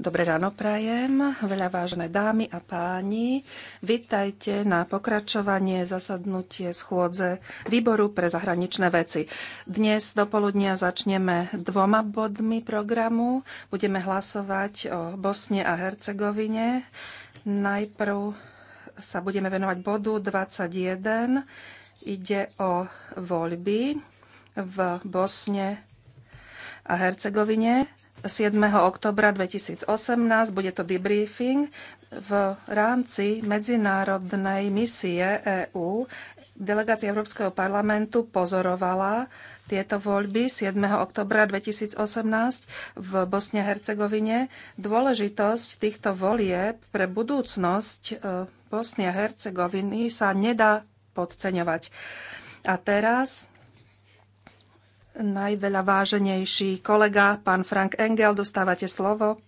Dobré ráno prajem, veľa vážené dámy a páni. Vítajte na pokračovanie zasadnutie schôdze Výboru pre zahraničné veci. Dnes do poludnia začneme dvoma bodmi programu. Budeme hlasovať o Bosne a Hercegovine. Najprv sa budeme venovať bodu 21 Ide o voľby v Bosne a Hercegovine 7. oktobra 2018. Bude to debriefing v rámci medzinárodnej misie EÚ. Delegácia Európskeho parlamentu pozorovala tieto voľby 7. oktobra 2018 v Bosne a Hercegovine. Dôležitosť týchto volieb pre budúcnosť e, Bosny a Hercegoviny sa nedá podceňovať. A teraz najveľa váženejší kolega, pán Frank Engel, dostávate slovo,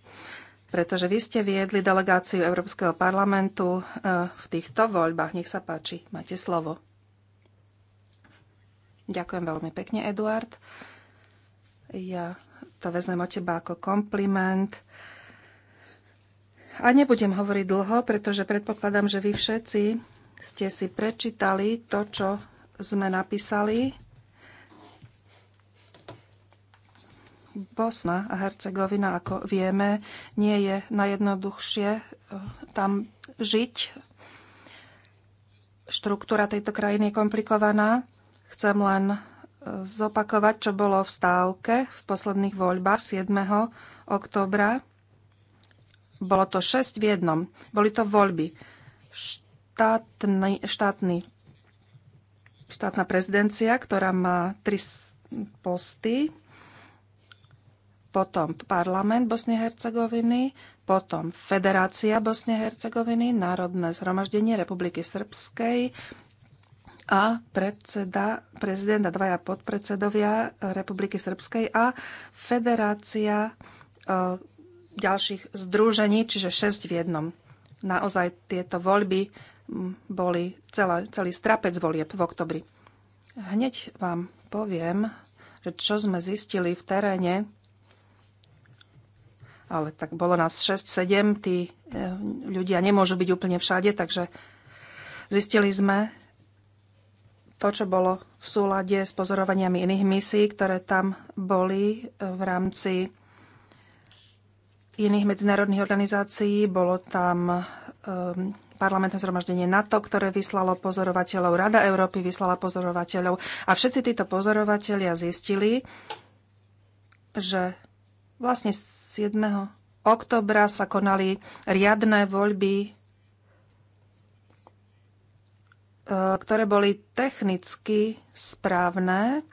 pretože vy ste viedli delegáciu Európskeho parlamentu e, v týchto voľbách. Nech sa páči, máte slovo. Ďakujem veľmi pekne, Eduard. Ja to vezmem od teba ako kompliment. A nebudem hovoriť dlho, pretože predpokladám, že vy všetci ste si prečítali to, čo sme napísali. Bosna a Hercegovina, ako vieme, nie je najjednoduchšie eh, tam žiť. Štruktúra tejto krajiny je komplikovaná. Chcem len eh, zopakovať, čo bolo v stávke v posledných voľbách 7. oktobra. Bolo to 6 v jednom. Boli to voľby štátny, štátny, štátna prezidencia, ktorá má tri posty, potom parlament a Hercegoviny, potom Federácia a Hercegoviny, Národné zhromaždenie Republiky Srbskej a predseda, prezident a dvaja podpredsedovia Republiky Srbskej a Federácia e, ďalších združení, čiže šesť v jednom. Naozaj tieto voľby boli celé, celý strapec volieb v oktobri. Hneď vám poviem, že čo sme zistili v teréne, ale tak bolo nás 6-7, tí eh, ľudia nemôžu byť úplne všade, takže zistili sme to, čo bolo v súlade s pozorovaniami iných misií, ktoré tam boli eh, v rámci iných medzinárodných organizácií. Bolo tam eh, parlamentné zhromaždenie NATO, ktoré vyslalo pozorovateľov, Rada Európy vyslala pozorovateľov a všetci títo pozorovatelia zistili, že vlastne 7. oktobra sa konali riadne voľby, e, ktoré boli technicky správne,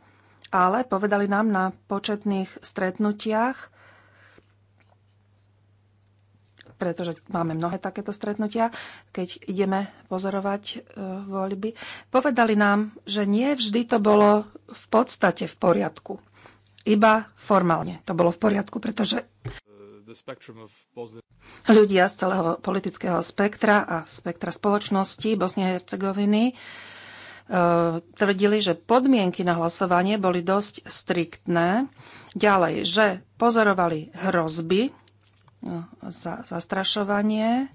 ale povedali nám na početných stretnutiach, pretože máme mnohé takéto stretnutia, keď ideme pozorovať e, voľby, povedali nám, že nie vždy to bolo v podstate v poriadku. Iba formálne to bolo v poriadku, pretože ľudia z celého politického spektra a spektra spoločnosti Bosnie a Hercegoviny e, tvrdili, že podmienky na hlasovanie boli dosť striktné. Ďalej, že pozorovali hrozby za, zastrašovanie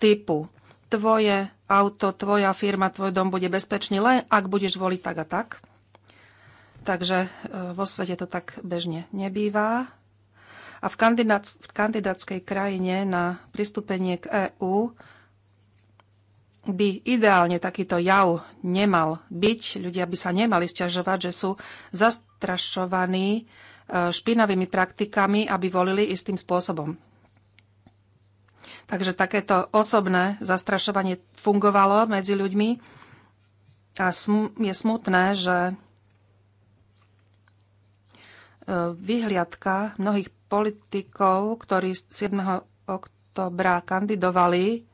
typu tvoje auto, tvoja firma, tvoj dom bude bezpečný len ak budeš voliť tak a tak. Takže e, vo svete to tak bežne nebýva. A v, kandidát, v kandidátskej krajine na pristúpenie k EÚ by ideálne takýto jav nemal byť. Ľudia by sa nemali stiažovať, že sú zastrašovaní špinavými praktikami, aby volili istým spôsobom. Takže takéto osobné zastrašovanie fungovalo medzi ľuďmi a je smutné, že e, vyhliadka mnohých politikov, ktorí 7. oktobra kandidovali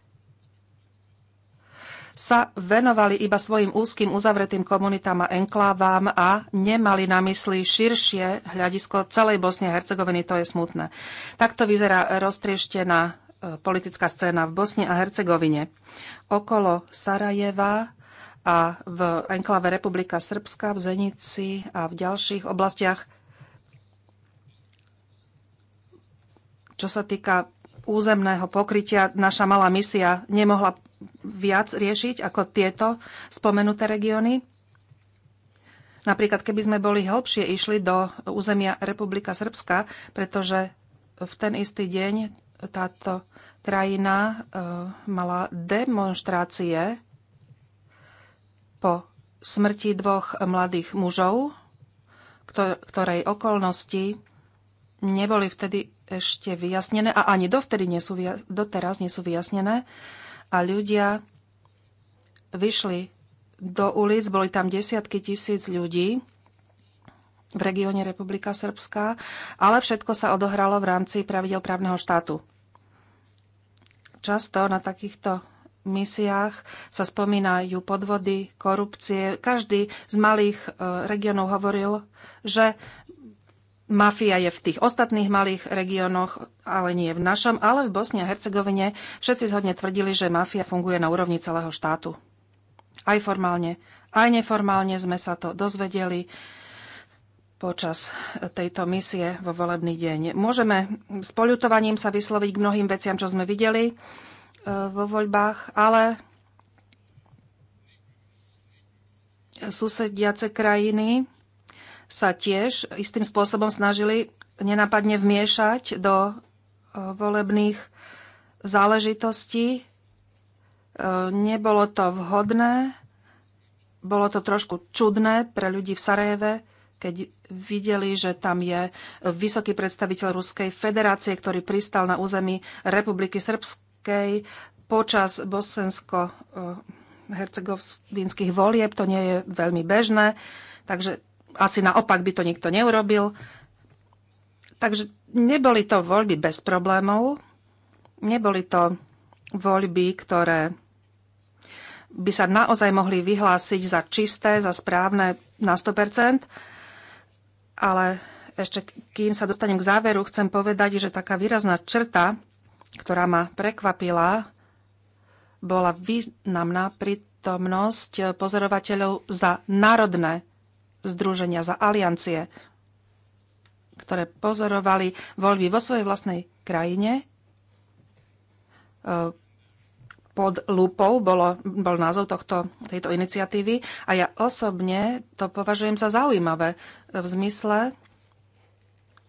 sa venovali iba svojim úzkým uzavretým komunitám a enklávám a nemali na mysli širšie hľadisko celej Bosne a Hercegoviny. To je smutné. Takto vyzerá roztrieštená e, politická scéna v Bosne a Hercegovine. Okolo Sarajeva a v enklave Republika Srbska, v Zenici a v ďalších oblastiach. Čo sa týka územného pokrytia, naša malá misia nemohla viac riešiť ako tieto spomenuté regióny. Napríklad, keby sme boli hĺbšie išli do územia Republika Srbska, pretože v ten istý deň táto krajina e, mala demonstrácie po smrti dvoch mladých mužov, ktorej okolnosti neboli vtedy ešte vyjasnené a ani dovtedy nie sú, doteraz nie sú vyjasnené a ľudia vyšli do ulic, boli tam desiatky tisíc ľudí v regióne Republika Srbská, ale všetko sa odohralo v rámci pravidel právneho štátu. Často na takýchto misiách sa spomínajú podvody, korupcie. Každý z malých e, regionov hovoril, že Mafia je v tých ostatných malých regiónoch, ale nie v našom, ale v Bosni a Hercegovine všetci zhodne tvrdili, že mafia funguje na úrovni celého štátu. Aj formálne, aj neformálne sme sa to dozvedeli počas tejto misie vo volebný deň. Môžeme s poľutovaním sa vysloviť k mnohým veciam, čo sme videli e, vo voľbách, ale susediace krajiny sa tiež istým spôsobom snažili nenápadne vmiešať do e, volebných záležitostí. E, nebolo to vhodné, bolo to trošku čudné pre ľudí v Sarajeve, keď videli, že tam je vysoký predstaviteľ Ruskej federácie, ktorý pristal na území Republiky Srbskej počas bosensko-hercegovinských e, volieb. To nie je veľmi bežné. Takže asi naopak by to nikto neurobil. Takže neboli to voľby bez problémov, neboli to voľby, ktoré by sa naozaj mohli vyhlásiť za čisté, za správne na 100%, ale ešte kým sa dostanem k záveru, chcem povedať, že taká výrazná črta, ktorá ma prekvapila, bola významná prítomnosť pozorovateľov za národné združenia, za aliancie, ktoré pozorovali voľby vo svojej vlastnej krajine. E, pod lupou bolo, bol názov tohto, tejto iniciatívy a ja osobne to považujem za zaujímavé e, v zmysle,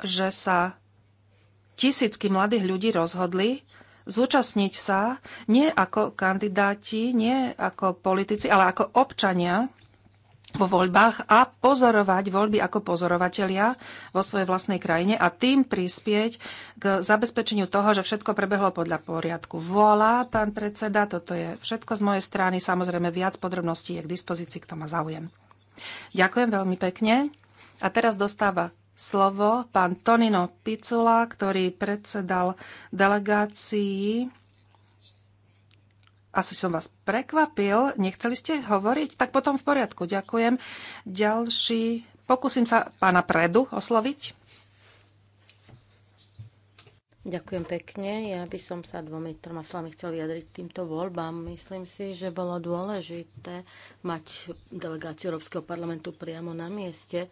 že sa tisícky mladých ľudí rozhodli zúčastniť sa nie ako kandidáti, nie ako politici, ale ako občania vo voľbách a pozorovať voľby ako pozorovatelia vo svojej vlastnej krajine a tým prispieť k zabezpečeniu toho, že všetko prebehlo podľa poriadku. Volá pán predseda, toto je všetko z mojej strany. Samozrejme, viac podrobností je k dispozícii, kto ma zaujem. Ďakujem veľmi pekne. A teraz dostáva slovo pán Tonino Picula, ktorý predsedal delegácii asi som vás prekvapil, nechceli ste hovoriť, tak potom v poriadku, ďakujem. Ďalší, pokúsim sa pána Predu osloviť. Ďakujem pekne. Ja by som sa dvomi troma slovami chcel vyjadriť týmto voľbám. Myslím si, že bolo dôležité mať delegáciu Európskeho parlamentu priamo na mieste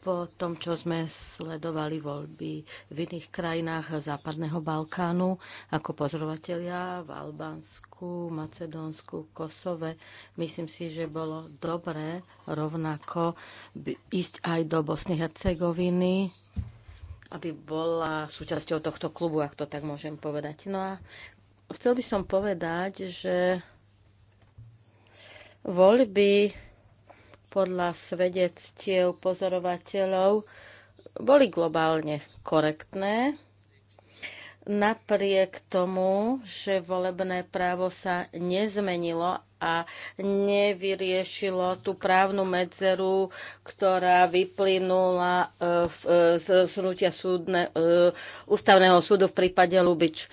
po tom, čo sme sledovali voľby v iných krajinách Západného Balkánu ako pozorovatelia v Albánsku, Macedónsku, Kosove. Myslím si, že bolo dobré rovnako ísť aj do Bosny Hercegoviny, aby bola súčasťou tohto klubu, ak to tak môžem povedať. No a chcel by som povedať, že voľby podľa svedectiev pozorovateľov boli globálne korektné, napriek tomu, že volebné právo sa nezmenilo a nevyriešilo tú právnu medzeru, ktorá vyplynula e, e, z zrutia súdne, e, ústavného súdu v prípade Lubič.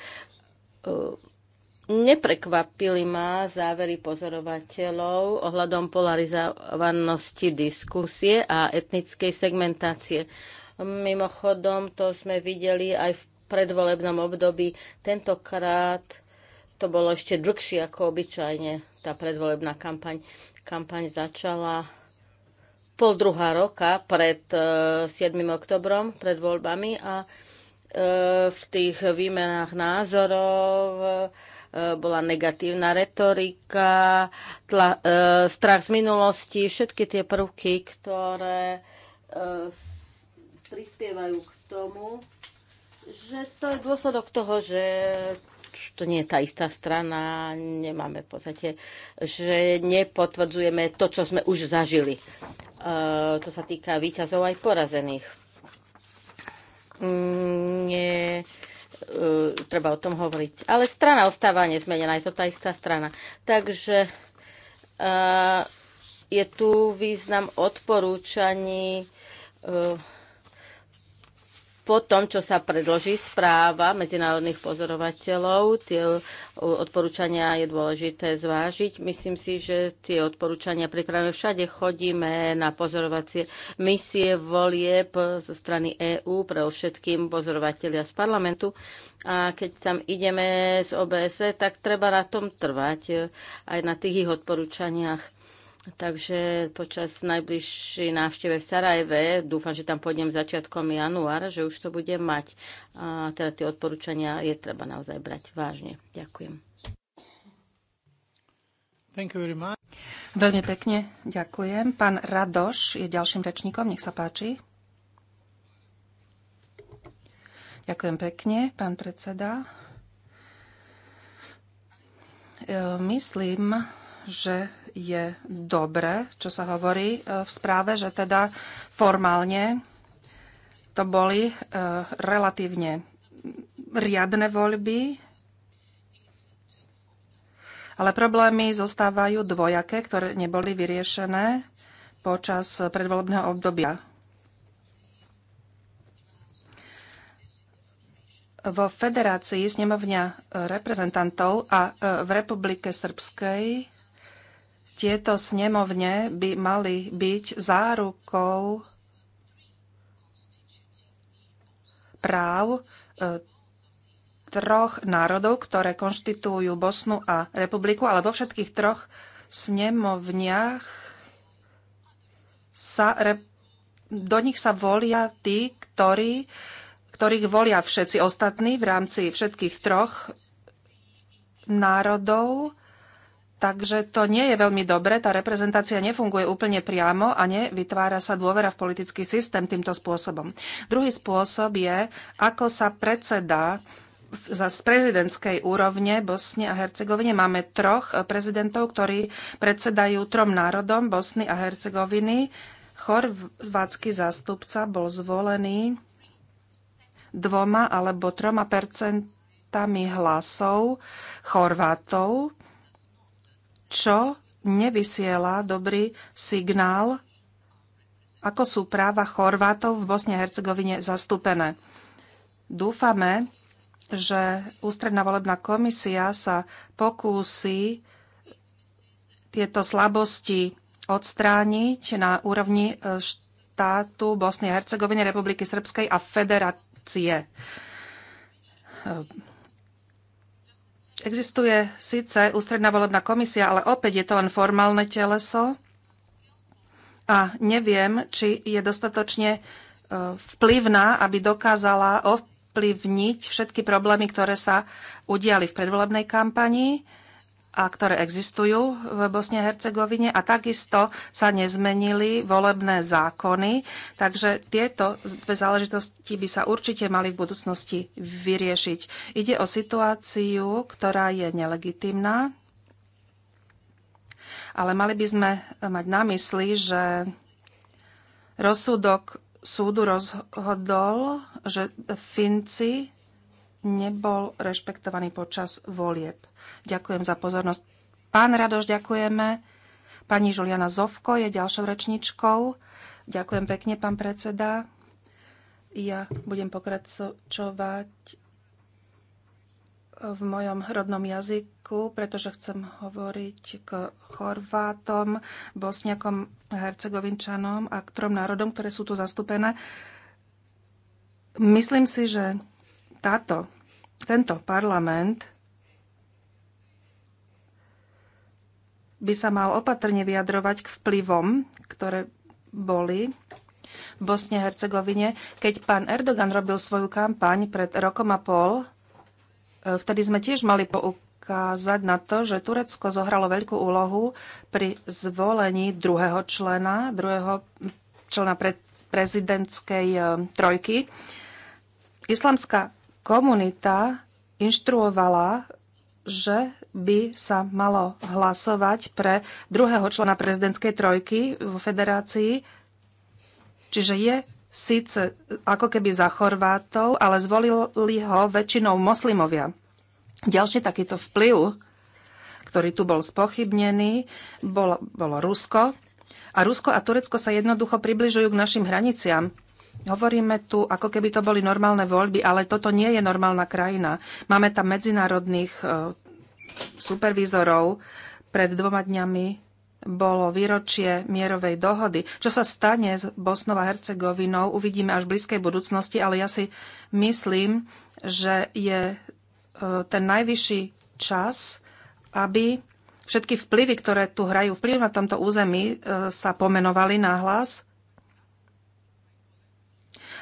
Neprekvapili ma závery pozorovateľov ohľadom polarizovanosti diskusie a etnickej segmentácie. Mimochodom, to sme videli aj v predvolebnom období. Tentokrát to bolo ešte dlhšie ako obyčajne, tá predvolebná kampaň. Kampaň začala pol druhá roka pred 7. E, oktobrom, pred voľbami a e, v tých výmenách názorov E, bola negatívna retorika, tla, e, strach z minulosti, všetky tie prvky, ktoré e, prispievajú k tomu, že to je dôsledok toho, že to nie je tá istá strana, nemáme v podstate, že nepotvrdzujeme to, čo sme už zažili. E, to sa týka výťazov aj porazených. Mm, nie, E, treba o tom hovoriť. Ale strana ostáva nezmenená, je to tá istá strana. Takže e, je tu význam odporúčaní e, po tom, čo sa predloží správa medzinárodných pozorovateľov, tie odporúčania je dôležité zvážiť. Myslím si, že tie odporúčania pripravíme všade. Chodíme na pozorovacie misie volieb zo strany EÚ pre všetkým pozorovateľia z parlamentu. A keď tam ideme z OBS, tak treba na tom trvať eh, aj na tých ich odporúčaniach Takže počas najbližšej návšteve v Sarajeve, dúfam, že tam pôjdem začiatkom januára, že už to bude mať. A teda tie odporúčania je treba naozaj brať vážne. Ďakujem. Thank you very much. Veľmi pekne ďakujem. Pán Radoš je ďalším rečníkom, nech sa páči. Ďakujem pekne, pán predseda. E, myslím, že je dobre, čo sa hovorí e, v správe, že teda formálne to boli e, relatívne riadne voľby, ale problémy zostávajú dvojaké, ktoré neboli vyriešené počas predvolebného obdobia. Vo Federácii snemovňa reprezentantov a e, v Republike Srbskej tieto snemovne by mali byť zárukou práv e, troch národov, ktoré konštitujú Bosnu a republiku, ale vo všetkých troch snemovniach sa, do nich sa volia tí, ktorí, ktorých volia všetci ostatní v rámci všetkých troch národov Takže to nie je veľmi dobre, tá reprezentácia nefunguje úplne priamo a nevytvára sa dôvera v politický systém týmto spôsobom. Druhý spôsob je, ako sa predseda z prezidentskej úrovne Bosny a Hercegovine. Máme troch prezidentov, ktorí predsedajú trom národom Bosny a Hercegoviny. Chorvátsky zástupca bol zvolený dvoma alebo troma percentami hlasov Chorvátov čo nevysiela dobrý signál, ako sú práva Chorvátov v Bosne a Hercegovine zastúpené. Dúfame, že ústredná volebná komisia sa pokúsi tieto slabosti odstrániť na úrovni e, štátu Bosny a Hercegoviny, Republiky Srbskej a Federácie. E, Existuje síce ústredná volebná komisia, ale opäť je to len formálne teleso a neviem, či je dostatočne e, vplyvná, aby dokázala ovplyvniť všetky problémy, ktoré sa udiali v predvolebnej kampanii a ktoré existujú v Bosne a Hercegovine a takisto sa nezmenili volebné zákony, takže tieto dve záležitosti by sa určite mali v budúcnosti vyriešiť. Ide o situáciu, ktorá je nelegitimná, ale mali by sme mať na mysli, že rozsudok súdu rozhodol, že Finci nebol rešpektovaný počas volieb. Ďakujem za pozornosť. Pán Radoš, ďakujeme. Pani Žuliana Zovko je ďalšou rečničkou. Ďakujem pekne, pán predseda. Ja budem pokračovať v mojom rodnom jazyku, pretože chcem hovoriť k Chorvátom, Bosniakom, Hercegovinčanom a k trom národom, ktoré sú tu zastúpené. Myslím si, že táto, tento parlament by sa mal opatrne vyjadrovať k vplyvom, ktoré boli v Bosne a Hercegovine. Keď pán Erdogan robil svoju kampaň pred rokom a pol, e, vtedy sme tiež mali poukázať na to, že Turecko zohralo veľkú úlohu pri zvolení druhého člena, druhého člena pre prezidentskej e, trojky. Islamská komunita inštruovala, že by sa malo hlasovať pre druhého člena prezidentskej trojky vo federácii. Čiže je síce ako keby za Chorvátov, ale zvolili ho väčšinou moslimovia. Ďalší takýto vplyv, ktorý tu bol spochybnený, bolo, bolo Rusko. A Rusko a Turecko sa jednoducho približujú k našim hraniciam. Hovoríme tu, ako keby to boli normálne voľby, ale toto nie je normálna krajina. Máme tam medzinárodných e, supervízorov. Pred dvoma dňami bolo výročie mierovej dohody. Čo sa stane s Bosnou a Hercegovinou, uvidíme až v blízkej budúcnosti, ale ja si myslím, že je e, ten najvyšší čas, aby všetky vplyvy, ktoré tu hrajú vplyv na tomto území, e, sa pomenovali na hlas.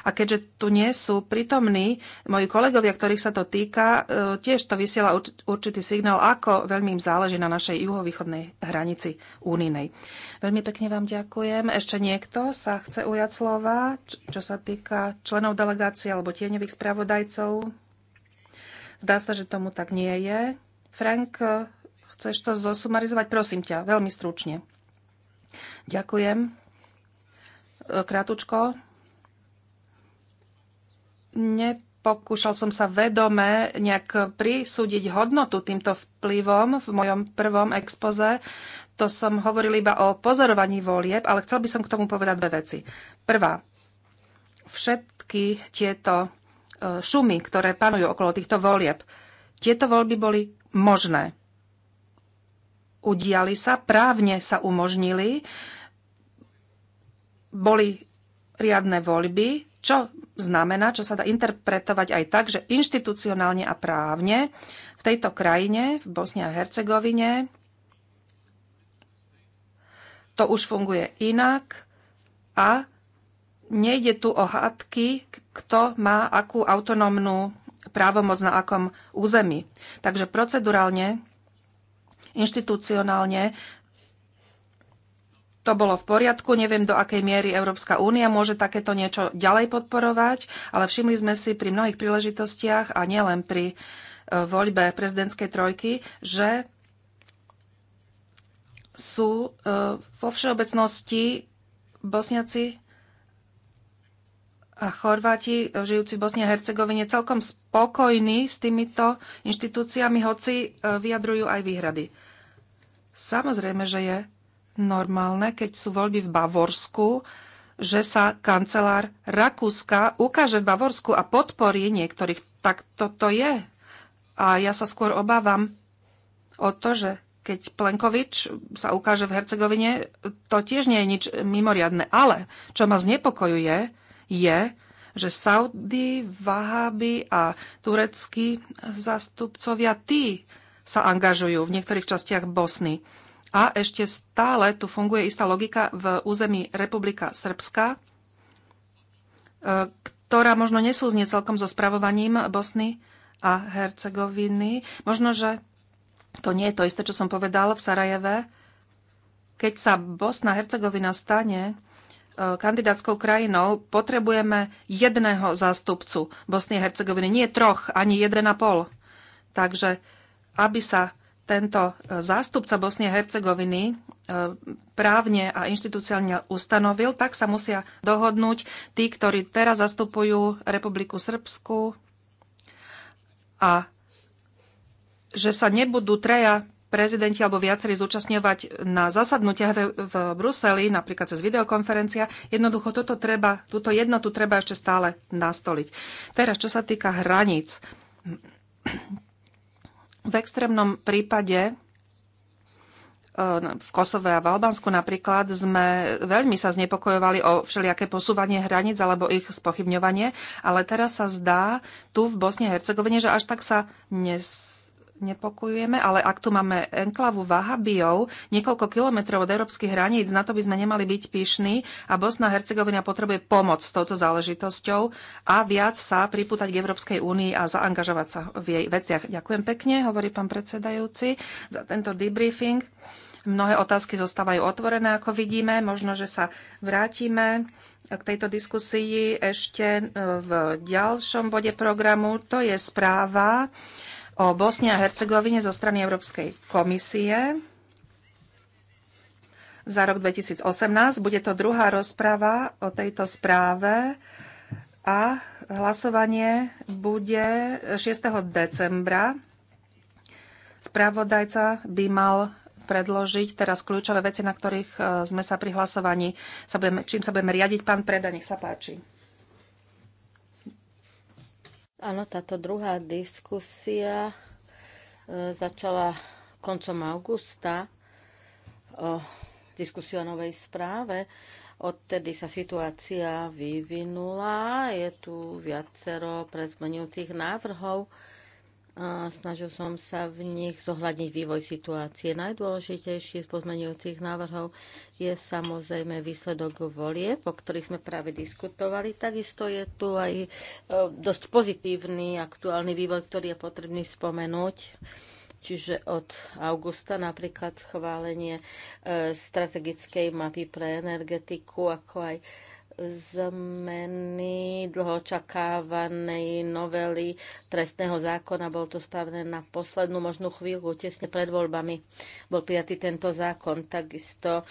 A keďže tu nie sú prítomní moji kolegovia, ktorých sa to týka, e, tiež to vysiela určitý signál, ako veľmi im záleží na našej juhovýchodnej hranici úninej. Veľmi pekne vám ďakujem. Ešte niekto sa chce ujať slova, čo sa týka členov delegácie alebo tieňových spravodajcov? Zdá sa, že tomu tak nie je. Frank, chceš to zosumarizovať? Prosím ťa, veľmi stručne. Ďakujem. E, Kratučko, nepokúšal som sa vedome nejak prisúdiť hodnotu týmto vplyvom v mojom prvom expoze. To som hovoril iba o pozorovaní volieb, ale chcel by som k tomu povedať dve veci. Prvá, všetky tieto e, šumy, ktoré panujú okolo týchto volieb, tieto voľby boli možné. Udiali sa, právne sa umožnili, boli riadne voľby, čo znamená, čo sa dá interpretovať aj tak, že inštitucionálne a právne v tejto krajine, v Bosni a Hercegovine, to už funguje inak a nejde tu o hádky, kto má akú autonómnu právomoc na akom území. Takže procedurálne, inštitucionálne to bolo v poriadku. Neviem, do akej miery Európska únia môže takéto niečo ďalej podporovať, ale všimli sme si pri mnohých príležitostiach a nielen pri e, voľbe prezidentskej trojky, že sú e, vo všeobecnosti Bosniaci a Chorváti, e, žijúci v Bosni a Hercegovine, celkom spokojní s týmito inštitúciami, hoci vyjadrujú aj výhrady. Samozrejme, že je normálne, keď sú voľby v Bavorsku, že sa kancelár Rakúska ukáže v Bavorsku a podporí niektorých. Tak toto je. A ja sa skôr obávam o to, že keď Plenkovič sa ukáže v Hercegovine, to tiež nie je nič mimoriadne. Ale čo ma znepokojuje, je, že Saudy, Vahaby a tureckí zastupcovia, tí sa angažujú v niektorých častiach Bosny. A ešte stále tu funguje istá logika v území Republika Srbska, e, ktorá možno nesúznie celkom so spravovaním Bosny a Hercegoviny. Možno, že to nie je to isté, čo som povedal v Sarajeve. Keď sa Bosna a Hercegovina stane e, kandidátskou krajinou, potrebujeme jedného zástupcu Bosny a Hercegoviny, nie troch, ani jeden a pol. Takže aby sa tento e, zástupca Bosnie a Hercegoviny e, právne a inštitúciálne ustanovil, tak sa musia dohodnúť tí, ktorí teraz zastupujú Republiku Srbsku a že sa nebudú treja prezidenti alebo viacerí zúčastňovať na zasadnutiach v Bruseli, napríklad cez videokonferencia. Jednoducho toto treba, túto jednotu treba ešte stále nastoliť. Teraz, čo sa týka hraníc v extrémnom prípade e, v Kosove a v Albánsku napríklad sme veľmi sa znepokojovali o všelijaké posúvanie hraníc alebo ich spochybňovanie, ale teraz sa zdá tu v Bosne a Hercegovine, že až tak sa nes nepokojujeme, ale ak tu máme enklavu Vahabijov, niekoľko kilometrov od európskych hraníc, na to by sme nemali byť pyšní a Bosna a Hercegovina potrebuje pomoc s touto záležitosťou a viac sa pripútať k Európskej únii a zaangažovať sa v jej veciach. Ďakujem pekne, hovorí pán predsedajúci, za tento debriefing. Mnohé otázky zostávajú otvorené, ako vidíme. Možno, že sa vrátime k tejto diskusii ešte v ďalšom bode programu. To je správa o Bosne a Hercegovine zo strany Európskej komisie za rok 2018. Bude to druhá rozprava o tejto správe a hlasovanie bude 6. decembra. Správodajca by mal predložiť teraz kľúčové veci, na ktorých eh, sme sa pri hlasovaní, sa budeme, čím sa budeme riadiť. Pán Preda, nech sa páči. Áno, táto druhá diskusia e, začala koncom augusta o diskusiu o novej správe. Odtedy sa situácia vyvinula, je tu viacero prezmenujúcich návrhov a snažil som sa v nich zohľadniť vývoj situácie. Najdôležitejší z pozmenujúcich návrhov je samozrejme výsledok volie, po ktorých sme práve diskutovali. Takisto je tu aj e, dosť pozitívny aktuálny vývoj, ktorý je potrebný spomenúť. Čiže od augusta napríklad schválenie e, strategickej mapy pre energetiku, ako aj zmeny dlhočakávanej novely trestného zákona. Bol to spravené na poslednú možnú chvíľu, tesne pred voľbami bol prijatý tento zákon. Takisto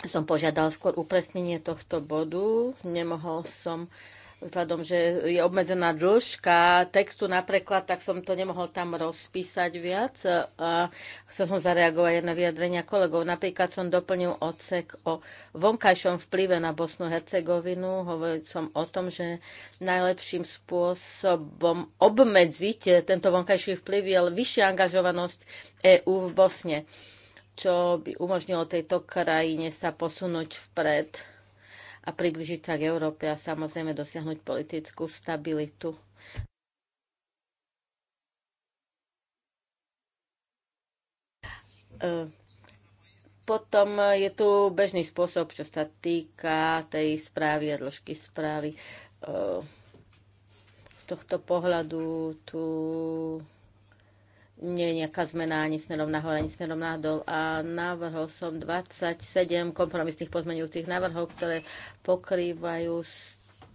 som požiadal skôr upresnenie tohto bodu. Nemohol som vzhľadom, že je obmedzená dĺžka textu napríklad, tak som to nemohol tam rozpísať viac. A chcel som zareagovať aj na vyjadrenia kolegov. Napríklad som doplnil odsek o vonkajšom vplyve na Bosnu Hercegovinu. Hovoril som o tom, že najlepším spôsobom obmedziť tento vonkajší vplyv je vyššia angažovanosť EÚ v Bosne čo by umožnilo tejto krajine sa posunúť vpred a približiť sa k Európe a samozrejme dosiahnuť politickú stabilitu. E, potom je tu bežný spôsob, čo sa týka tej správy a dĺžky správy. E, z tohto pohľadu tu nie je nejaká zmena ani smerom nahor, ani smerom nadol. A navrhol som 27 kompromisných pozmeňujúcich návrhov, ktoré pokrývajú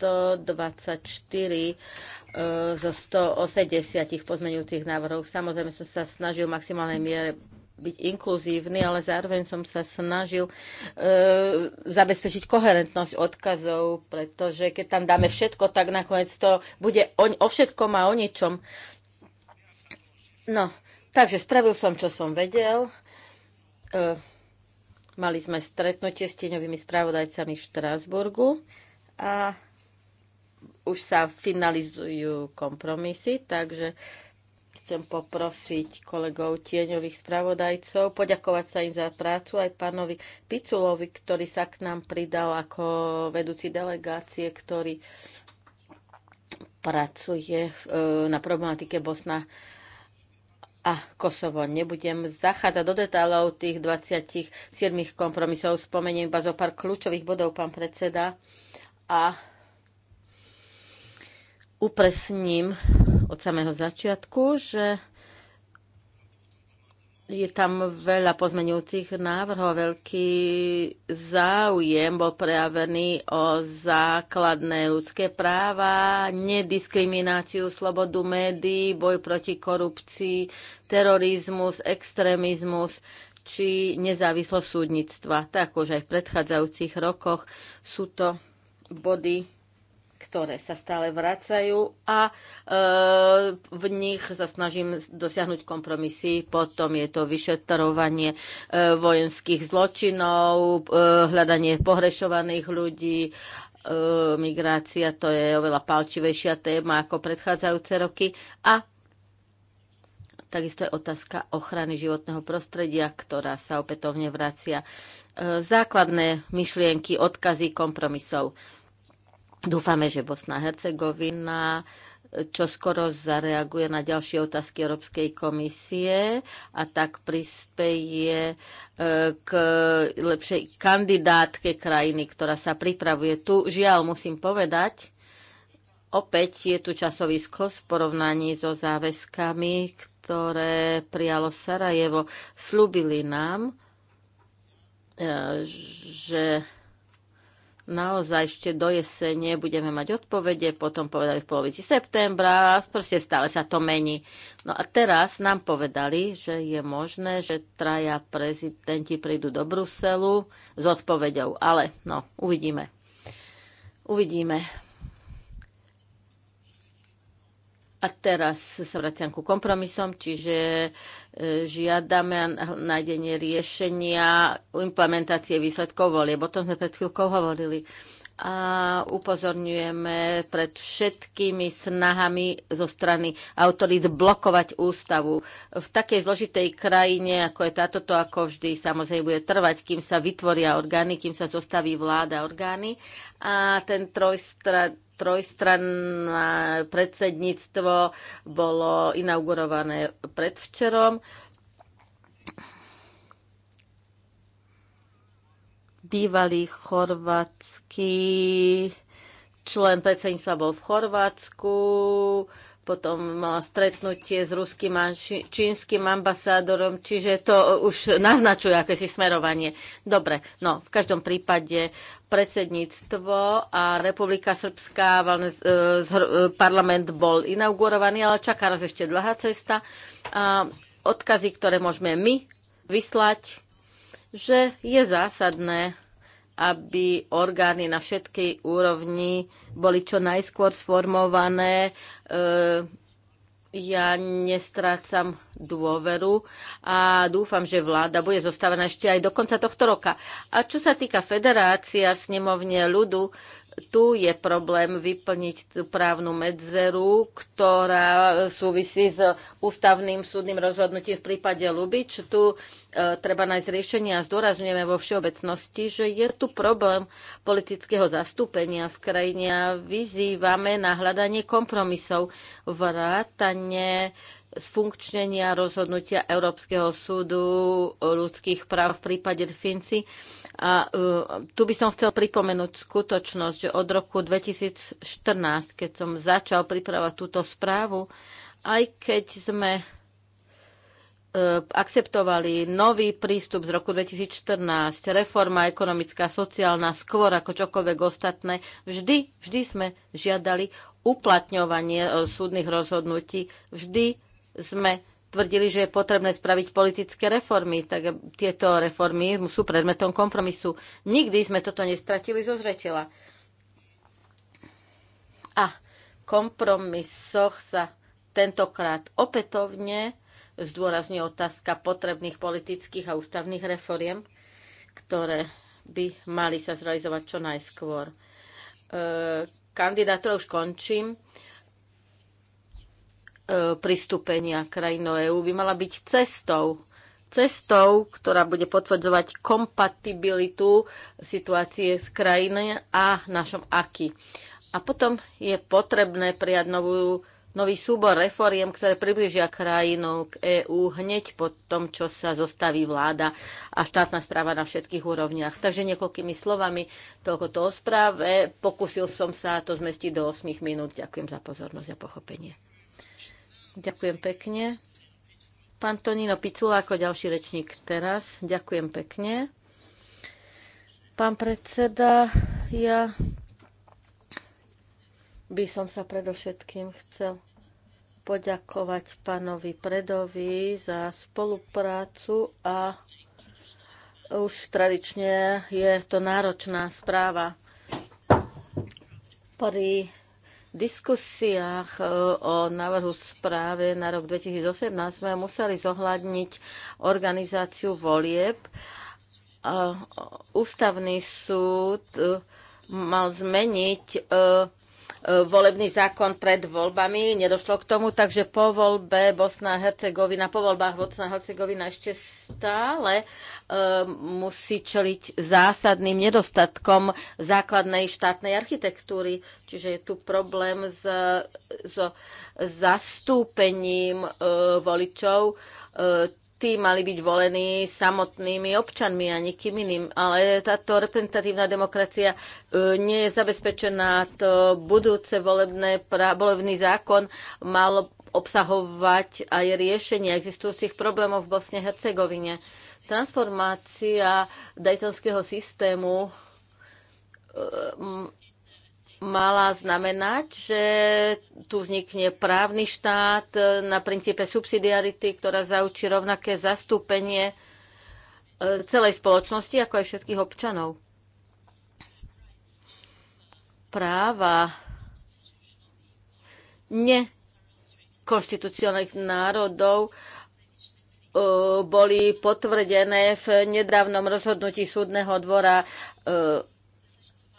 124 e, zo 180 pozmeňujúcich návrhov. Samozrejme som sa snažil v maximálnej miere byť inkluzívny, ale zároveň som sa snažil e, zabezpečiť koherentnosť odkazov, pretože keď tam dáme všetko, tak nakoniec to bude o, o všetkom a o ničom. No, takže spravil som, čo som vedel. E, mali sme stretnutie s tieňovými správodajcami v Štrásburgu a už sa finalizujú kompromisy, takže chcem poprosiť kolegov tieňových spravodajcov, poďakovať sa im za prácu aj pánovi Piculovi, ktorý sa k nám pridal ako vedúci delegácie, ktorý pracuje e, na problematike Bosna a Kosovo. Nebudem zachádzať do detálov tých 27 kompromisov, spomeniem iba zo pár kľúčových bodov, pán predseda, a upresním od samého začiatku, že je tam veľa pozmenujúcich návrhov, veľký záujem bol prejavený o základné ľudské práva, nediskrimináciu, slobodu médií, boj proti korupcii, terorizmus, extrémizmus či nezávislosť súdnictva. Tak už aj v predchádzajúcich rokoch sú to body ktoré sa stále vracajú a e, v nich sa snažím dosiahnuť kompromisy. Potom je to vyšetrovanie e, vojenských zločinov, e, hľadanie pohrešovaných ľudí, e, migrácia, to je oveľa palčivejšia téma ako predchádzajúce roky a takisto je otázka ochrany životného prostredia, ktorá sa opätovne vracia. E, základné myšlienky, odkazy kompromisov. Dúfame, že Bosna a Hercegovina eh, čo skoro zareaguje na ďalšie otázky Európskej komisie a tak prispeje eh, k lepšej kandidátke krajiny, ktorá sa pripravuje. Tu žiaľ musím povedať, opäť je tu časový skos v porovnaní so záväzkami, ktoré prijalo Sarajevo. Slúbili nám, eh, že naozaj ešte do jesene budeme mať odpovede, potom povedali v polovici septembra, proste stále sa to mení. No a teraz nám povedali, že je možné, že traja prezidenti prídu do Bruselu s odpovedou, ale no, uvidíme. Uvidíme. A teraz sa vraciam ku kompromisom, čiže e, žiadame nájdenie riešenia implementácie výsledkov volieb. O tom sme pred chvíľkou hovorili. A upozorňujeme pred všetkými snahami zo strany autorít blokovať ústavu. V takej zložitej krajine, ako je táto, to ako vždy samozrejme bude trvať, kým sa vytvoria orgány, kým sa zostaví vláda orgány. A ten trojstrad trojstranné predsedníctvo bolo inaugurované predvčerom. Bývalý chorvátsky člen predsedníctva bol v Chorvátsku, potom mala stretnutie s ruským a čínskym ambasádorom, čiže to už naznačuje akési smerovanie. Dobre, no v každom prípade predsedníctvo a Republika Srbská, e, e, parlament bol inaugurovaný, ale čaká nás ešte dlhá cesta. A odkazy, ktoré môžeme my vyslať, že je zásadné aby orgány na všetkej úrovni boli čo najskôr sformované. E, ja nestrácam dôveru a dúfam, že vláda bude zostavená ešte aj do konca tohto roka. A čo sa týka federácia snemovne ľudu, tu je problém vyplniť tú právnu medzeru, ktorá súvisí s ústavným súdnym rozhodnutím v prípade Lubič. Tu e, treba nájsť riešenie a zdôrazňujeme vo všeobecnosti, že je tu problém politického zastúpenia v krajine a vyzývame na hľadanie kompromisov vrátane zfunkčnenia rozhodnutia Európskeho súdu ľudských práv v prípade Finci. A e, tu by som chcel pripomenúť skutočnosť, že od roku 2014, keď som začal pripravať túto správu, aj keď sme e, akceptovali nový prístup z roku 2014, reforma ekonomická, sociálna, skôr ako čokoľvek ostatné, vždy, vždy sme žiadali uplatňovanie e, súdnych rozhodnutí, vždy sme tvrdili, že je potrebné spraviť politické reformy, tak tieto reformy sú predmetom kompromisu. Nikdy sme toto nestratili zo zreteľa. A v kompromisoch sa tentokrát opätovne zdôrazňuje otázka potrebných politických a ústavných reforiem, ktoré by mali sa zrealizovať čo najskôr. E, už končím. E, E, pristúpenia krajinou e EÚ by mala byť cestou, cestou, ktorá bude potvrdzovať kompatibilitu situácie s krajiny a našom aký. A potom je potrebné prijať novú, nový súbor reforiem, ktoré približia krajinu k EÚ hneď po tom, čo sa zostaví vláda a štátna správa na všetkých úrovniach. Takže niekoľkými slovami toľko to o správe. Pokúsil som sa to zmestiť do 8 minút. Ďakujem za pozornosť a pochopenie. Ďakujem pekne. Pán Tonino Picula ako ďalší rečník teraz. Ďakujem pekne. Pán predseda, ja by som sa predovšetkým chcel poďakovať pánovi Predovi za spoluprácu a už tradične je to náročná správa pri diskusiách e, o návrhu správe na rok 2018 sme museli zohľadniť organizáciu volieb. E, ústavný súd e, mal zmeniť E, volebný zákon pred voľbami, nedošlo k tomu, takže po voľbe Bosna a Hercegovina, po voľbách Bosna a Hercegovina ešte stále e, musí čeliť zásadným nedostatkom základnej štátnej architektúry. Čiže je tu problém s, s zastúpením e, voličov tí mali byť volení samotnými občanmi a nikým iným. Ale táto reprezentatívna demokracia e, nie je zabezpečená. To budúce volebné, volebný zákon mal obsahovať aj riešenie existujúcich problémov v Bosne a Hercegovine. Transformácia dajtonského systému e, mala znamenať, že tu vznikne právny štát e, na princípe subsidiarity, ktorá zaučí rovnaké zastúpenie e, celej spoločnosti, ako aj všetkých občanov. Práva nekonštitucionálnych národov e, boli potvrdené v nedávnom rozhodnutí súdneho dvora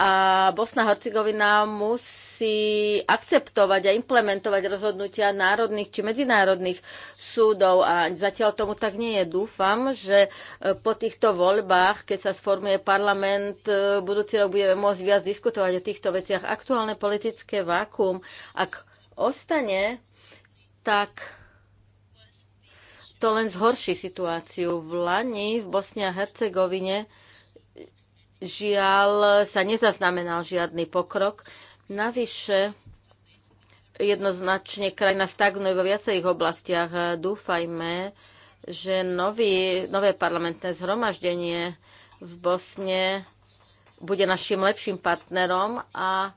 a Bosna Hercegovina musí akceptovať a implementovať rozhodnutia národných či medzinárodných súdov a zatiaľ tomu tak nie je. Dúfam, že e, po týchto voľbách, keď sa sformuje parlament, e, budúci rok budeme môcť viac diskutovať o týchto veciach. Aktuálne politické vákum, ak ostane, tak to len zhorší situáciu. V Lani v Bosne a Hercegovine žiaľ sa nezaznamenal žiadny pokrok. Navyše, jednoznačne krajina stagnuje vo viacerých oblastiach. Dúfajme, že nový, nové parlamentné zhromaždenie v Bosne bude našim lepším partnerom a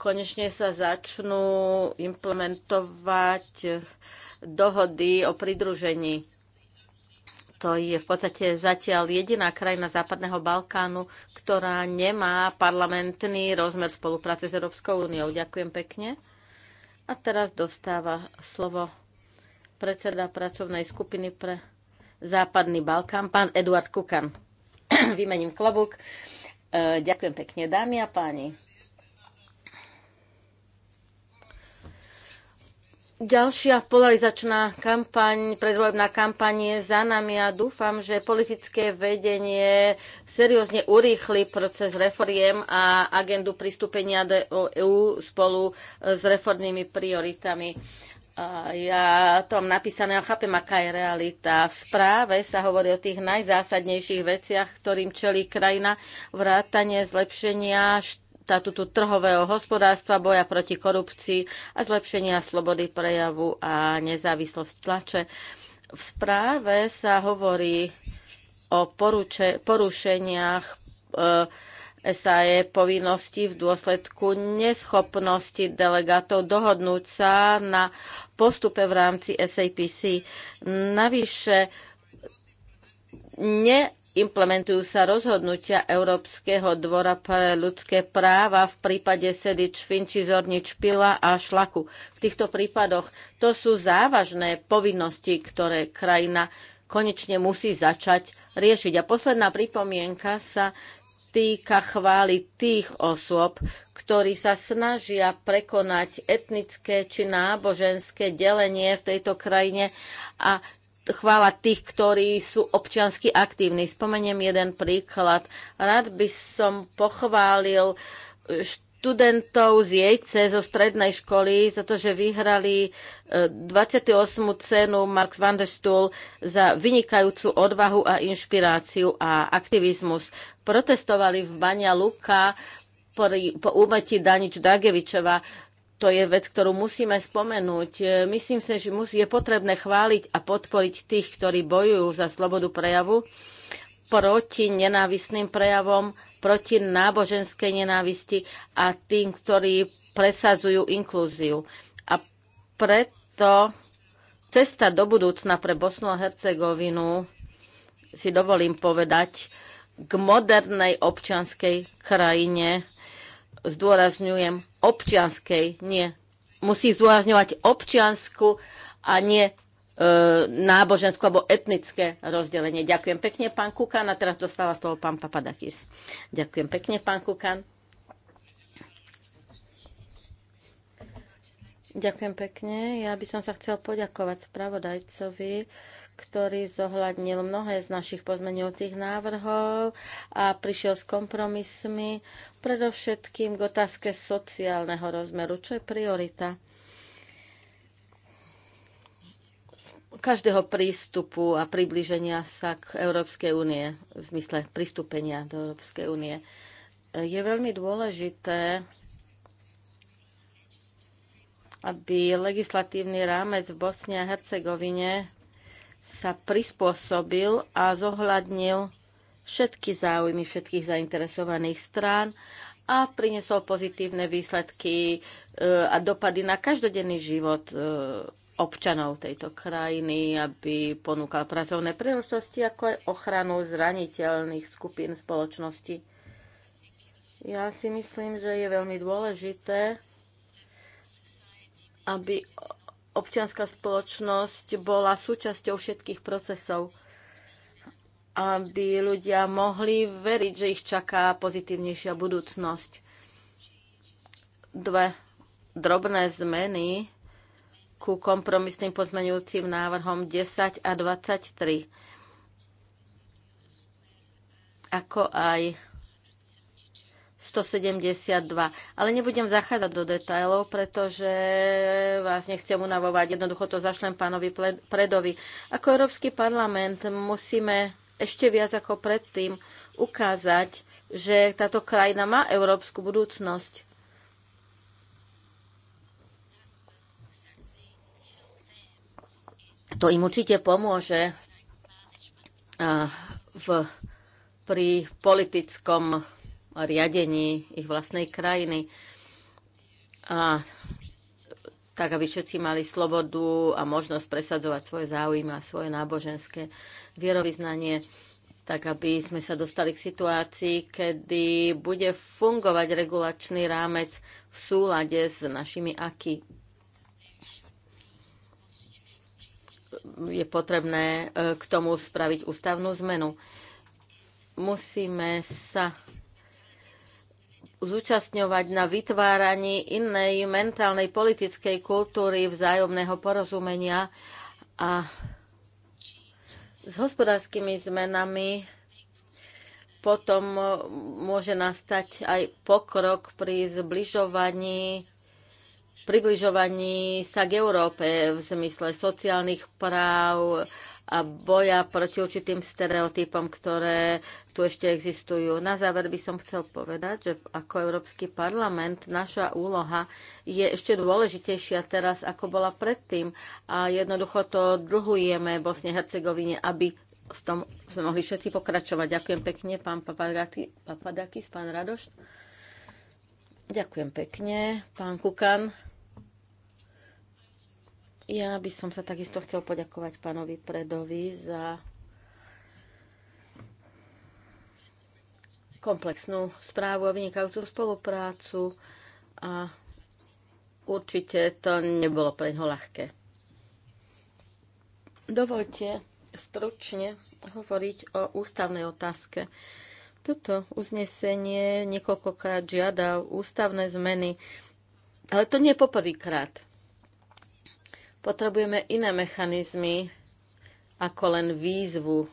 konečne sa začnú implementovať dohody o pridružení to je v podstate zatiaľ jediná krajina Západného Balkánu, ktorá nemá parlamentný rozmer spolupráce s Európskou úniou. Ďakujem pekne. A teraz dostáva slovo predseda pracovnej skupiny pre Západný Balkán, pán Eduard Kukan. Vymením klobúk. E, ďakujem pekne, dámy a páni. Ďalšia polarizačná kampaň, predvolebná kampaň je za nami a ja dúfam, že politické vedenie seriózne urýchli proces reforiem a agendu pristúpenia do EÚ spolu s reformnými prioritami. A ja to mám napísané ale chápem, aká je realita. V správe sa hovorí o tých najzásadnejších veciach, ktorým čelí krajina, vrátanie zlepšenia št- štatútu trhového hospodárstva, boja proti korupcii a zlepšenia slobody prejavu a nezávislosť tlače. V správe sa hovorí o poruče, porušeniach e, SAE povinnosti v dôsledku neschopnosti delegátov dohodnúť sa na postupe v rámci SAPC. Navyše ne implementujú sa rozhodnutia Európskeho dvora pre ľudské práva v prípade Sedič, Finči, Zornič, Pila a Šlaku. V týchto prípadoch to sú závažné povinnosti, ktoré krajina konečne musí začať riešiť. A posledná pripomienka sa týka chvály tých osôb, ktorí sa snažia prekonať etnické či náboženské delenie v tejto krajine a chvála tých, ktorí sú občiansky aktívni. Spomeniem jeden príklad. Rád by som pochválil študentov z Jejce zo strednej školy za to, že vyhrali 28. E, cenu Marx van der Stuhl za vynikajúcu odvahu a inšpiráciu a aktivizmus. Protestovali v Bania Luka po úmeti Danič Dragevičova to je vec, ktorú musíme spomenúť. E, myslím si, že je potrebné chváliť a podporiť tých, ktorí bojujú za slobodu prejavu proti nenávisným prejavom, proti náboženskej nenávisti a tým, ktorí presadzujú inklúziu. A preto cesta do budúcna pre Bosnu a Hercegovinu, si dovolím povedať, k modernej občianskej krajine, zdôrazňujem, občianskej, nie. Musí zdôrazňovať občiansku a nie e, náboženskú alebo etnické rozdelenie. Ďakujem pekne, pán Kukan. A teraz dostáva slovo pán Papadakis. Ďakujem pekne, pán Kukan. Ďakujem pekne. Ja by som sa chcel poďakovať spravodajcovi ktorý zohľadnil mnohé z našich pozmenujúcich návrhov a prišiel s kompromismi predovšetkým k otázke sociálneho rozmeru, čo je priorita každého prístupu a približenia sa k Európskej únie, v zmysle pristúpenia do Európskej únie. Je veľmi dôležité aby legislatívny rámec v Bosne a Hercegovine sa prispôsobil a zohľadnil všetky záujmy všetkých zainteresovaných strán a priniesol pozitívne výsledky e, a dopady na každodenný život e, občanov tejto krajiny, aby ponúkal pracovné príležitosti, ako aj ochranu zraniteľných skupín spoločnosti. Ja si myslím, že je veľmi dôležité, aby občianská spoločnosť bola súčasťou všetkých procesov, aby ľudia mohli veriť, že ich čaká pozitívnejšia budúcnosť. Dve drobné zmeny ku kompromisným pozmenujúcim návrhom 10 a 23. Ako aj 172. Ale nebudem zachádzať do detajlov, pretože vás nechcem unavovať. Jednoducho to zašlem pánovi Predovi. Ako Európsky parlament musíme ešte viac ako predtým ukázať, že táto krajina má európsku budúcnosť. To im určite pomôže v, pri politickom riadení ich vlastnej krajiny. A tak, aby všetci mali slobodu a možnosť presadzovať svoje záujmy a svoje náboženské vierovýznanie, tak aby sme sa dostali k situácii, kedy bude fungovať regulačný rámec v súlade s našimi aky. Je potrebné eh, k tomu spraviť ústavnú zmenu. Musíme sa zúčastňovať na vytváraní inej mentálnej politickej kultúry vzájomného porozumenia a s hospodárskymi zmenami potom môže nastať aj pokrok pri zbližovaní približovaní sa k Európe v zmysle sociálnych práv, a boja proti určitým stereotypom, ktoré tu ešte existujú. Na záver by som chcel povedať, že ako Európsky parlament naša úloha je ešte dôležitejšia teraz, ako bola predtým. A jednoducho to dlhujeme Bosne Hercegovine, aby v tom sme mohli všetci pokračovať. Ďakujem pekne, pán Papadakis, pán Radoš. Ďakujem pekne, pán Kukan. Ja by som sa takisto chcel poďakovať pánovi Predovi za komplexnú správu a vynikajúcu spoluprácu a určite to nebolo pre ňoho ľahké. Dovolte stručne hovoriť o ústavnej otázke. Toto uznesenie niekoľkokrát žiada ústavné zmeny, ale to nie je poprvýkrát Potrebujeme iné mechanizmy, ako len výzvu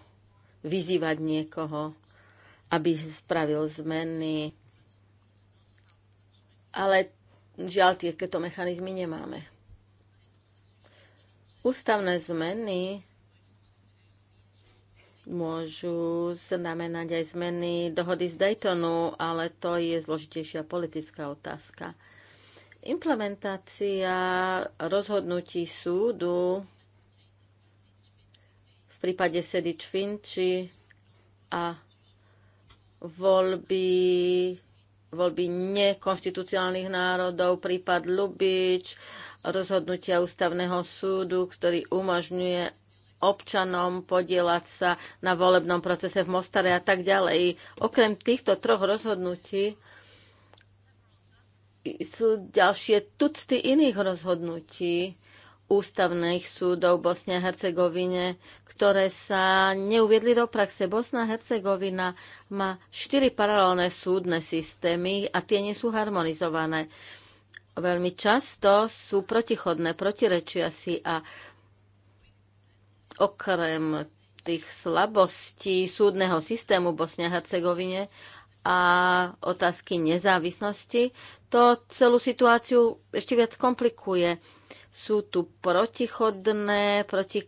vyzývať niekoho, aby spravil zmeny. Ale žiaľ, tieto mechanizmy nemáme. Ústavné zmeny môžu znamenať aj zmeny dohody z Daytonu, ale to je zložitejšia politická otázka. Implementácia rozhodnutí súdu v prípade Sedič Finči a voľby, voľby nekonštitucionálnych národov, prípad Lubič, rozhodnutia ústavného súdu, ktorý umožňuje občanom podielať sa na volebnom procese v Mostare a tak ďalej. Okrem týchto troch rozhodnutí sú ďalšie tucty iných rozhodnutí ústavných súdov v Bosne a Hercegovine, ktoré sa neuviedli do praxe. Bosna a Hercegovina má štyri paralelné súdne systémy a tie nie sú harmonizované. Veľmi často sú protichodné, protirečia si a okrem tých slabostí súdneho systému Bosne a Hercegovine a otázky nezávislosti, to celú situáciu ešte viac komplikuje. Sú tu protichodné, proti,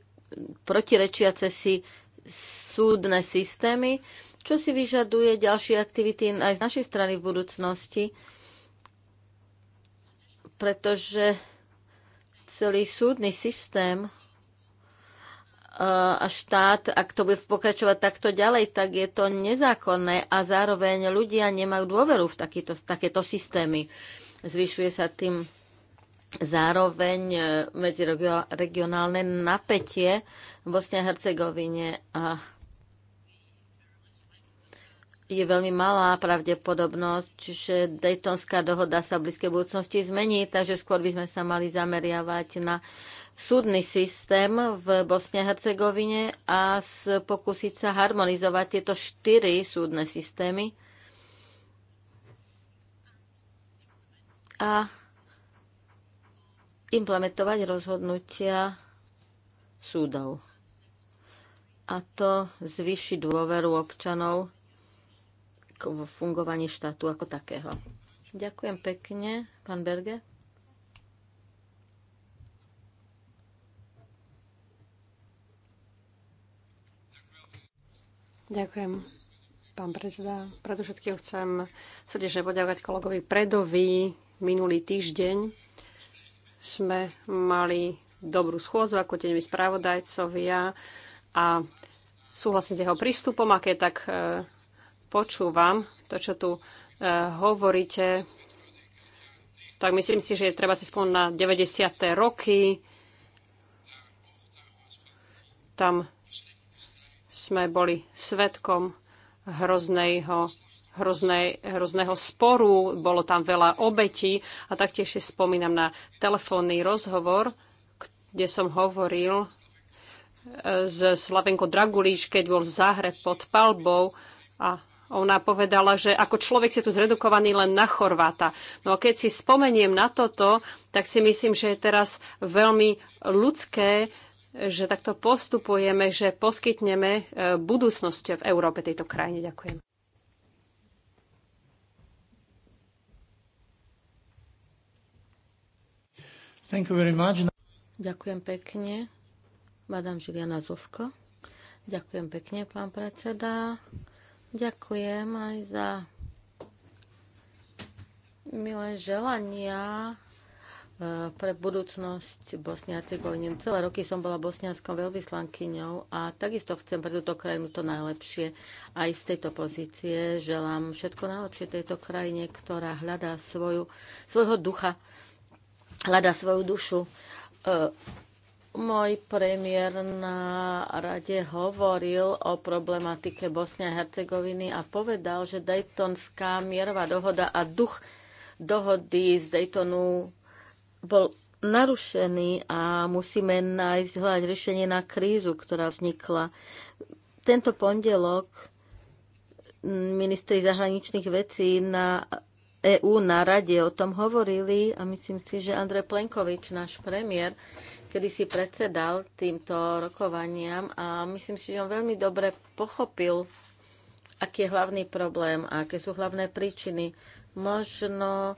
protirečiace si súdne systémy, čo si vyžaduje ďalšie aktivity aj z našej strany v budúcnosti, pretože celý súdny systém a štát, ak to bude pokračovať takto ďalej, tak je to nezákonné a zároveň ľudia nemajú dôveru v takýto, takéto systémy. Zvyšuje sa tým zároveň e, medziregionálne napätie v Bosne a Hercegovine a je veľmi malá pravdepodobnosť, čiže Daytonská dohoda sa v blízkej budúcnosti zmení, takže skôr by sme sa mali zameriavať na súdny systém v Bosne a Hercegovine a pokúsiť sa harmonizovať tieto štyri súdne systémy. A implementovať rozhodnutia súdov. A to zvýši dôveru občanov v fungovaní štátu ako takého. Ďakujem pekne, pán Berge. Ďakujem, pán predseda. všetkým chcem srdečne poďakovať kolegovi Predovi. Minulý týždeň sme mali dobrú schôdzu ako teňoví spravodajcovia a súhlasím s jeho prístupom, aké tak e, počúvam to, čo tu eh, hovoríte, tak myslím si, že je treba si spomnúť na 90. roky. Tam sme boli svetkom hrozného, hroznej, hrozného sporu, bolo tam veľa obetí a taktiež si spomínam na telefónny rozhovor, kde som hovoril eh, s Slavenko Dragulíš, keď bol záhre pod palbou a ona povedala, že ako človek si tu zredukovaný len na Chorváta. No a keď si spomeniem na toto, tak si myslím, že je teraz veľmi ľudské, že takto postupujeme, že poskytneme e, budúcnosť v Európe tejto krajine. Ďakujem. Thank you very much. Ďakujem pekne. Madame Žiliana Zovko. Ďakujem pekne, pán predseda. Ďakujem aj za milé želania e, pre budúcnosť Bosnia a Hercegoviny. Celé roky som bola bosnianskou veľvyslankyňou a takisto chcem pre túto krajinu to najlepšie. Aj z tejto pozície želám všetko najlepšie tejto krajine, ktorá hľadá svoju, svojho ducha, hľadá svoju dušu. E, môj premiér na rade hovoril o problematike Bosne a Hercegoviny a povedal, že Daytonská mierová dohoda a duch dohody z Daytonu bol narušený a musíme nájsť hľadať riešenie na krízu, ktorá vznikla. Tento pondelok ministri zahraničných vecí na EÚ na rade o tom hovorili a myslím si, že Andrej Plenkovič, náš premiér, kedy si predsedal týmto rokovaniam a myslím si, že on veľmi dobre pochopil, aký je hlavný problém a aké sú hlavné príčiny. Možno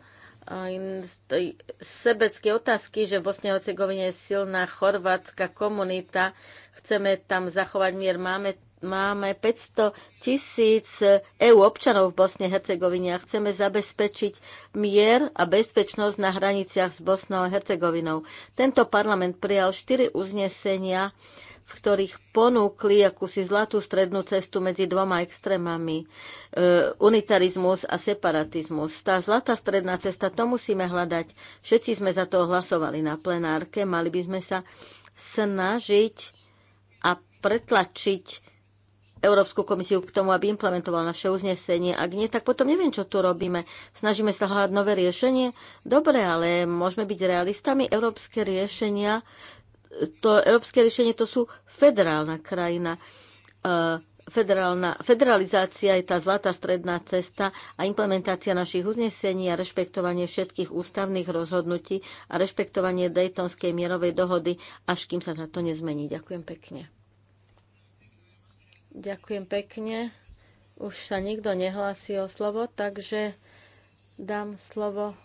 sebecké otázky, že v Bosne a Hercegovine je silná chorvátska komunita, chceme tam zachovať mier, máme máme 500 tisíc eh, EU občanov v Bosne Hercegovine a chceme zabezpečiť mier a bezpečnosť na hraniciach s Bosnou a Hercegovinou. Tento parlament prijal štyri uznesenia, v ktorých ponúkli akúsi zlatú strednú cestu medzi dvoma extrémami, eh, unitarizmus a separatizmus. Tá zlatá stredná cesta, to musíme hľadať. Všetci sme za to hlasovali na plenárke, mali by sme sa snažiť a pretlačiť Európsku komisiu k tomu, aby implementoval naše uznesenie. Ak nie, tak potom neviem, čo tu robíme. Snažíme sa hľadať nové riešenie? Dobre, ale môžeme byť realistami. Európske riešenia, to európske riešenie to sú federálna krajina. Uh, federálna, federalizácia je tá zlatá stredná cesta a implementácia našich uznesení a rešpektovanie všetkých ústavných rozhodnutí a rešpektovanie Daytonskej mierovej dohody, až kým sa na to nezmení. Ďakujem pekne. Ďakujem pekne. Už sa nikto nehlási o slovo, takže dám slovo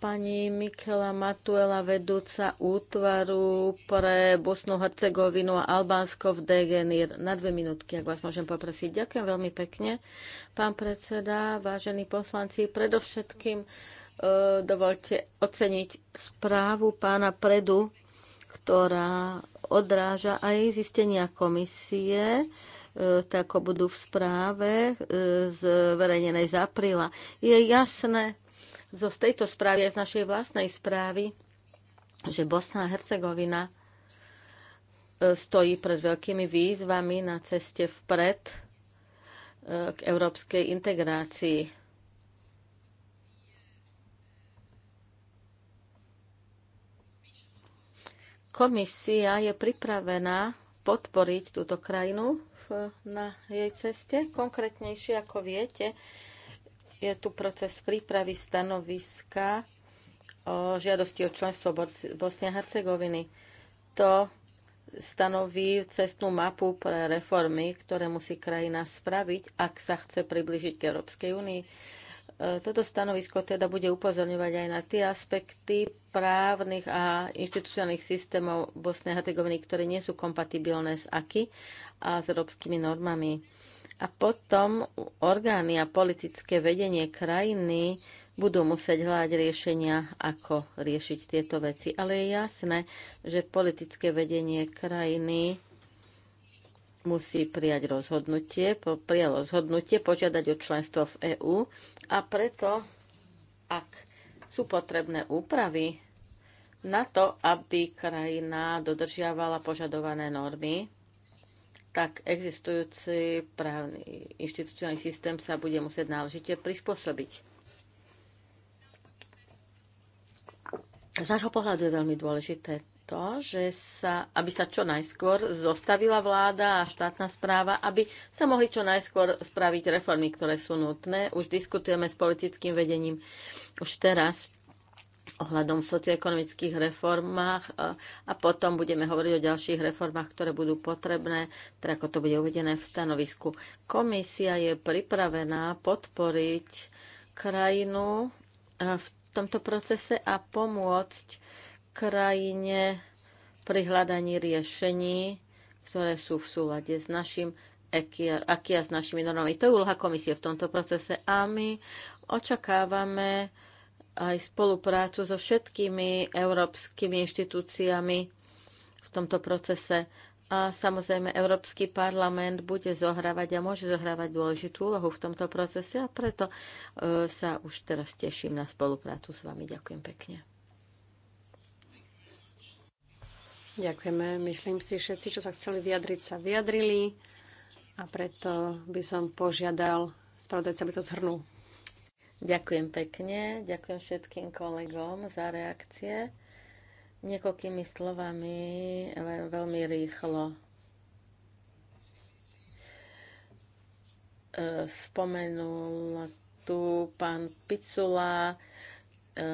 pani Mikela Matuela, vedúca útvaru pre Bosnu, Hercegovinu a Albánsko v Degenir. Na dve minútky, ak vás môžem poprosiť. Ďakujem veľmi pekne, pán predseda, vážení poslanci. Predovšetkým e, dovolte oceniť správu pána Predu, ktorá odráža aj zistenia komisie, E, tak ako budú v správe e, zverejnenej z apríla. Je jasné zo z tejto správy aj z našej vlastnej správy, že Bosna a Hercegovina e, stojí pred veľkými výzvami na ceste vpred k európskej integrácii. Komisia je pripravená podporiť túto krajinu na jej ceste. Konkrétnejšie, ako viete, je tu proces prípravy stanoviska o žiadosti o členstvo Bosne a Hercegoviny. To stanoví cestnú mapu pre reformy, ktoré musí krajina spraviť, ak sa chce približiť k Európskej únii. E, toto stanovisko teda bude upozorňovať aj na tie aspekty právnych a inštitucionálnych systémov Bosnej a Hercegoviny, ktoré nie sú kompatibilné s AKI a s európskymi normami. A potom orgány a politické vedenie krajiny budú musieť hľadať riešenia, ako riešiť tieto veci. Ale je jasné, že politické vedenie krajiny musí prijať rozhodnutie, prijať rozhodnutie, požiadať o členstvo v EÚ a preto, ak sú potrebné úpravy na to, aby krajina dodržiavala požadované normy, tak existujúci právny inštitucionálny systém sa bude musieť náležite prispôsobiť. Z nášho pohľadu je veľmi dôležité to, že sa, aby sa čo najskôr zostavila vláda a štátna správa, aby sa mohli čo najskôr spraviť reformy, ktoré sú nutné. Už diskutujeme s politickým vedením už teraz ohľadom socioekonomických reformách e, a potom budeme hovoriť o ďalších reformách, ktoré budú potrebné, tak ako to bude uvedené v stanovisku. Komisia je pripravená podporiť krajinu e, v v tomto procese a pomôcť krajine pri hľadaní riešení, ktoré sú v súlade s našim akia s našimi normami. To je úloha komisie v tomto procese a my očakávame aj spoluprácu so všetkými európskymi inštitúciami v tomto procese a samozrejme, Európsky parlament bude zohrávať a môže zohrávať dôležitú úlohu v tomto procese a preto e, sa už teraz teším na spoluprácu s vami. Ďakujem pekne. Ďakujeme. Myslím si, všetci, čo sa chceli vyjadriť, sa vyjadrili a preto by som požiadal spravodajca, aby to zhrnul. Ďakujem pekne, ďakujem všetkým kolegom za reakcie niekoľkými slovami, veľmi rýchlo e, spomenul tu pán Picula. E,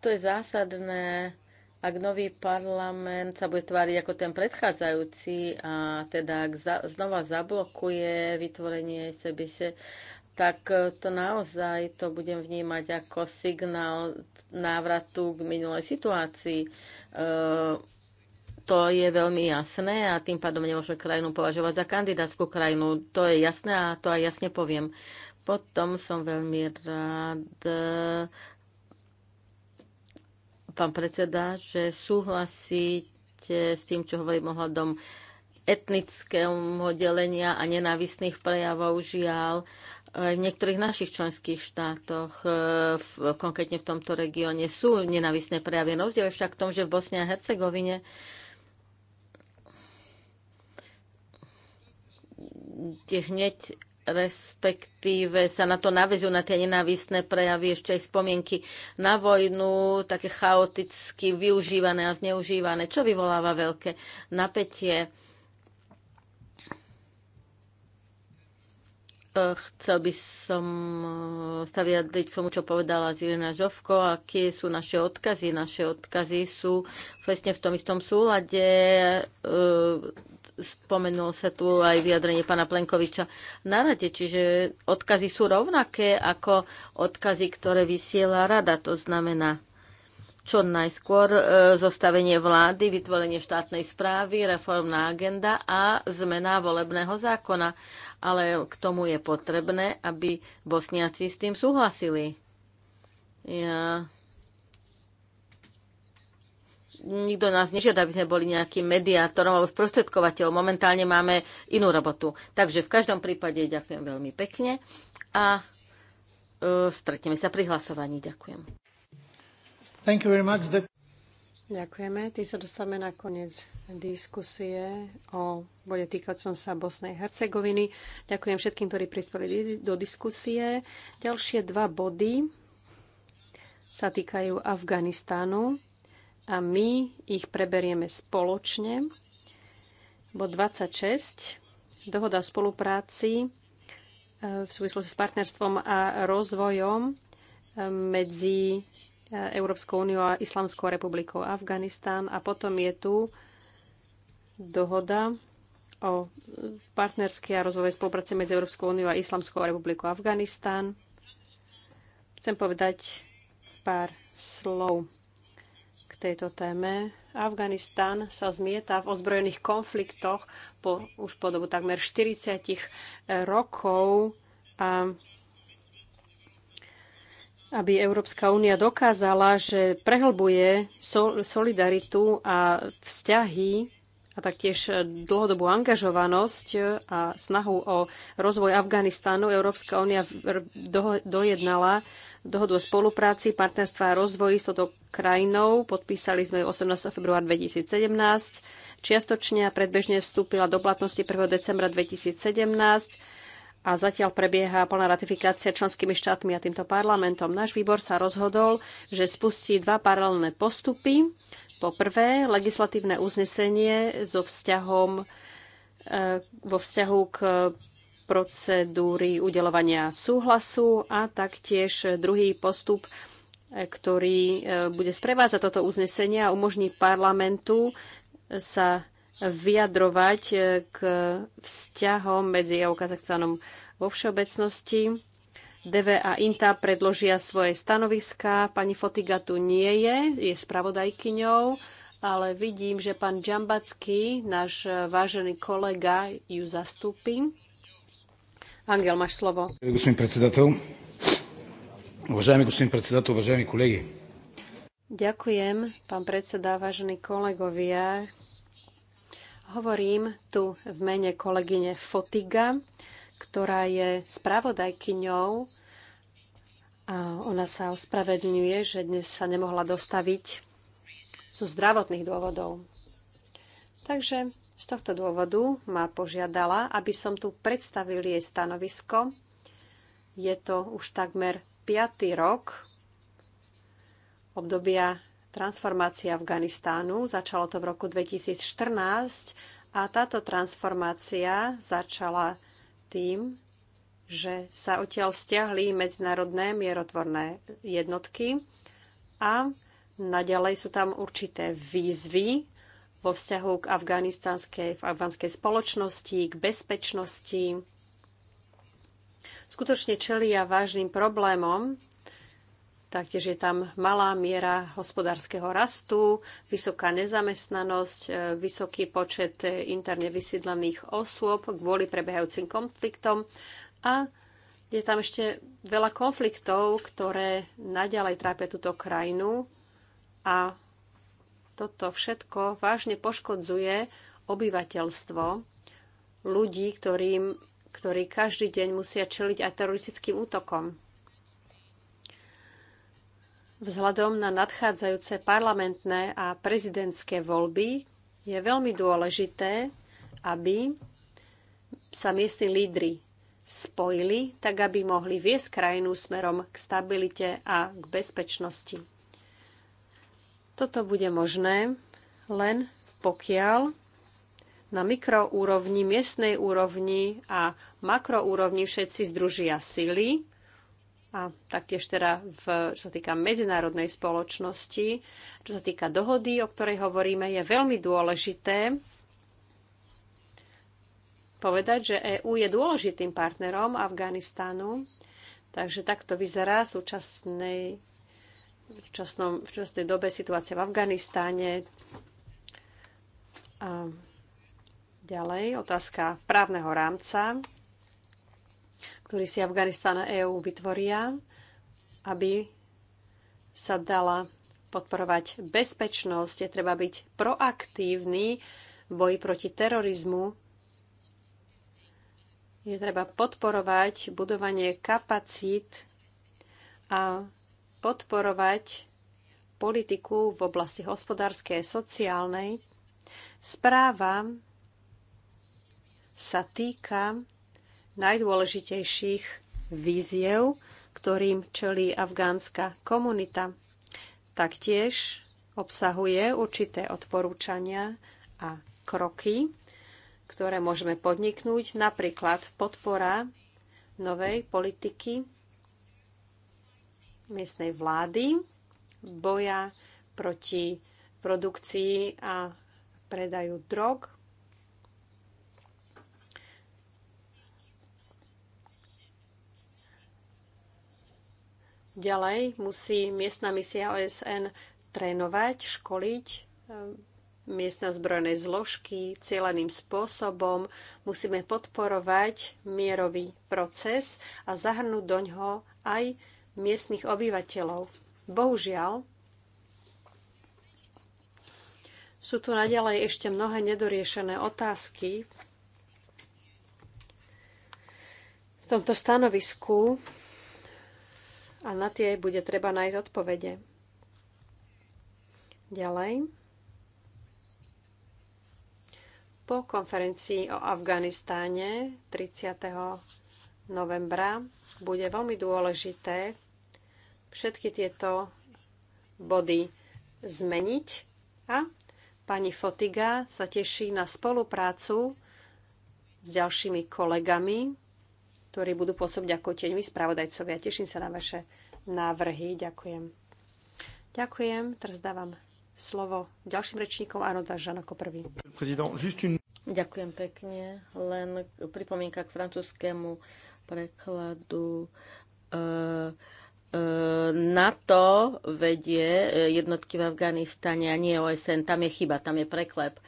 to je zásadné, ak nový parlament sa bude tváriť ako ten predchádzajúci a teda ak za, znova zablokuje vytvorenie sebise tak e, to naozaj to budem vnímať ako signál návratu k minulej situácii. E, to je veľmi jasné a tým pádom nemôžeme krajinu považovať za kandidátskú krajinu. To je jasné a to aj jasne poviem. Potom som veľmi rád, e, pán predseda, že súhlasíte s tým, čo hovorím ohľadom etnického delenia a nenávisných prejavov žiaľ aj v niektorých našich členských štátoch, e, v, konkrétne v tomto regióne, sú nenavisné prejavy. Rozdiel je však v tom, že v Bosne a Hercegovine tie hneď respektíve sa na to navezujú na tie nenávistné prejavy, ešte aj spomienky na vojnu, také chaoticky využívané a zneužívané, čo vyvoláva veľké napätie Eh, chcel by som eh, sa vyjadriť k tomu, čo povedala Zirina Žovko, aké sú naše odkazy. Naše odkazy sú presne v tom istom súlade. Eh, spomenul sa tu aj vyjadrenie pana Plenkoviča na rade, čiže odkazy sú rovnaké ako odkazy, ktoré vysiela rada. To znamená, čo najskôr e, zostavenie vlády, vytvorenie štátnej správy, reformná agenda a zmena volebného zákona. Ale k tomu je potrebné, aby Bosniaci s tým súhlasili. Ja... Nikto nás nežiada, aby sme boli nejakým mediátorom alebo sprostredkovateľom. Momentálne máme inú robotu. Takže v každom prípade ďakujem veľmi pekne a uh, stretneme sa pri hlasovaní. Ďakujem. Ďakujeme. Tým sa dostávame na koniec diskusie o bode týkajúcom sa Bosnej Hercegoviny. Ďakujem všetkým, ktorí prispeli do diskusie. Ďalšie dva body sa týkajú Afganistánu a my ich preberieme spoločne. Bod 26. Dohoda o spolupráci e, v súvislosti s partnerstvom a rozvojom e, medzi Európskou úniou a Islamskou republikou Afganistán. A potom je tu dohoda o partnerskej a rozvojovej spolupráci medzi Európskou úniou a Islamskou republikou Afganistán. Chcem povedať pár slov k tejto téme. Afganistan sa zmieta v ozbrojených konfliktoch po, už po dobu takmer 40 rokov a aby Európska únia dokázala, že prehlbuje solidaritu a vzťahy a taktiež dlhodobú angažovanosť a snahu o rozvoj Afganistánu Európska únia dojednala dohodu o spolupráci, partnerstva a rozvoji s touto krajinou. Podpísali sme ju 18. február 2017. Čiastočne a predbežne vstúpila do platnosti 1. decembra 2017 a zatiaľ prebieha plná ratifikácia členskými štátmi a týmto parlamentom. Náš výbor sa rozhodol, že spustí dva paralelné postupy. Po prvé, legislatívne uznesenie so vzťahom, e, vo vzťahu k procedúry udelovania súhlasu a taktiež druhý postup, e, ktorý e, bude sprevádzať toto uznesenie a umožní parlamentu sa vyjadrovať e, k vzťahom medzi EU a Kazachstanom vo všeobecnosti. DV a INTA predložia svoje stanoviská. Pani Fotiga tu nie je, je spravodajkyňou, ale vidím, že pán Džambacký, náš vážený kolega, ju zastúpi. Angel, máš slovo. Господин председател, uvažajme господин председател, uvažajme kolegy. Ďakujem, pán predseda, vážení kolegovia. Hovorím tu v mene kolegyne Fotiga, ktorá je spravodajkyňou a ona sa ospravedlňuje, že dnes sa nemohla dostaviť zo zdravotných dôvodov. Takže z tohto dôvodu ma požiadala, aby som tu predstavil jej stanovisko. Je to už takmer 5. rok obdobia transformácia Afganistánu. Začalo to v roku 2014 a táto transformácia začala tým, že sa odtiaľ stiahli medzinárodné mierotvorné jednotky a naďalej sú tam určité výzvy vo vzťahu k afganistanskej, v afganskej spoločnosti, k bezpečnosti. Skutočne čelia vážnym problémom, Taktiež je tam malá miera hospodárskeho rastu, vysoká nezamestnanosť, e, vysoký počet e, interne vysídlených osôb kvôli prebehajúcim konfliktom a je tam ešte veľa konfliktov, ktoré naďalej trápia túto krajinu a toto všetko vážne poškodzuje obyvateľstvo, ľudí, ktorým, ktorí každý deň musia čeliť aj teroristickým útokom vzhľadom na nadchádzajúce parlamentné a prezidentské voľby je veľmi dôležité, aby sa miestni lídry spojili, tak aby mohli viesť krajinu smerom k stabilite a k bezpečnosti. Toto bude možné len pokiaľ na mikroúrovni, miestnej úrovni a makroúrovni všetci združia sily a taktiež teda, v, čo sa týka medzinárodnej spoločnosti, čo sa týka dohody, o ktorej hovoríme, je veľmi dôležité povedať, že EÚ je dôležitým partnerom Afganistanu. Takže takto vyzerá v súčasnej, v, časnom, v časnej dobe situácia v Afganistáne. A ďalej otázka právneho rámca ktorý si Afganistán a EÚ vytvoria, aby sa dala podporovať bezpečnosť. Je treba byť proaktívny v boji proti terorizmu. Je treba podporovať budovanie kapacít a podporovať politiku v oblasti hospodárskej a sociálnej. Správa sa týka najdôležitejších víziev, ktorým čelí afgánska komunita. Taktiež obsahuje určité odporúčania a kroky, ktoré môžeme podniknúť, napríklad podpora novej politiky miestnej vlády, boja proti produkcii a predaju drog, Ďalej musí miestna misia OSN trénovať, školiť e, miestne zbrojné zložky cieľeným spôsobom. Musíme podporovať mierový proces a zahrnúť do ňoho aj miestnych obyvateľov. Bohužiaľ, sú tu naďalej ešte mnohé nedoriešené otázky. V tomto stanovisku a na tie bude treba nájsť odpovede. Ďalej. Po konferencii o Afganistáne 30. novembra bude veľmi dôležité všetky tieto body zmeniť a pani Fotiga sa teší na spoluprácu s ďalšími kolegami ktorí budú pôsobiť ako tieňmi spravodajcovia. Teším sa na vaše návrhy. Ďakujem. Ďakujem. Teraz dávam slovo ďalším rečníkom. Áno, dáš Žan ako prvý. Ďakujem pekne. Len pripomienka k francúzskému prekladu. E, e, NATO vedie e, jednotky v Afganistane a nie OSN. Tam je chyba, tam je preklep.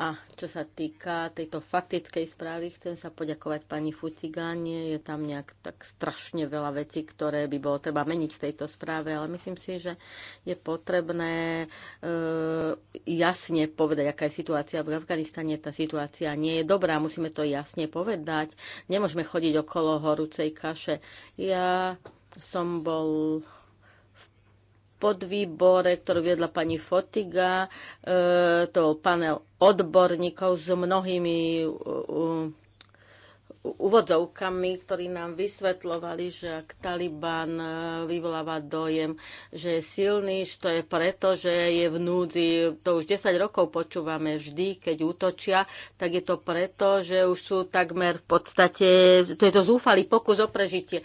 A čo sa týka tejto faktickej správy, chcem sa poďakovať pani Futigáne. Je tam nejak tak strašne veľa vecí, ktoré by bolo treba meniť v tejto správe, ale myslím si, že je potrebné e, jasne povedať, aká je situácia v Afganistane. Tá situácia nie je dobrá, musíme to jasne povedať. Nemôžeme chodiť okolo horúcej kaše. Ja som bol podvýbore, ktorú viedla pani Fotiga, e, to panel odborníkov s mnohými úvodzovkami, ktorí nám vysvetľovali, že ak Taliban e, vyvoláva dojem, že je silný, že to je preto, že je v núdzi. To už 10 rokov počúvame vždy, keď útočia, tak je to preto, že už sú takmer v podstate, to je to zúfalý pokus o prežitie. E,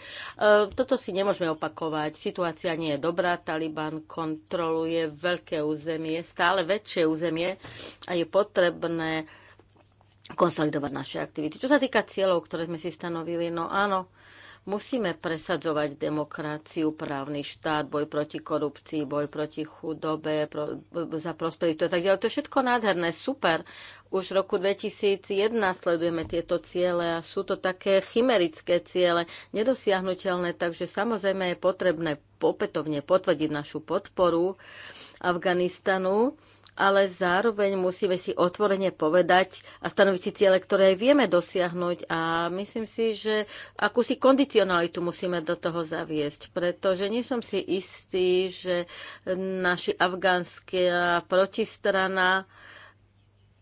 toto si nemôžeme opakovať. Situácia nie je dobrá. Taliban kontroluje veľké územie, stále väčšie územie a je potrebné konsolidovať naše aktivity. Čo sa týka cieľov, ktoré sme si stanovili, no áno, musíme presadzovať demokraciu, právny štát, boj proti korupcii, boj proti chudobe, pro, za prosperitu a tak ďalej. To je všetko nádherné, super. Už v roku 2001 sledujeme tieto ciele a sú to také chimerické ciele, nedosiahnutelné, takže samozrejme je potrebné opätovne potvrdiť našu podporu Afganistanu ale zároveň musíme si otvorene povedať a stanoviť si ciele, ktoré vieme dosiahnuť a myslím si, že akúsi kondicionalitu musíme do toho zaviesť, pretože nie som si istý, že naši afgánske protistrana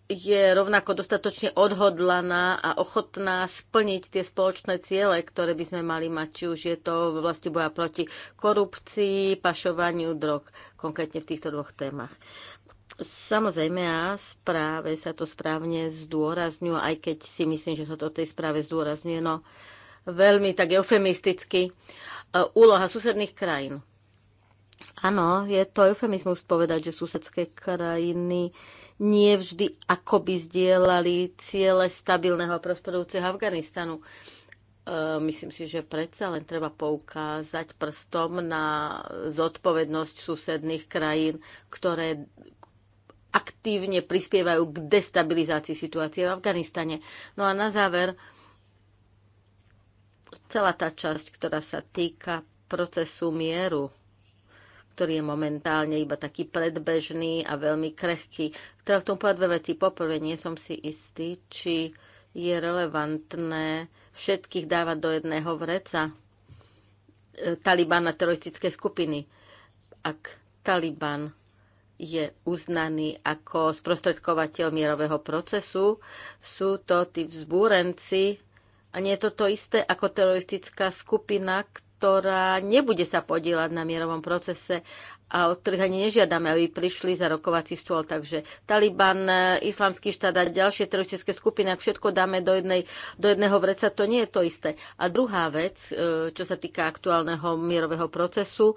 je rovnako dostatočne odhodlaná a ochotná splniť tie spoločné ciele, ktoré by sme mali mať, či už je to v oblasti boja proti korupcii, pašovaniu drog, konkrétne v týchto dvoch témach. Samozrejme, a správe sa to správne zdôrazňuje, aj keď si myslím, že sa to v tej správe zdôrazňuje, no veľmi tak eufemisticky, e, úloha susedných krajín. Áno, je to eufemizmus povedať, že susedské krajiny nie vždy akoby zdieľali ciele stabilného a prosperujúceho Afganistanu. E, myslím si, že predsa len treba poukázať prstom na zodpovednosť susedných krajín, ktoré aktívne prispievajú k destabilizácii situácie v Afganistane. No a na záver, celá tá časť, ktorá sa týka procesu mieru, ktorý je momentálne iba taký predbežný a veľmi krehký. Chcela v tom povedať dve veci. Poprvé, nie som si istý, či je relevantné všetkých dávať do jedného vreca e, Taliban a teroristické skupiny. Ak Taliban je uznaný ako sprostredkovateľ mierového procesu. Sú to tí vzbúrenci a nie je to to isté ako teroristická skupina, ktorá nebude sa podielať na mierovom procese a od ktorých ani nežiadame, aby prišli za rokovací stôl. Takže Taliban, e, Islamský štát a ďalšie teroristické skupiny, ak všetko dáme do, jednej, do jedného vreca, to nie je to isté. A druhá vec, e, čo sa týka aktuálneho mierového procesu, e,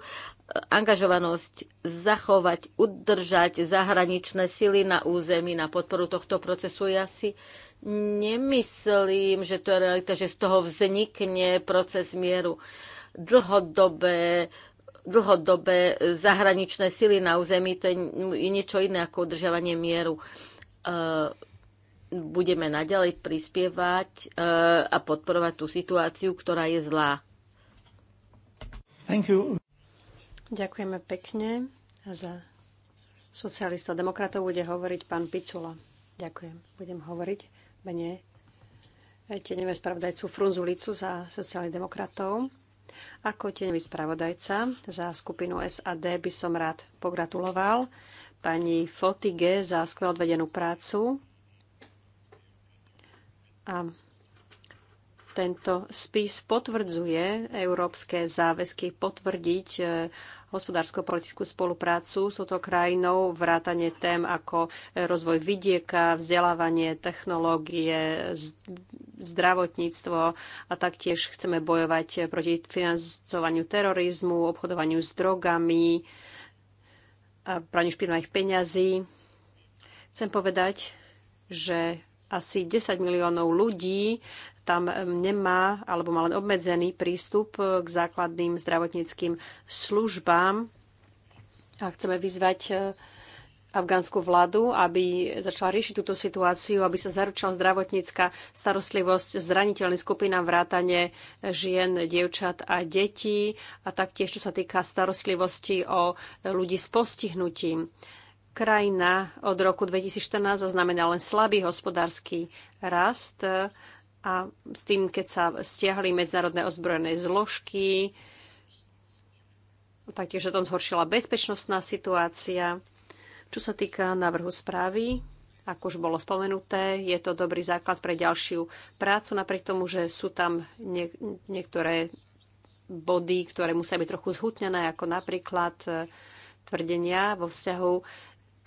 angažovanosť zachovať, udržať zahraničné sily na území na podporu tohto procesu je asi nemyslím, že to je realita, že z toho vznikne proces mieru. Dlhodobé dlhodobé e, zahraničné sily na území, to je niečo iné ako udržiavanie mieru. E, budeme naďalej prispievať e, a podporovať tú situáciu, ktorá je zlá. Thank you. Ďakujeme pekne za socialistov demokratov bude hovoriť pán Picula. Ďakujem. Budem hovoriť mene teneme spravdajcu Frunzulicu za sociálnych demokratov. Ako tenový spravodajca za skupinu SAD by som rád pogratuloval pani Fotige za skvelú prácu. A tento spis potvrdzuje európske záväzky potvrdiť e, hospodársko-politickú spoluprácu s touto krajinou, vrátanie tém ako e, rozvoj vidieka, vzdelávanie, technológie, zdravotníctvo a taktiež chceme bojovať e, proti financovaniu terorizmu, obchodovaniu s drogami a praniu špinavých peňazí. Chcem povedať, že asi 10 miliónov ľudí tam nemá alebo má len obmedzený prístup k základným zdravotníckým službám. A chceme vyzvať eh, afgánsku vládu, aby začala riešiť túto situáciu, aby sa zaručila zdravotnícka starostlivosť zraniteľným skupinám vrátane žien, dievčat a detí a taktiež, čo sa týka starostlivosti o ľudí s postihnutím krajina od roku 2014 zaznamená len slabý hospodársky rast a s tým, keď sa stiahli medzinárodné ozbrojené zložky, taktiež sa tam zhoršila bezpečnostná situácia. Čo sa týka návrhu správy, ako už bolo spomenuté, je to dobrý základ pre ďalšiu prácu, napriek tomu, že sú tam niek- niektoré body, ktoré musia byť trochu zhutnené, ako napríklad eh, tvrdenia vo vzťahu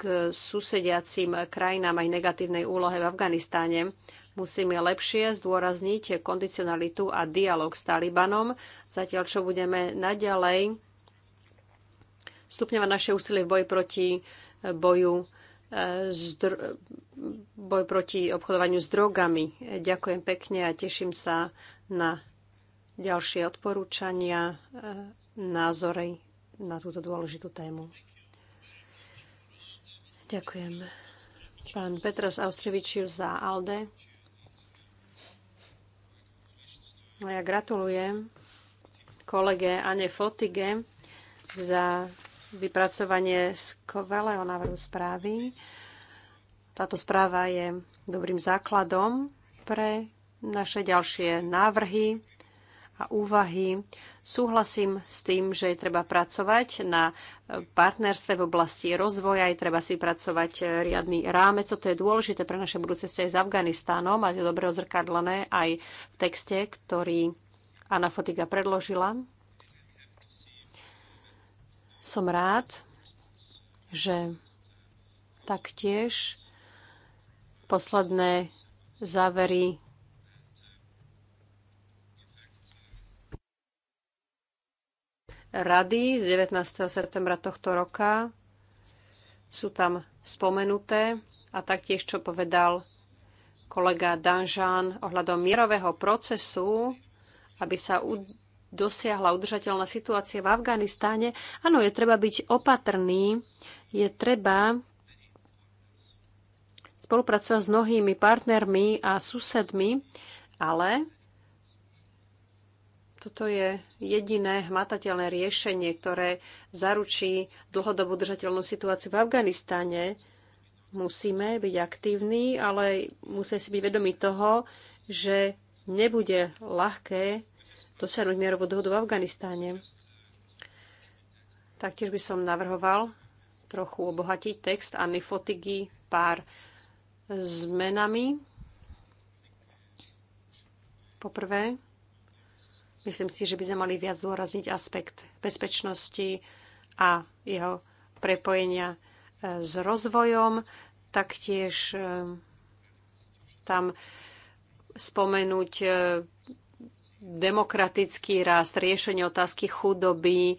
k susediacim krajinám aj negatívnej úlohe v Afganistáne. Musíme lepšie zdôrazniť kondicionalitu a dialog s Talibanom, zatiaľ čo budeme naďalej stupňovať naše úsilie v boji proti boju eh, boj proti obchodovaniu s drogami. Ďakujem pekne a teším sa na ďalšie odporúčania, eh, názory na túto dôležitú tému. Ďakujem. Pán Petras Austrevičius za ALDE. A ja gratulujem kolege Ane Fotige za vypracovanie skvelého návrhu správy. Táto správa je dobrým základom pre naše ďalšie návrhy a úvahy. Súhlasím s tým, že je treba pracovať na partnerstve v oblasti rozvoja, je treba si pracovať riadny rámec. Toto je dôležité pre naše budúce aj s Afganistánom a je dobre ozrkadlené aj v texte, ktorý Anna Fotiga predložila. Som rád, že taktiež posledné závery rady z 19. septembra tohto roka. Sú tam spomenuté a taktiež, čo povedal kolega Danžan ohľadom mierového procesu, aby sa dosiahla udržateľná situácia v Afganistáne. Áno, je treba byť opatrný, je treba spolupracovať s mnohými partnermi a susedmi, ale toto je jediné hmatateľné riešenie, ktoré zaručí dlhodobú držateľnú situáciu v Afganistáne. Musíme byť aktívni, ale musíme si byť vedomi toho, že nebude ľahké dosiahnuť mierovú dohodu v Afganistáne. Taktiež by som navrhoval trochu obohatiť text a Fotigy pár zmenami. Poprvé, Myslím si, že by sme mali viac zôrazniť aspekt bezpečnosti a jeho prepojenia e, s rozvojom. Taktiež e, tam spomenúť e, demokratický rast, riešenie otázky chudoby,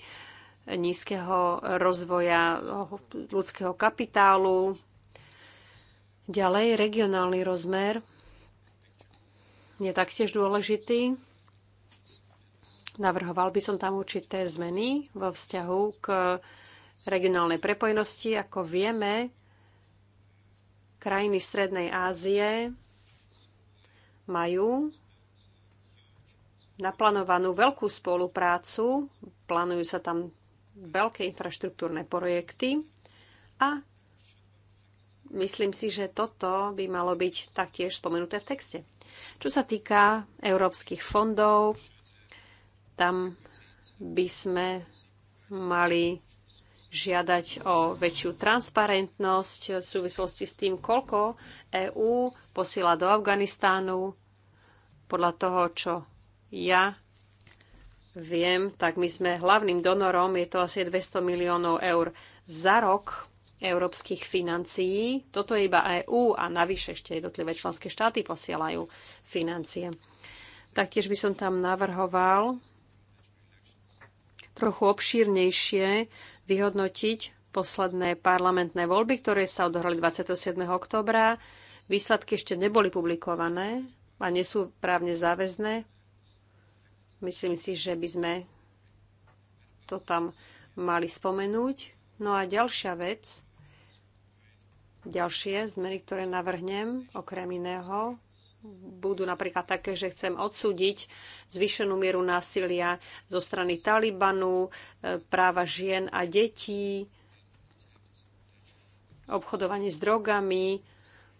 nízkeho rozvoja ľudského kapitálu. Ďalej regionálny rozmer je taktiež dôležitý Navrhoval by som tam určité zmeny vo vzťahu k regionálnej prepojenosti. Ako vieme, krajiny Strednej Ázie majú naplánovanú veľkú spoluprácu, plánujú sa tam veľké infraštruktúrne projekty a myslím si, že toto by malo byť taktiež spomenuté v texte. Čo sa týka európskych fondov, tam by sme mali žiadať o väčšiu transparentnosť v súvislosti s tým, koľko EÚ posiela do Afganistánu. Podľa toho, čo ja viem, tak my sme hlavným donorom, je to asi 200 miliónov eur za rok európskych financií. Toto je iba EÚ a navyše ešte jednotlivé členské štáty posielajú financie. Taktiež by som tam navrhoval trochu obšírnejšie vyhodnotiť posledné parlamentné voľby, ktoré sa odohrali 27. oktobra. Výsledky ešte neboli publikované a nie sú právne záväzné. Myslím si, že by sme to tam mali spomenúť. No a ďalšia vec, ďalšie zmeny, ktoré navrhnem, okrem iného, budú napríklad také, že chcem odsúdiť zvýšenú mieru násilia zo strany Talibanu, e, práva žien a detí, obchodovanie s drogami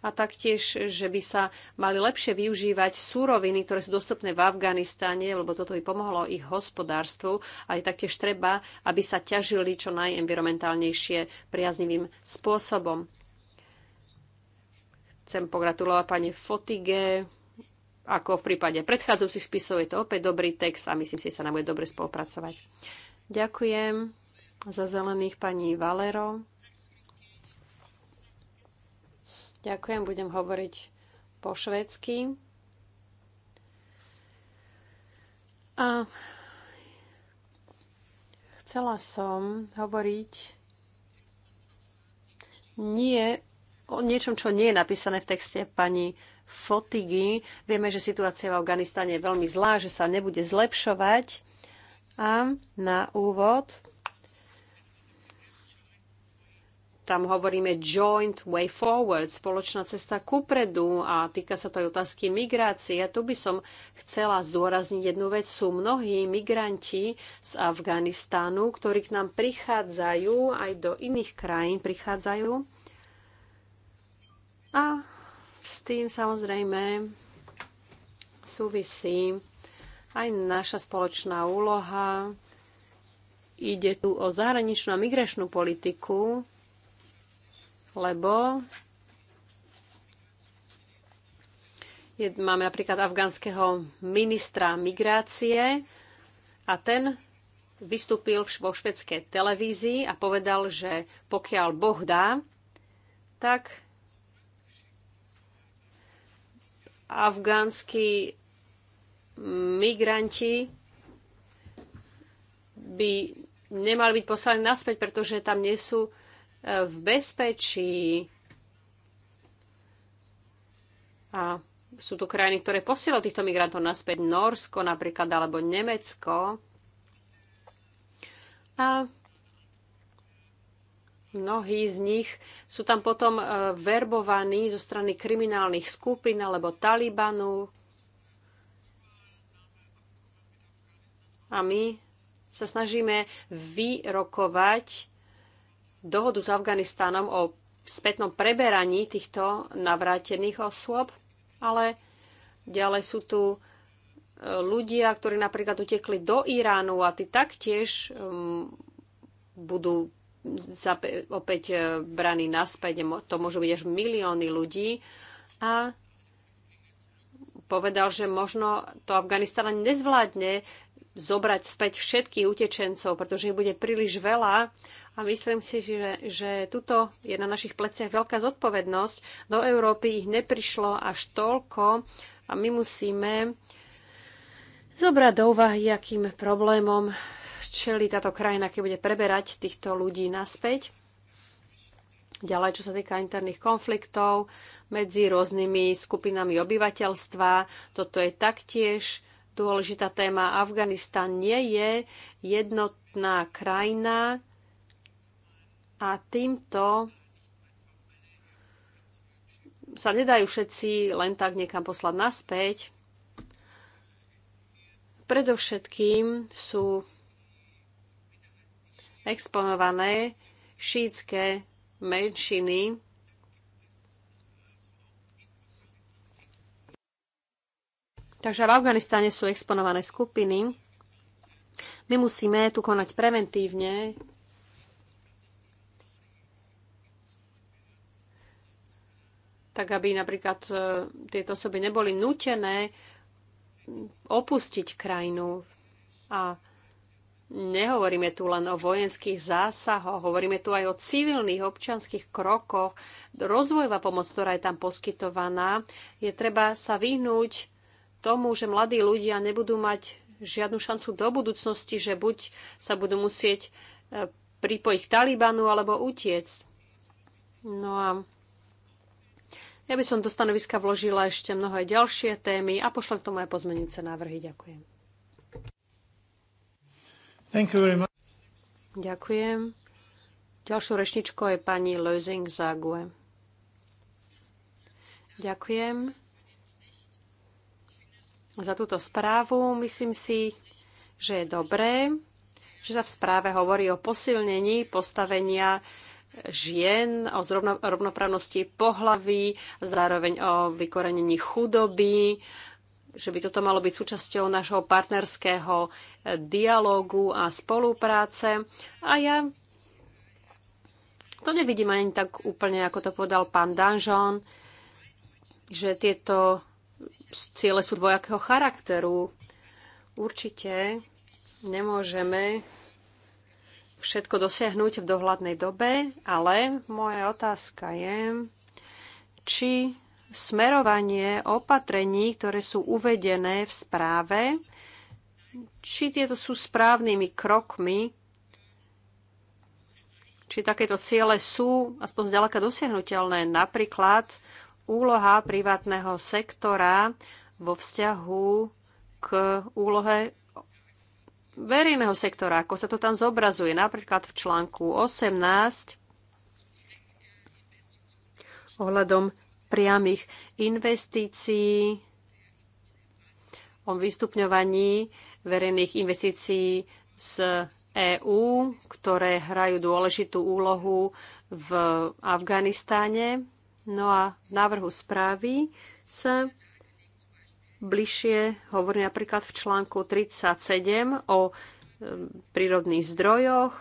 a taktiež, že by sa mali lepšie využívať súroviny, ktoré sú dostupné v Afganistáne, lebo toto by pomohlo ich hospodárstvu. A je taktiež treba, aby sa ťažili čo najenvironmentálnejšie priaznivým spôsobom. Chcem pogratulovať pani Fotige. Ako v prípade predchádzajúcich spisov je to opäť dobrý text a myslím si, že sa nám bude dobre spolupracovať. Ďakujem za zelených pani Valero. Ďakujem, budem hovoriť po švedsky. A chcela som hovoriť nie o niečom, čo nie je napísané v texte pani Fotigy. Vieme, že situácia v Afganistane je veľmi zlá, že sa nebude zlepšovať. A na úvod tam hovoríme joint way forward, spoločná cesta kupredu a týka sa to aj otázky migrácie. A tu by som chcela zdôrazniť jednu vec. Sú mnohí migranti z Afganistánu, ktorí k nám prichádzajú, aj do iných krajín prichádzajú. A s tým samozrejme súvisí aj naša spoločná úloha. Ide tu o zahraničnú a migračnú politiku, lebo je, máme napríklad afgánskeho ministra migrácie a ten vystúpil vo švedskej televízii a povedal, že pokiaľ Boh dá, tak afgánsky migranti by nemali byť poslaní naspäť, pretože tam nie sú e, v bezpečí. A sú tu krajiny, ktoré posielajú týchto migrantov naspäť, Norsko napríklad, alebo Nemecko. A Mnohí z nich sú tam potom e, verbovaní zo strany kriminálnych skupín alebo Talibanu. A my sa snažíme vyrokovať dohodu s Afganistánom o spätnom preberaní týchto navrátených osôb, ale ďalej sú tu e, ľudia, ktorí napríklad utekli do Iránu a tí taktiež budú opäť e, braní naspäť, to môžu byť až milióny ľudí. A povedal, že možno to Afganistan nezvládne zobrať späť všetkých utečencov, pretože ich bude príliš veľa a myslím si, že, že tuto je na našich pleciach veľká zodpovednosť. Do Európy ich neprišlo až toľko a my musíme zobrať do úvahy, akým problémom čeli táto krajina, keď bude preberať týchto ľudí naspäť. Ďalej, čo sa týka interných konfliktov medzi rôznymi skupinami obyvateľstva, toto je taktiež dôležitá téma. Afganistan nie je jednotná krajina a týmto sa nedajú všetci len tak niekam poslať naspäť. Predovšetkým sú exponované šítske menšiny. Takže v Afganistane sú exponované skupiny. My musíme tu konať preventívne. Tak, aby napríklad e, tieto osoby neboli nutené opustiť krajinu a nehovoríme tu len o vojenských zásahoch, hovoríme tu aj o civilných občanských krokoch. Rozvojová pomoc, ktorá je tam poskytovaná, je treba sa vyhnúť tomu, že mladí ľudia nebudú mať žiadnu šancu do budúcnosti, že buď sa budú musieť e, pripojiť k Talibanu alebo utiecť. No a ja by som do stanoviska vložila ešte mnohé ďalšie témy a pošlem k tomu aj pozmenujúce návrhy. Ďakujem. Ďakujem. Ďalšou rečničkou je pani Lözing Zague. Ďakujem za túto správu. Myslím si, že je dobré, že sa v správe hovorí o posilnení postavenia žien, o rovnoprávnosti pohlaví, zároveň o vykorenení chudoby, že by toto malo byť súčasťou nášho partnerského eh, dialógu a spolupráce. A ja to nevidím ani tak úplne, ako to povedal pán Danžon, že tieto ciele sú dvojakého charakteru. Určite nemôžeme všetko dosiahnuť v dohľadnej dobe, ale moja otázka je, či smerovanie opatrení, ktoré sú uvedené v správe, či tieto sú správnymi krokmi, či takéto ciele sú aspoň zďaleka dosiahnutelné. Napríklad úloha privátneho sektora vo vzťahu k úlohe verejného sektora, ako sa to tam zobrazuje, napríklad v článku 18 ohľadom priamých investícií, o vystupňovaní verejných investícií z EÚ, ktoré hrajú dôležitú úlohu v Afganistáne. No a v návrhu správy sa bližšie hovorí napríklad v článku 37 o e, prírodných zdrojoch,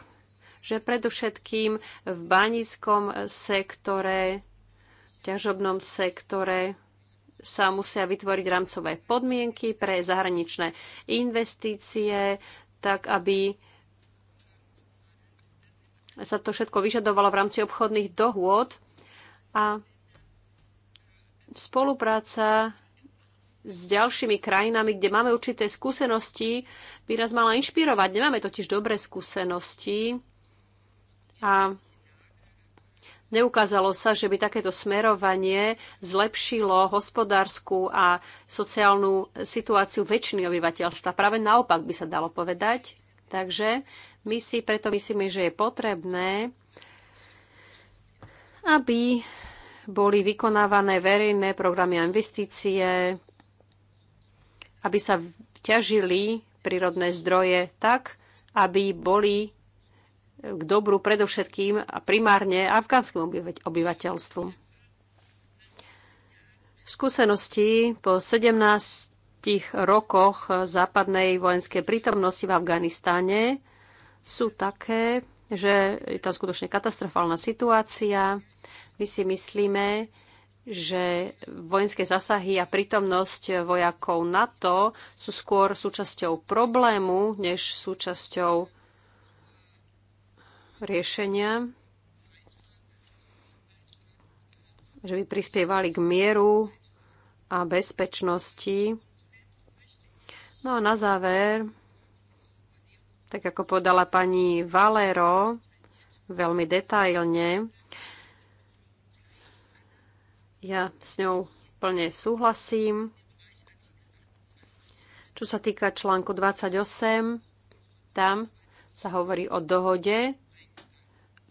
že predovšetkým v banickom sektore ťažobnom sektore sa musia vytvoriť rámcové podmienky pre zahraničné investície, tak aby sa to všetko vyžadovalo v rámci obchodných dohôd a spolupráca s ďalšími krajinami, kde máme určité skúsenosti, by nás mala inšpirovať. Nemáme totiž dobré skúsenosti a Neukázalo sa, že by takéto smerovanie zlepšilo hospodárskú a sociálnu situáciu väčšiny obyvateľstva. Práve naopak by sa dalo povedať. Takže my si preto myslíme, že je potrebné, aby boli vykonávané verejné programy a investície, aby sa ťažili prírodné zdroje tak, aby boli k dobru predovšetkým a primárne afgánskym obyvateľstvu. Skúsenosti po 17 rokoch západnej vojenskej prítomnosti v Afganistáne sú také, že je tam skutočne katastrofálna situácia. My si myslíme, že vojenské zasahy a prítomnosť vojakov NATO sú skôr súčasťou problému, než súčasťou riešenia, že by prispievali k mieru a bezpečnosti. No a na záver, tak ako podala pani Valero, veľmi detailne, ja s ňou plne súhlasím. Čo sa týka článku 28, tam sa hovorí o dohode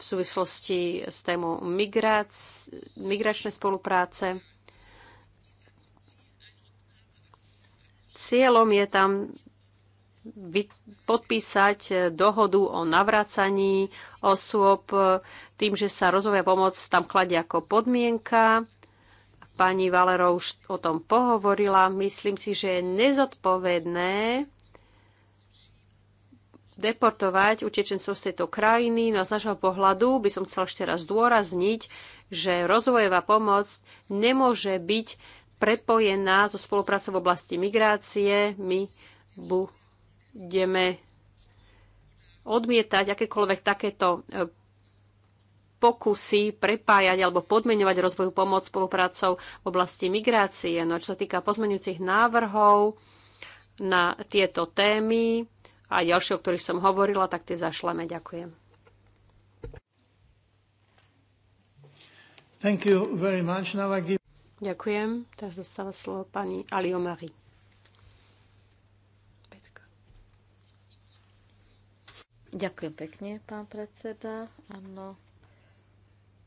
v súvislosti s tému migrac, migračnej spolupráce. Cieľom je tam podpísať dohodu o navracaní osôb tým, že sa rozvoja pomoc tam kladie ako podmienka. Pani Valero už o tom pohovorila. Myslím si, že je nezodpovedné deportovať utečencov z tejto krajiny. No z našho pohľadu by som chcel ešte raz zdôrazniť, že rozvojová pomoc nemôže byť prepojená so spoluprácou v oblasti migrácie. My budeme odmietať akékoľvek takéto e, pokusy prepájať alebo podmeňovať rozvoju pomoc spoluprácou v oblasti migrácie. No čo sa týka pozmeňujúcich návrhov na tieto témy, a ďalšie, o ktorých som hovorila, tak tie zašleme. Ďakujem. Thank you very much. Now I give... Ďakujem. Teraz dostáva slovo pani Alio Marie. Ďakujem pekne, pán predseda. Áno,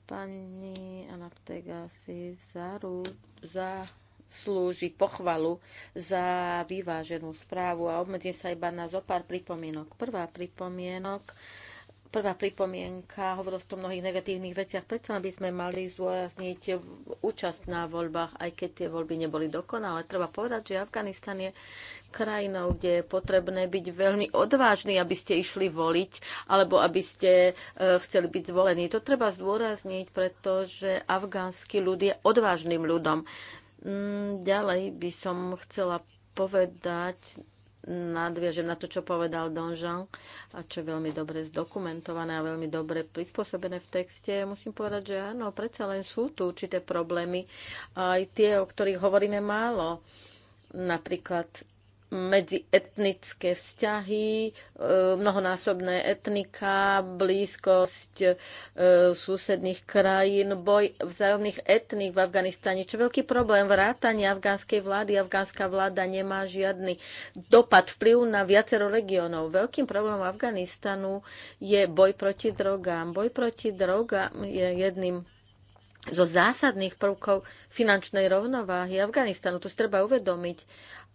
pani Anaptega si zaru, za slúži pochvalu za vyváženú správu a obmedzím sa iba na zopár pripomienok. Prvá pripomienok prvá pripomienka, hovoril o mnohých negatívnych veciach, predsa by sme mali zdôrazniť účasť na voľbách, aj keď tie voľby neboli dokonalé. Treba povedať, že Afganistan je krajinou, kde je potrebné byť veľmi odvážny, aby ste išli voliť, alebo aby ste e, chceli byť zvolení. To treba zdôrazniť, pretože afgánsky ľud je odvážnym ľudom. Mm, ďalej by som chcela povedať, nadviažem na to, čo povedal Don Jean, a čo je veľmi dobre zdokumentované a veľmi dobre prispôsobené v texte. Musím povedať, že áno, predsa len sú tu určité problémy, aj tie, o ktorých hovoríme málo. Napríklad medzietnické vzťahy, e, mnohonásobné etnika, blízkosť e, susedných krajín, boj vzájomných etník v Afganistane, čo veľký problém vrátania afgánskej vlády. Afgánska vláda nemá žiadny dopad, vplyv na viacero regiónov. Veľkým problémom Afganistanu je boj proti drogám. Boj proti drogám je jedným zo zásadných prvkov finančnej rovnováhy Afganistanu. To si treba uvedomiť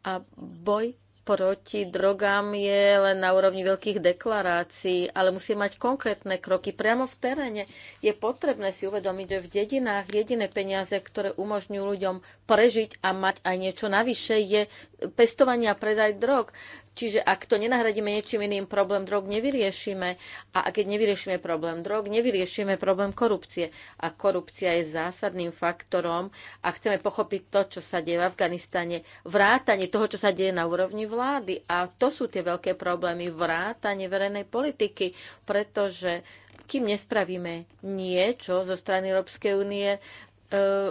a boj proti drogám je len na úrovni veľkých deklarácií, ale musí mať konkrétne kroky priamo v teréne. Je potrebné si uvedomiť, že v dedinách jediné peniaze, ktoré umožňujú ľuďom prežiť a mať aj niečo navyše, je pestovanie a predaj drog. Čiže ak to nenahradíme niečím iným, problém drog nevyriešime. A keď nevyriešime problém drog, nevyriešime problém korupcie. A korupcia je zásadným faktorom a chceme pochopiť to, čo sa deje v Afganistane, vrátanie toho, čo sa deje na úrovni vlády. A to sú tie veľké problémy, vrátanie verejnej politiky, pretože kým nespravíme niečo zo strany Európskej únie,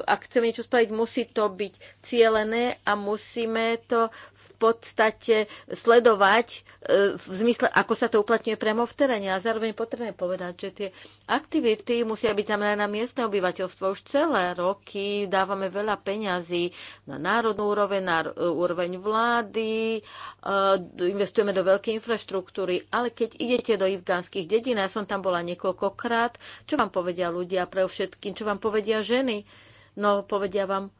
ak chceme niečo spraviť, musí to byť cielené a musíme to v podstate sledovať v zmysle, ako sa to uplatňuje priamo v teréne. A zároveň potrebné povedať, že tie aktivity musia byť zamerané na miestne obyvateľstvo. Už celé roky dávame veľa peňazí na národnú úroveň, na úroveň vlády, investujeme do veľkej infraštruktúry, ale keď idete do ivgánskych dedín, ja som tam bola niekoľkokrát, čo vám povedia ľudia pre všetkým, čo vám povedia ženy, No povedia vám,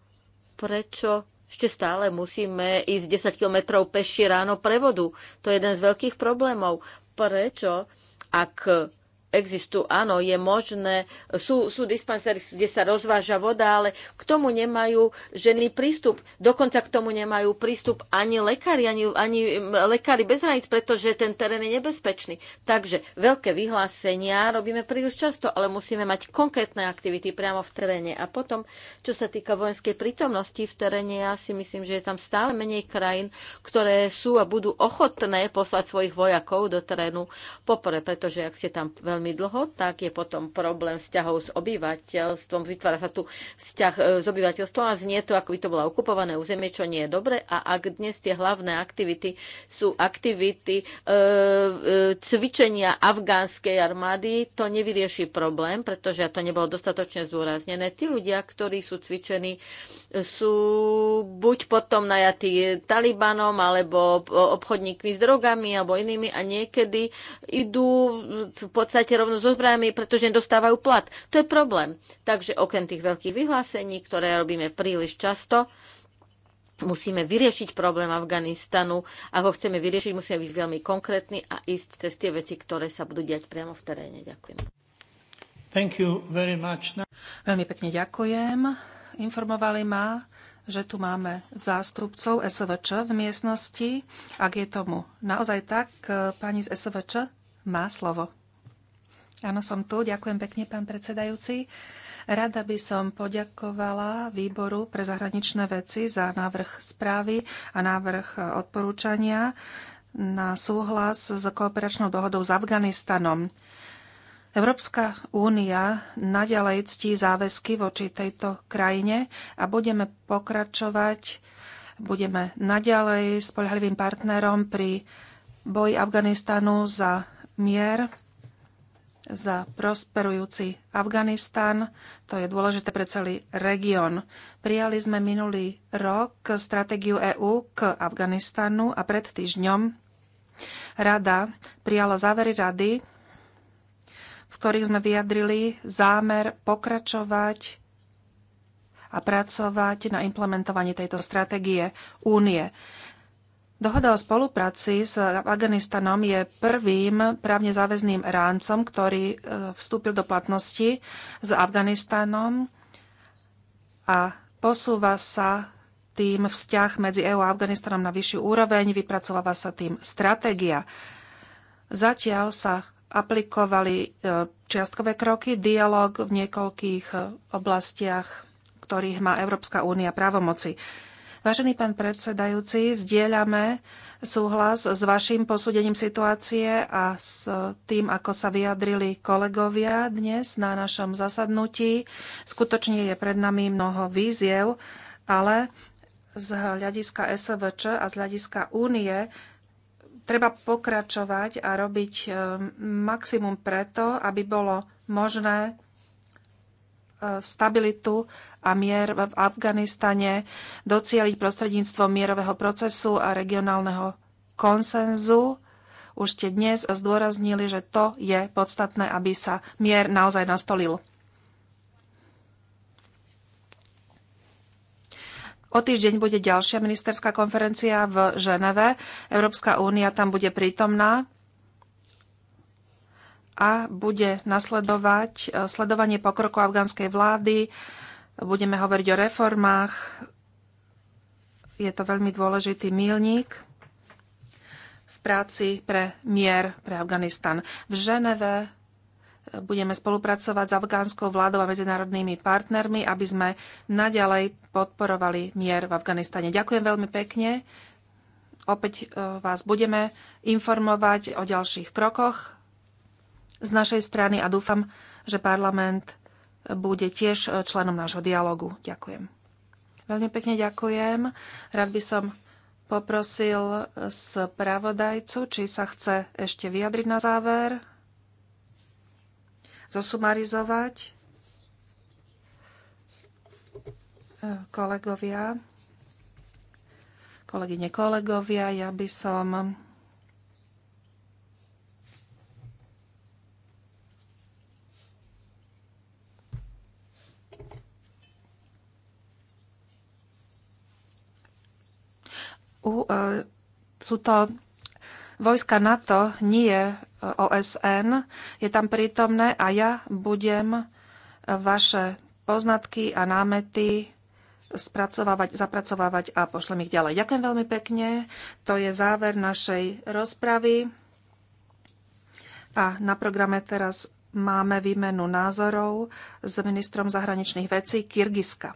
prečo ešte stále musíme ísť 10 kilometrov peši ráno pre vodu. To je jeden z veľkých problémov. Prečo, ak existujú, áno, je možné, sú, sú dispensery, kde sa rozváža voda, ale k tomu nemajú ženy prístup. Dokonca k tomu nemajú prístup ani lekári, ani, ani lekári bez hraníc, pretože ten terén je nebezpečný. Takže veľké vyhlásenia robíme príliš často, ale musíme mať konkrétne aktivity priamo v teréne. A potom, čo sa týka vojenskej prítomnosti v teréne, ja si myslím, že je tam stále menej krajín, ktoré sú a budú ochotné poslať svojich vojakov do terénu poprvé, pretože ak ste tam veľmi veľmi dlho, tak je potom problém vzťahov s obyvateľstvom. Vytvára sa tu vzťah e, s obyvateľstvom a znie to, ako by to bolo okupované územie, čo nie je dobre. A ak dnes tie hlavné aktivity sú aktivity e, e cvičenia afgánskej armády, to nevyrieši problém, pretože to nebolo dostatočne zdôraznené. Tí ľudia, ktorí sú cvičení, sú buď potom najatí Talibanom, alebo obchodníkmi s drogami, alebo inými a niekedy idú v podstate podstate rovno so zbrajami, pretože nedostávajú plat. To je problém. Takže okrem tých veľkých vyhlásení, ktoré robíme príliš často, musíme vyriešiť problém Afganistanu. Ak ho chceme vyriešiť, musíme byť veľmi konkrétni a ísť cez tie veci, ktoré sa budú diať priamo v teréne. Ďakujem. Thank you very much. Veľmi pekne ďakujem. Informovali ma, že tu máme zástupcov SVČ v miestnosti. Ak je tomu naozaj tak, pani z SVČ má slovo. Áno, som tu. Ďakujem pekne, pán predsedajúci. Rada by som poďakovala výboru pre zahraničné veci za návrh správy a návrh odporúčania na súhlas s kooperačnou dohodou s Afganistanom. Európska únia naďalej ctí záväzky voči tejto krajine a budeme pokračovať, budeme naďalej spoľahlivým partnerom pri boji Afganistanu za mier za prosperujúci Afganistan. To je dôležité pre celý región. Prijali sme minulý rok stratégiu EÚ k Afganistanu a pred týždňom Rada prijala závery rady, v ktorých sme vyjadrili zámer pokračovať a pracovať na implementovaní tejto stratégie únie. Dohoda o spolupráci s Afganistanom je prvým právne záväzným rámcom, ktorý e, vstúpil do platnosti s Afganistanom a posúva sa tým vzťah medzi EÚ a Afganistanom na vyššiu úroveň, vypracováva sa tým stratégia. Zatiaľ sa aplikovali e, čiastkové kroky, dialog v niekoľkých e, oblastiach, ktorých má Európska únia právomoci. Vážený pán predsedajúci, zdieľame súhlas s vašim posúdením situácie a s tým, ako sa vyjadrili kolegovia dnes na našom zasadnutí. Skutočne je pred nami mnoho víziev, ale z hľadiska SVČ a z hľadiska únie treba pokračovať a robiť e, maximum preto, aby bolo možné e, stabilitu a mier v Afganistane docieliť prostredníctvom mierového procesu a regionálneho konsenzu. Už ste dnes zdôraznili, že to je podstatné, aby sa mier naozaj nastolil. O týždeň bude ďalšia ministerská konferencia v Ženeve. Európska únia tam bude prítomná a bude nasledovať sledovanie pokroku afgánskej vlády, Budeme hovoriť o reformách. Je to veľmi dôležitý mílnik v práci pre mier pre Afganistan. V Ženeve budeme spolupracovať s afgánskou vládou a medzinárodnými partnermi, aby sme naďalej podporovali mier v Afganistane. Ďakujem veľmi pekne. Opäť e, vás budeme informovať o ďalších krokoch z našej strany a dúfam, že parlament bude tiež e, členom nášho dialogu. Ďakujem. Veľmi pekne ďakujem. Rád by som poprosil e, spravodajcu, či sa chce ešte vyjadriť na záver, zosumarizovať. E, kolegovia, kolegyne, kolegovia, ja by som E, sú to vojska NATO, nie e, OSN. Je tam prítomné a ja budem e, vaše poznatky a námety spracovávať, zapracovávať a pošlem ich ďalej. Ďakujem veľmi pekne. To je záver našej rozpravy. A na programe teraz máme výmenu názorov s ministrom zahraničných vecí Kyrgyzska.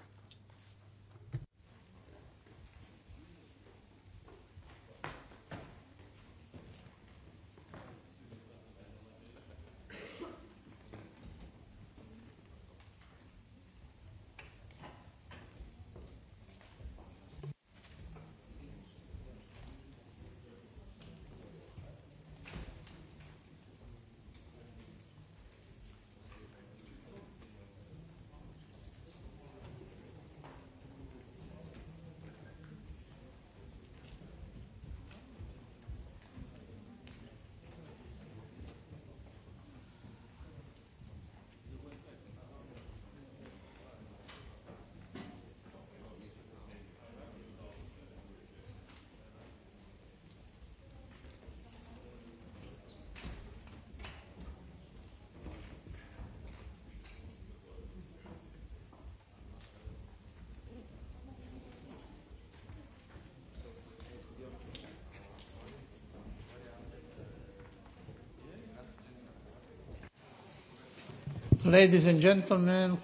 Ladies and gentlemen,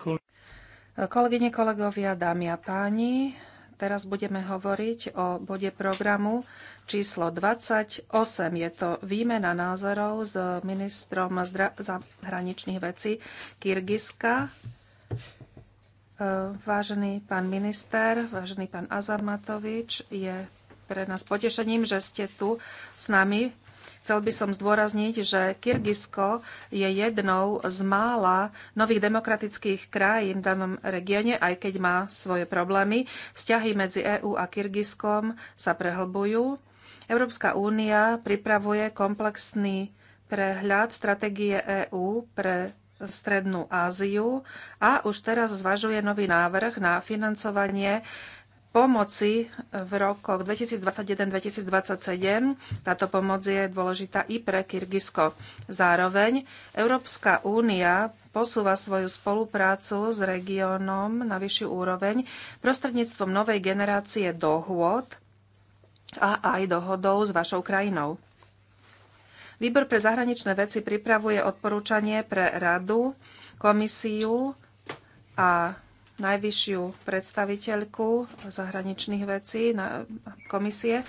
Kolegyne, kolegovia, dámy a páni, teraz budeme hovoriť o bode programu číslo 28. Je to výmena názorov s ministrom zahraničných vecí Kyrgyzska. Eh, vážený pán minister, vážený pán Azamatovič, je pre nás potešením, že ste tu s nami Chcel by som zdôrazniť, že Kyrgyzsko je jednou z mála nových demokratických krajín v danom regióne, aj keď má svoje problémy. Vzťahy medzi EÚ a Kyrgyzskom sa prehlbujú. Európska únia pripravuje komplexný prehľad stratégie EÚ pre Strednú Áziu a už teraz zvažuje nový návrh na financovanie pomoci v rokoch 2021-2027. Táto pomoc je dôležitá i pre Kyrgyzsko. Zároveň Európska únia posúva svoju spoluprácu s regiónom na vyššiu úroveň prostredníctvom novej generácie dohôd a aj dohodou s vašou krajinou. Výbor pre zahraničné veci pripravuje odporúčanie pre radu, komisiu a najvyššiu predstaviteľku zahraničných vecí na komisie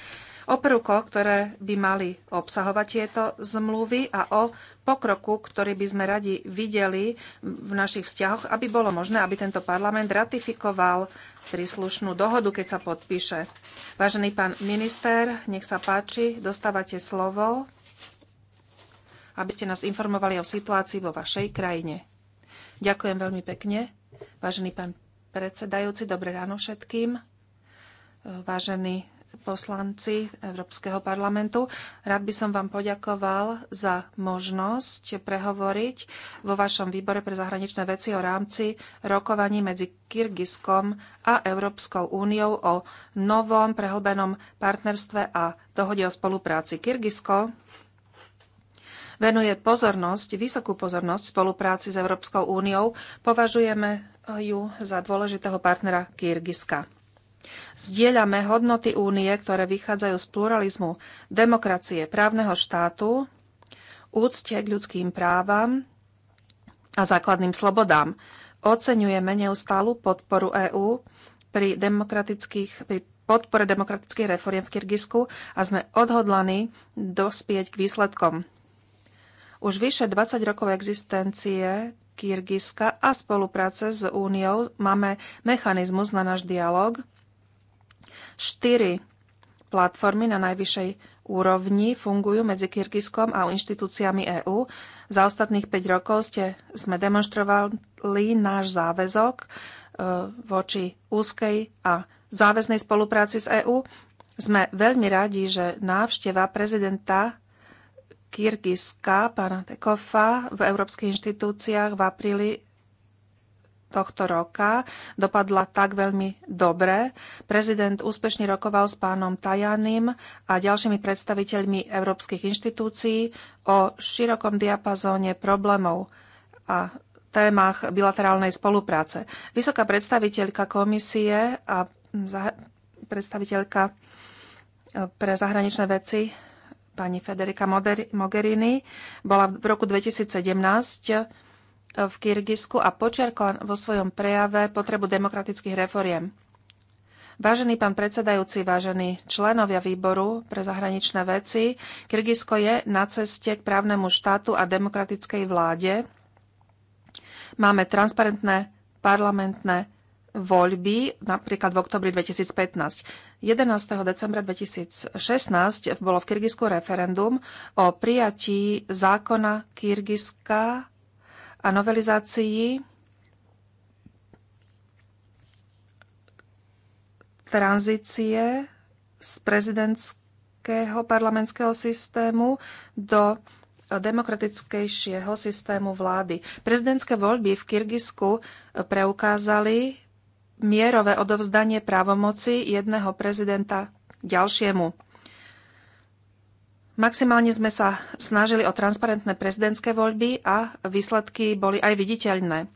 o prvkoch, ktoré by mali obsahovať tieto zmluvy a o pokroku, ktorý by sme radi videli v našich vzťahoch, aby bolo možné, aby tento parlament ratifikoval príslušnú dohodu, keď sa podpíše. Vážený pán minister, nech sa páči, dostávate slovo, aby ste nás informovali o situácii vo vašej krajine. Ďakujem veľmi pekne. Vážený pán predsedajúci, dobré ráno všetkým. Vážení poslanci Európskeho parlamentu. Rád by som vám poďakoval za možnosť prehovoriť vo vašom výbore pre zahraničné veci o rámci rokovaní medzi Kyrgyzskom a Európskou úniou o novom prehlbenom partnerstve a dohode o spolupráci. Kyrgyzsko venuje pozornosť, vysokú pozornosť spolupráci s Európskou úniou. Považujeme ju za dôležitého partnera Kyrgyzska. Zdieľame hodnoty únie, ktoré vychádzajú z pluralizmu, demokracie, právneho štátu, úcte k ľudským právam a základným slobodám. Oceňujeme neustálu podporu EÚ pri, demokratických, pri podpore demokratických reforiem v Kyrgyzsku a sme odhodlaní dospieť k výsledkom. Už vyše 20 rokov existencie Kyrgyzska a spolupráce s Úniou máme mechanizmus na náš dialog. Štyri platformy na najvyššej úrovni fungujú medzi Kyrgyzskom a inštitúciami EÚ. Za ostatných 5 rokov ste, sme demonstrovali náš záväzok e, voči úzkej a záväznej spolupráci s EÚ. Sme veľmi radi, že návšteva prezidenta Kyrgyzska, pána Tekofa, v európskych inštitúciách v apríli tohto roka dopadla tak veľmi dobre. Prezident úspešne rokoval s pánom Tajaným a ďalšími predstaviteľmi európskych inštitúcií o širokom diapazóne problémov a témach bilaterálnej spolupráce. Vysoká predstaviteľka komisie a predstaviteľka pre zahraničné veci pani Federica Mogherini bola v roku 2017 eh, v Kyrgyzsku a počerkla vo svojom prejave potrebu demokratických reforiem. Vážený pán predsedajúci, vážení členovia výboru pre zahraničné veci, Kyrgyzsko je na ceste k právnemu štátu a demokratickej vláde. Máme transparentné parlamentné voľby, napríklad v oktobri 2015. 11. decembra 2016 bolo v Kyrgyzsku referendum o prijatí zákona Kyrgyzska a novelizácii tranzície z prezidentského parlamentského systému do demokratickejšieho systému vlády. Prezidentské voľby v Kyrgyzsku preukázali mierové odovzdanie právomoci jedného prezidenta ďalšiemu. Maximálne sme sa snažili o transparentné prezidentské voľby a výsledky boli aj viditeľné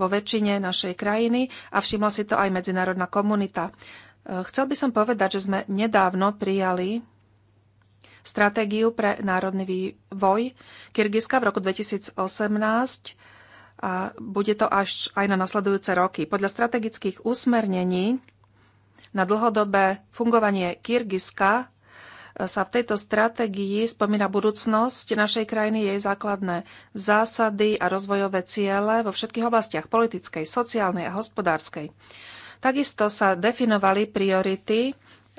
vo väčšine našej krajiny a všimla si to aj medzinárodná komunita. E, chcel by som povedať, že sme nedávno prijali stratégiu pre národný vývoj Kyrgyzska v roku 2018 a bude to až aj na nasledujúce roky. Podľa strategických usmernení na dlhodobé fungovanie Kyrgyzska e, sa v tejto stratégii spomína budúcnosť našej krajiny, jej základné zásady a rozvojové ciele vo všetkých oblastiach politickej, sociálnej a hospodárskej. Takisto sa definovali priority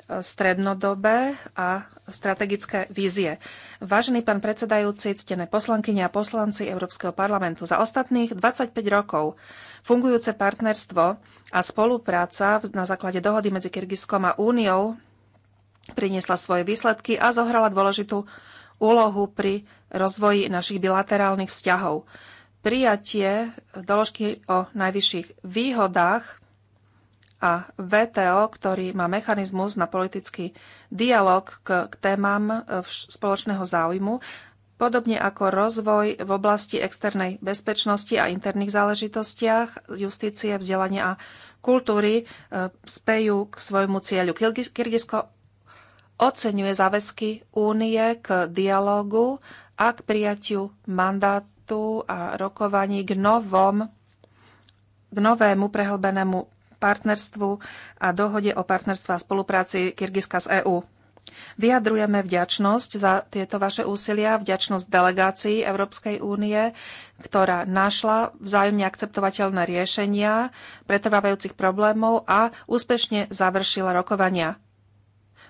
strednodobé a strategické vízie. Vážený pán predsedajúci, ctené poslankyne a poslanci Európskeho parlamentu, za ostatných 25 rokov fungujúce partnerstvo a spolupráca na základe dohody medzi Kyrgyzskom a Úniou priniesla svoje výsledky a zohrala dôležitú úlohu pri rozvoji našich bilaterálnych vzťahov. Prijatie doložky o najvyšších výhodách a VTO, ktorý má mechanizmus na politický dialog k, témam e, spoločného záujmu, podobne ako rozvoj v oblasti externej bezpečnosti a interných záležitostiach, justície, vzdelania a kultúry e, spejú k svojmu cieľu. Kyrgyzsko oceňuje záväzky únie k dialogu a k prijatiu mandátu a rokovaní k, novom, k novému prehlbenému partnerstvu a dohode o partnerstve a spolupráci Kyrgyzska s EÚ. Vyjadrujeme vďačnosť za tieto vaše úsilia, vďačnosť delegácií Európskej únie, ktorá našla vzájomne akceptovateľné riešenia pretrvávajúcich problémov a úspešne završila rokovania.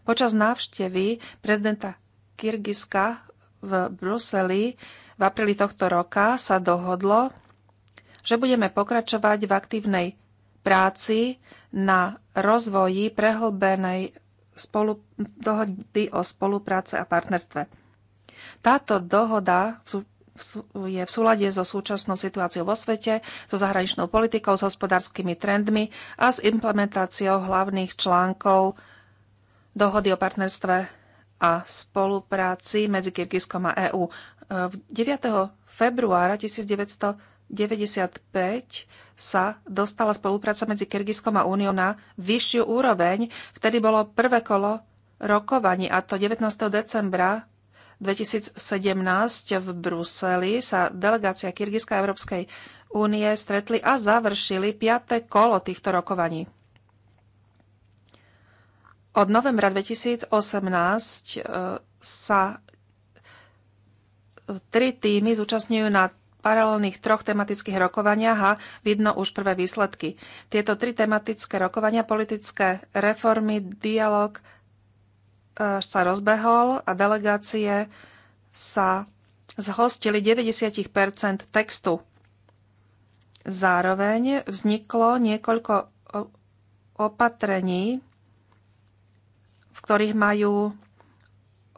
Počas návštevy prezidenta Kyrgyzska v Bruseli v apríli tohto roka sa dohodlo, že budeme pokračovať v aktívnej práci na rozvoji prehlbenej spolu, dohody o spolupráce a partnerstve. Táto dohoda je v súlade so súčasnou situáciou vo svete, so zahraničnou politikou, s hospodárskymi trendmi a s implementáciou hlavných článkov dohody o partnerstve a spolupráci medzi Kyrgyzskom a EÚ. 9. februára 1900 95 sa dostala spolupráca medzi Kyrgyzskom a Úniou na vyššiu úroveň. Vtedy bolo prvé kolo rokovaní a to 19. decembra 2017 v Bruseli sa delegácia Kyrgyzska Európskej únie stretli a završili piaté kolo týchto rokovaní. Od novembra 2018 e, sa tri týmy zúčastňujú na paralelných troch tematických rokovaniach a vidno už prvé výsledky. Tieto tri tematické rokovania, politické reformy, dialog e, sa rozbehol a delegácie sa zhostili 90 textu. Zároveň vzniklo niekoľko opatrení, v ktorých majú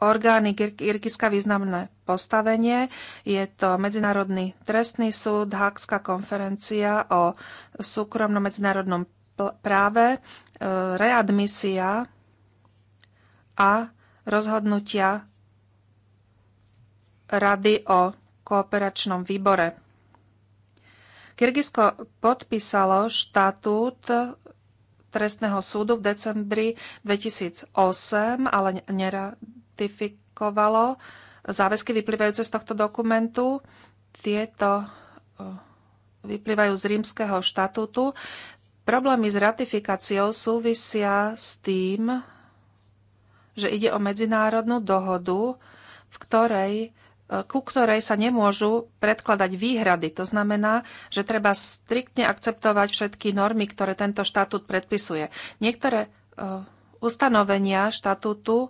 orgány Kyrgyzska významné postavenie. Je to Medzinárodný trestný súd, Hakská konferencia o súkromnom medzinárodnom práve, e, readmisia a rozhodnutia Rady o kooperačnom výbore. Kyrgyzsko podpísalo štatút trestného súdu v decembri 2008, ale ratifikovalo záväzky vyplývajúce z tohto dokumentu. Tieto vyplývajú z rímskeho štatútu. Problémy s ratifikáciou súvisia s tým, že ide o medzinárodnú dohodu, v ktorej, e, ku ktorej sa nemôžu predkladať výhrady. To znamená, že treba striktne akceptovať všetky normy, ktoré tento štatút predpisuje. Niektoré e, ustanovenia štatútu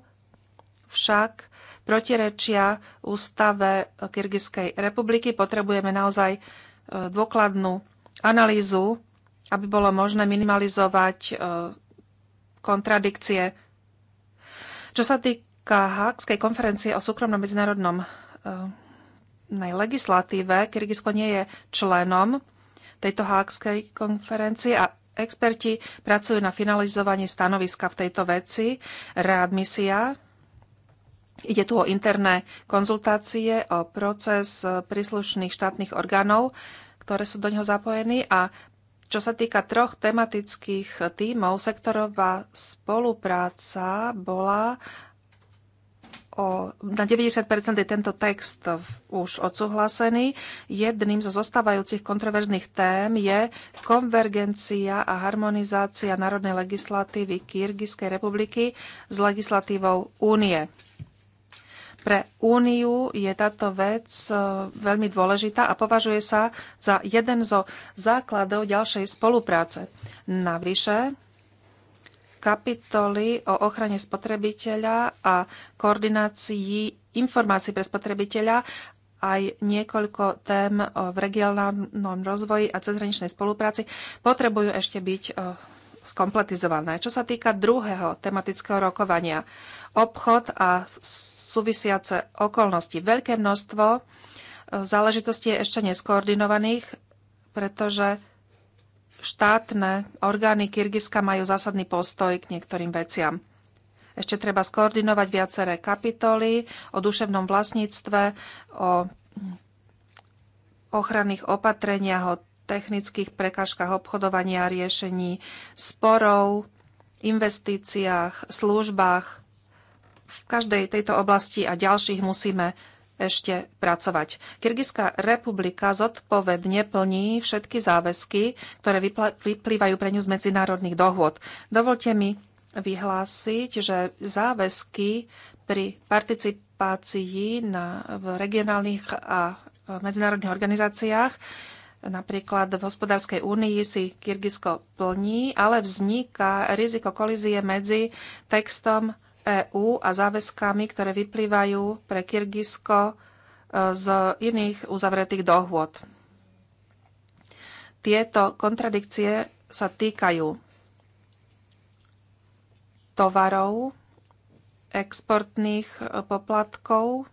však protirečia ústave Kyrgyzskej republiky. Potrebujeme naozaj e, dôkladnú analýzu, aby bolo možné minimalizovať e, kontradikcie. Čo sa týka Hákskej konferencie o súkromnom medzinárodnom e, legislatíve, Kyrgyzsko nie je členom tejto Hákskej konferencie a experti pracujú na finalizovaní stanoviska v tejto veci. Readmisia Ide tu o interné konzultácie, o proces eh, príslušných štátnych orgánov, ktoré sú do neho zapojení a čo sa týka troch tematických tímov, sektorová spolupráca bola o, na 90% je tento text už odsúhlasený. Jedným zo zostávajúcich kontroverzných tém je konvergencia a harmonizácia národnej legislatívy Kyrgyzskej republiky s legislatívou únie. Pre Úniu je táto vec e, veľmi dôležitá a považuje sa za jeden zo základov ďalšej spolupráce. Navyše, kapitoly o ochrane spotrebiteľa a koordinácii informácií pre spotrebiteľa aj niekoľko tém e, v regionálnom rozvoji a cezhraničnej spolupráci potrebujú ešte byť e, skompletizované. Čo sa týka druhého tematického rokovania, obchod a súvisiace okolnosti. Veľké množstvo e, záležitostí je ešte neskoordinovaných, pretože štátne orgány Kyrgyzska majú zásadný postoj k niektorým veciam. Ešte treba skoordinovať viaceré kapitoly o duševnom vlastníctve, o ochranných opatreniach, o technických prekážkach obchodovania, riešení sporov, investíciách, službách, v každej tejto oblasti a ďalších musíme ešte pracovať. Kyrgyzská republika zodpovedne plní všetky záväzky, ktoré vyplývajú pre ňu z medzinárodných dohôd. Dovolte mi vyhlásiť, že záväzky pri participácii na, v regionálnych a medzinárodných organizáciách Napríklad v hospodárskej únii si Kyrgyzsko plní, ale vzniká riziko kolízie medzi textom EÚ a záväzkami, ktoré vyplývajú pre Kyrgyzsko e, z iných uzavretých dohôd. Tieto kontradikcie sa týkajú tovarov, exportných poplatkov,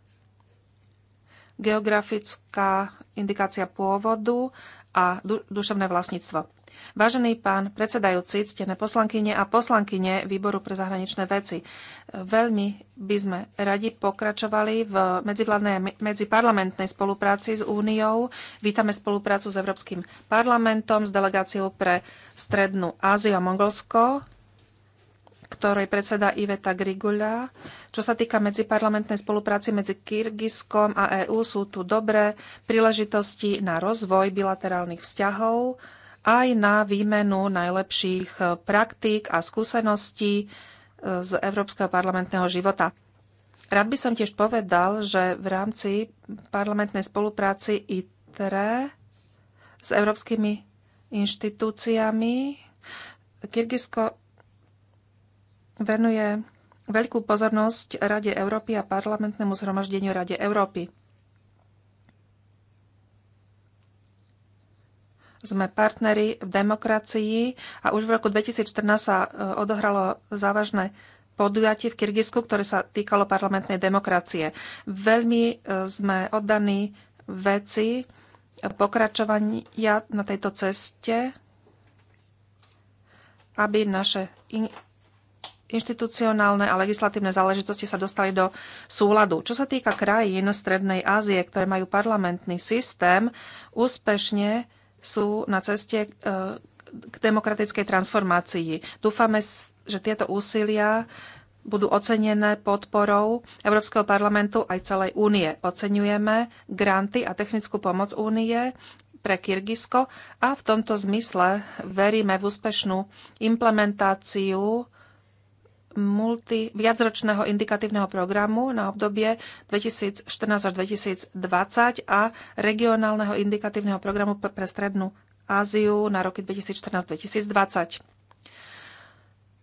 geografická indikácia pôvodu a du- duševné vlastníctvo. Vážený pán predsedajúci, ctené poslankyne a poslankyne Výboru pre zahraničné veci, veľmi by sme radi pokračovali v medzivládnej a medziparlamentnej spolupráci s Úniou. Vítame spoluprácu s Európskym parlamentom, s delegáciou pre Strednú Áziu a Mongolsko ktorej predseda Iveta Griguľa. Čo sa týka medziparlamentnej spolupráci medzi Kyrgyzskom a EÚ, sú tu dobré príležitosti na rozvoj bilaterálnych vzťahov, aj na výmenu najlepších eh, praktík a skúseností eh, z Európskeho parlamentného života. Rád by som tiež povedal, že v rámci parlamentnej spolupráci ITRE s európskymi inštitúciami Kyrgyzsko venuje veľkú pozornosť Rade Európy a parlamentnému zhromaždeniu Rade Európy. Sme partneri v demokracii a už v roku 2014 sa e, odohralo závažné podujatie v Kyrgyzsku, ktoré sa týkalo parlamentnej demokracie. Veľmi e, sme oddaní veci pokračovania na tejto ceste, aby naše inštitucionálne a legislatívne záležitosti sa dostali do súladu. Čo sa týka krajín Strednej Ázie, ktoré majú parlamentný systém, úspešne sú na ceste e, k demokratickej transformácii. Dúfame, že tieto úsilia budú ocenené podporou Európskeho parlamentu aj celej únie. Oceňujeme granty a technickú pomoc únie pre Kyrgyzsko a v tomto zmysle veríme v úspešnú implementáciu multi, viacročného indikatívneho programu na obdobie 2014 až 2020 a regionálneho indikatívneho programu pre Strednú Áziu na roky 2014-2020.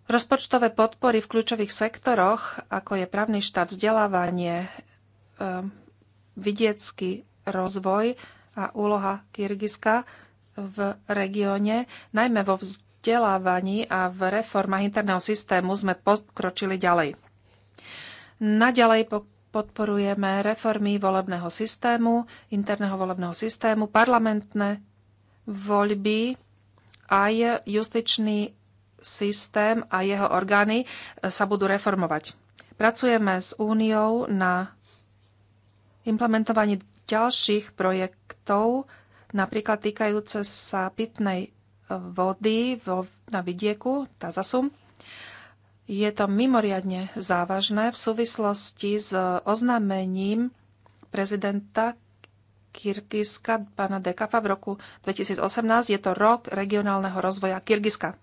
Rozpočtové podpory v kľúčových sektoroch, ako je právny štát, vzdelávanie, ehm, vidiecky rozvoj a úloha Kyrgyzska v regióne, najmä vo vzdelávaní, vzdelávaní a v reformách interného systému sme pokročili ďalej. Naďalej podporujeme reformy volebného systému, interného volebného systému, parlamentné voľby, aj justičný systém a jeho orgány e, sa budú reformovať. Pracujeme s Úniou na implementovaní ďalších projektov, napríklad týkajúce sa pitnej vody vo, na vidieku, Tazasum. Je to mimoriadne závažné v súvislosti s oznámením prezidenta Kyrgyzska, pána Dekafa v roku 2018. Je to rok regionálneho rozvoja Kyrgyzska.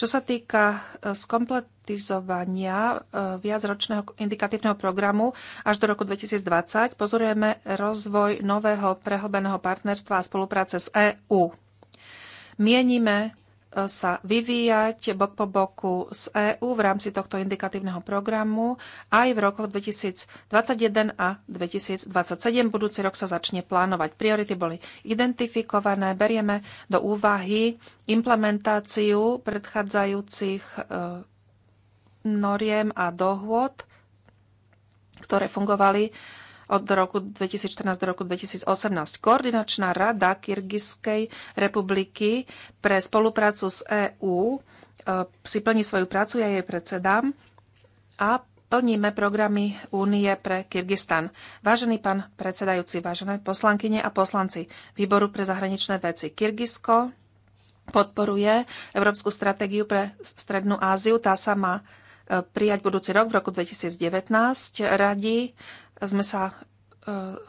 Čo sa týka e, skompletizovania e, viacročného indikatívneho programu až do roku 2020, pozorujeme rozvoj nového prehlbeného partnerstva a spolupráce s EÚ. Mienime e, sa vyvíjať bok po boku z EÚ v rámci tohto indikatívneho programu aj v rokoch 2021 a 2027. Budúci rok sa začne plánovať. Priority boli identifikované, berieme do úvahy implementáciu predchádzajúcich e, noriem a dohôd, ktoré fungovali od roku 2014 do roku 2018. Koordinačná rada Kyrgyzskej republiky pre spoluprácu s EÚ e, si plní svoju prácu, ja jej predsedám a plníme programy Únie pre Kyrgyzstan. Vážený pán predsedajúci, vážené poslankyne a poslanci Výboru pre zahraničné veci Kyrgyzsko podporuje Európsku stratégiu pre Strednú Áziu. Tá sa má e, prijať budúci rok, v roku 2019. Radi sme sa e,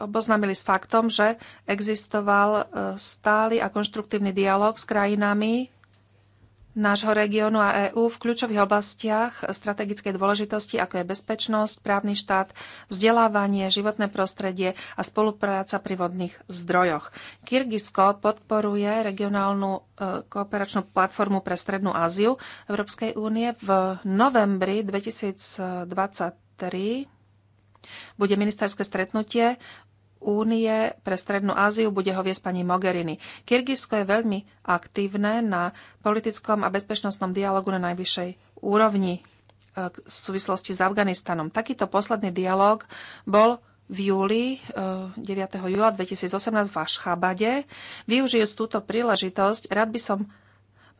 oboznámili s faktom, že existoval e, stály a konštruktívny dialog s krajinami nášho regiónu a EÚ v kľúčových oblastiach strategickej dôležitosti, ako je bezpečnosť, právny štát, vzdelávanie, životné prostredie a spolupráca pri vodných zdrojoch. Kyrgyzsko podporuje regionálnu e, kooperačnú platformu pre Strednú Áziu Európskej únie v novembri 2023 bude ministerské stretnutie Únie pre Strednú Áziu, bude ho viesť pani Mogherini. Kyrgyzsko je veľmi aktívne na politickom a bezpečnostnom dialogu na najvyššej úrovni e, v súvislosti s Afganistanom. Takýto posledný dialog bol v júli, 9. E, júla 2018 v Ašchabade. Využijúc túto príležitosť, rád by som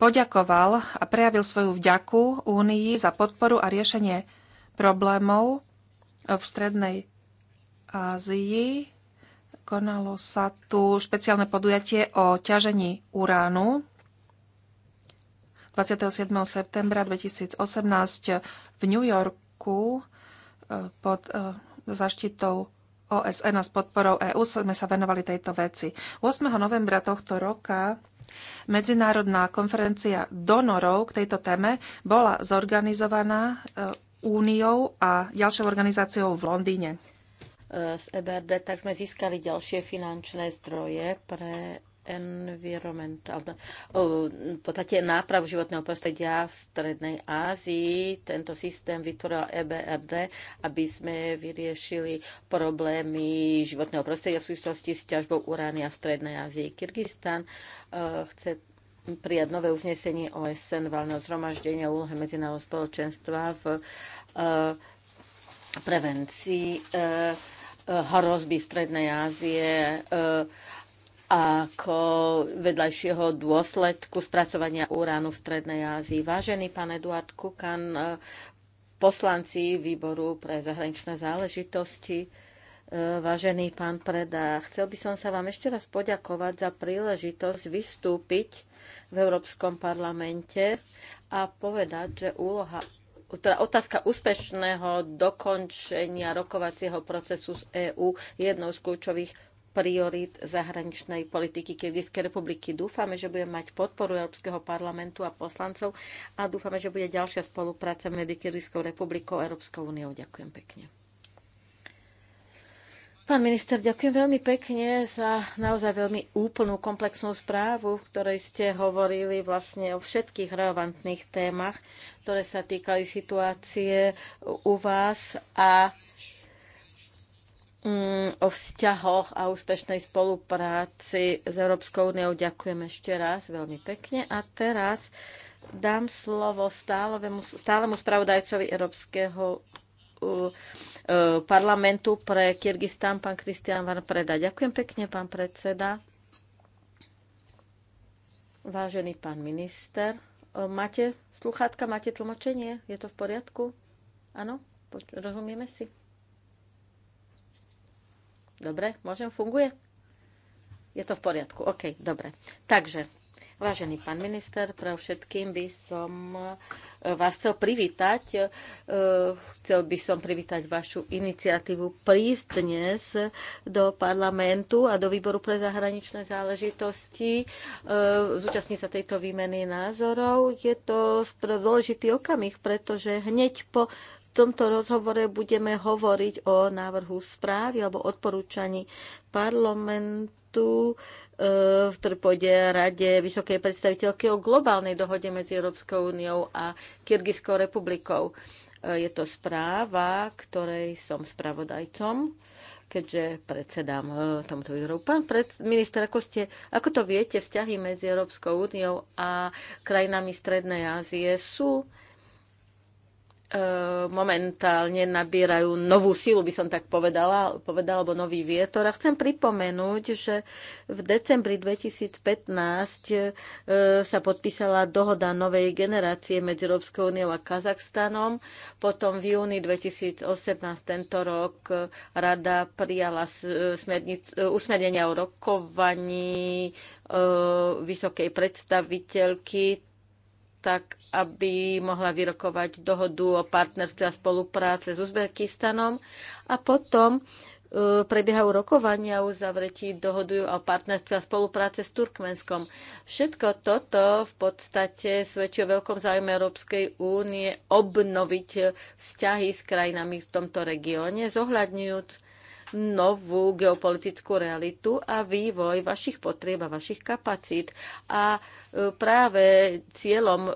poďakoval a prejavil svoju vďaku Únii za podporu a riešenie problémov v Strednej Ázii. Konalo sa tu špeciálne podujatie o ťažení uránu. 27. septembra 2018 v New Yorku e, pod e, zaštitou OSN a s podporou EÚ sme sa venovali tejto veci. 8. novembra tohto roka Medzinárodná konferencia donorov k tejto téme bola zorganizovaná e, úniou a ďalšou organizáciou v Londýne. Eh, z EBRD tak sme získali ďalšie finančné zdroje pre environmentálne, eh, v podstate nápravu životného prostredia v Strednej Ázii. Tento systém vytvorila EBRD, aby sme vyriešili problémy životného prostredia v súvislosti s ťažbou a v Strednej Ázii. Kyrgyzstan eh, chce prijať nové uznesenie OSN valného zhromaždenia úlohe medzinárodného spoločenstva v eh, prevencii eh, eh, hrozby v Strednej Ázie ako vedľajšieho dôsledku spracovania uránu v Strednej Ázii. Vážený pán Eduard Kukan, poslanci výboru pre zahraničné záležitosti, vážený pán Preda. Chcel by som sa vám ešte raz poďakovať za príležitosť vystúpiť v Európskom parlamente a povedať, že úloha teda otázka úspešného dokončenia rokovacieho procesu z EÚ je jednou z kľúčových priorít zahraničnej politiky Kyrgyzskej republiky. Dúfame, že budeme mať podporu Európskeho parlamentu a poslancov a dúfame, že bude ďalšia spolupráca medzi Kyrgyzskou republikou a Európskou úniou. Ďakujem pekne. Pán minister, ďakujem veľmi pekne za naozaj veľmi úplnú komplexnú správu, v ktorej ste hovorili vlastne o všetkých relevantných témach, ktoré sa týkali situácie u vás a mm, o vzťahoch a úspešnej spolupráci s Európskou úniou. Ďakujem ešte raz veľmi pekne. A teraz dám slovo stálemu, stálemu spravodajcovi Európskeho E, parlamentu pre Kyrgyzstan, pán Kristián Van Preda. Ďakujem pekne, pán predseda. Vážený pán minister, e, máte sluchátka, máte tlmočenie? Je to v poriadku? Áno? Rozumieme si? Dobre, môžem, funguje? Je to v poriadku, OK, dobre. Takže, Vážený pán minister, pre všetkým by som e, vás chcel privítať. E, chcel by som privítať vašu iniciatívu prísť dnes do parlamentu a do výboru pre zahraničné záležitosti, e, zúčastniť sa tejto výmeny názorov. Je to dôležitý okamih, pretože hneď po v tomto rozhovore budeme hovoriť o návrhu správy alebo odporúčaní parlament debatu v e, ktorej pôjde Rade Vysokej predstaviteľky o globálnej dohode medzi Európskou úniou a Kyrgyzskou republikou. E, je to správa, ktorej som spravodajcom, keďže predsedám e, tomuto výboru. Pán pred, minister, ako, ste, ako to viete, vzťahy medzi Európskou úniou a krajinami Strednej Ázie sú E, momentálne nabierajú novú silu, by som tak povedala, povedala alebo nový vietor. A chcem pripomenúť, že v decembri 2015 e, sa podpísala dohoda novej generácie medzi Európskou úniou a Kazachstanom. Potom v júni 2018 tento rok rada prijala e, usmernenia o rokovaní vysokej predstaviteľky tak aby mohla vyrokovať dohodu o partnerstve a spolupráce s Uzbekistanom a potom e, prebiehajú rokovania o uzavretí dohodu o partnerstve a spolupráce s Turkmenskom. Všetko toto v podstate svedčí o veľkom záujme Európskej únie obnoviť vzťahy s krajinami v tomto regióne, zohľadňujúc novú geopolitickú realitu a vývoj vašich potrieb a vašich kapacít. A e, práve cieľom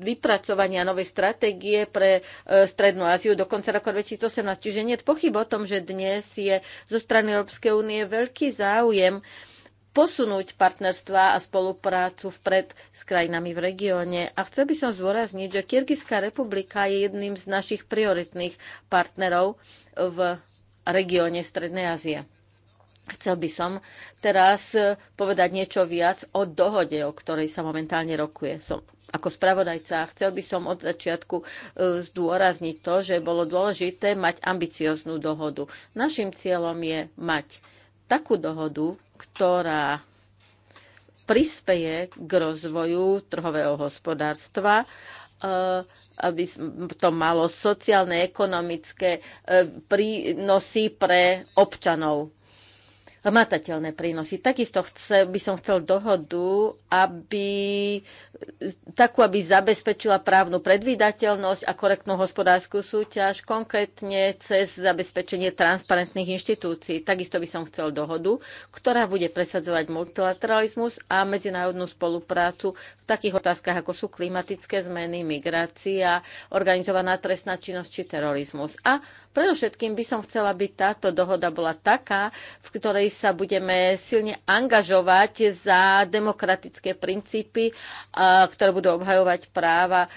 vypracovania novej stratégie pre e, Strednú Áziu do konca roku 2018. Čiže nie je pochyb o tom, že dnes je zo strany Európskej únie veľký záujem posunúť partnerstva a spoluprácu vpred s krajinami v regióne. A chcel by som zdôrazniť, že Kyrgyzská republika je jedným z našich prioritných partnerov v regióne Strednej Ázie. Chcel by som teraz eh, povedať niečo viac o dohode, o ktorej sa momentálne rokuje. Som ako spravodajca. Chcel by som od začiatku eh, zdôrazniť to, že bolo dôležité mať ambicioznú dohodu. Našim cieľom je mať takú dohodu, ktorá prispeje k rozvoju trhového hospodárstva, eh, aby to malo sociálne, ekonomické e, prínosy pre občanov matateľné prínosy. Takisto chce, by som chcel dohodu, aby, takú, aby zabezpečila právnu predvídateľnosť a korektnú hospodárskú súťaž, konkrétne cez zabezpečenie transparentných inštitúcií. Takisto by som chcel dohodu, ktorá bude presadzovať multilateralizmus a medzinárodnú spoluprácu v takých otázkach, ako sú klimatické zmeny, migrácia, organizovaná trestná činnosť či terorizmus. A Predovšetkým by som chcela, aby táto dohoda bola taká, v ktorej sa budeme silne angažovať za demokratické princípy, ktoré budú obhajovať práva e,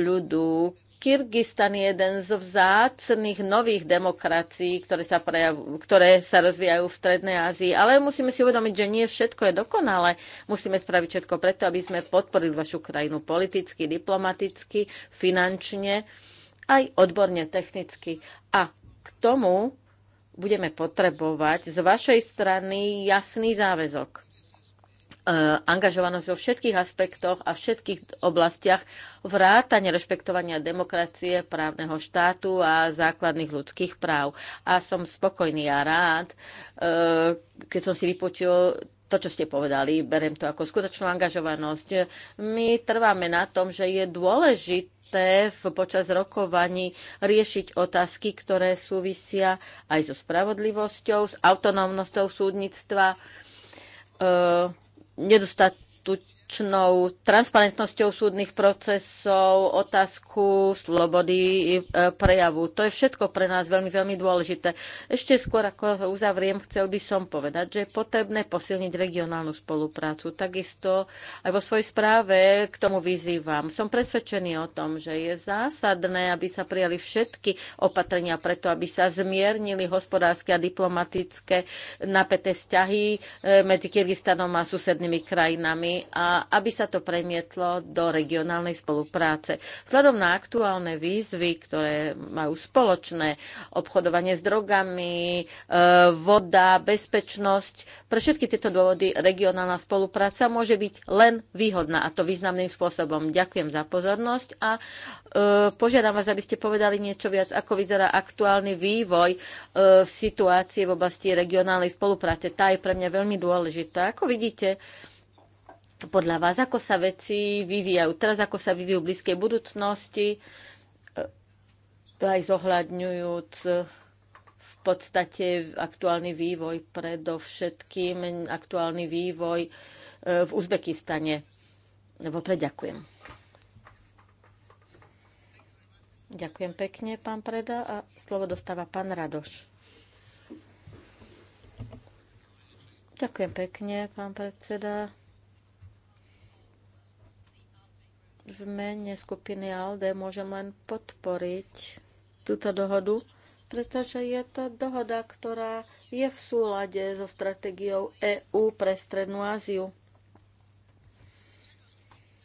ľudu, Kyrgyzstan je jeden z vzácných nových demokracií, ktoré sa, prejav, ktoré sa rozvíjajú v Strednej Ázii. Ale musíme si uvedomiť, že nie všetko je dokonalé. Musíme spraviť všetko preto, aby sme podporili vašu krajinu politicky, diplomaticky, finančne. Uh, aj odborne technicky. A k tomu budeme potrebovať z vašej strany jasný záväzok. E, angažovanosť vo všetkých aspektoch a všetkých oblastiach vrátane rešpektovania demokracie, právneho štátu a základných ľudských práv. A som spokojný a rád, e, keď som si vypočul to, čo ste povedali, berem to ako skutočnú angažovanosť. My trváme na tom, že je dôležité, dôležité v, počas rokovaní riešiť otázky, ktoré súvisia aj so spravodlivosťou, s autonómnosťou súdnictva, e, skutočnou transparentnosťou súdnych procesov, otázku slobody e, prejavu. To je všetko pre nás veľmi, veľmi dôležité. Ešte skôr, ako uzavriem, chcel by som povedať, že je potrebné posilniť regionálnu spoluprácu. Takisto aj vo svojej správe k tomu vyzývam. Som presvedčený o tom, že je zásadné, aby sa prijali všetky opatrenia preto, aby sa zmiernili hospodárske a diplomatické napäté vzťahy e, medzi Kyrgyzstanom a susednými krajinami. A aby sa to premietlo do regionálnej spolupráce. Vzhľadom na aktuálne výzvy, ktoré majú spoločné obchodovanie s drogami, e, voda, bezpečnosť, pre všetky tieto dôvody regionálna spolupráca môže byť len výhodná a to významným spôsobom. Ďakujem za pozornosť a e, požiadam vás, aby ste povedali niečo viac, ako vyzerá aktuálny vývoj e, situácie v oblasti regionálnej spolupráce. Tá je pre mňa veľmi dôležitá. Ako vidíte, podľa vás, ako sa veci vyvíjajú teraz, ako sa vyvíjajú v blízkej budúcnosti, e, aj zohľadňujúc e, v podstate aktuálny vývoj, predovšetkým aktuálny vývoj e, v Uzbekistane. Vopred ďakujem. Ďakujem pekne, pán Preda. A slovo dostáva pán Radoš. Ďakujem pekne, pán predseda. v mene skupiny ALDE môžem len podporiť túto dohodu, pretože je to dohoda, ktorá je v súlade so stratégiou EÚ pre Strednú Áziu.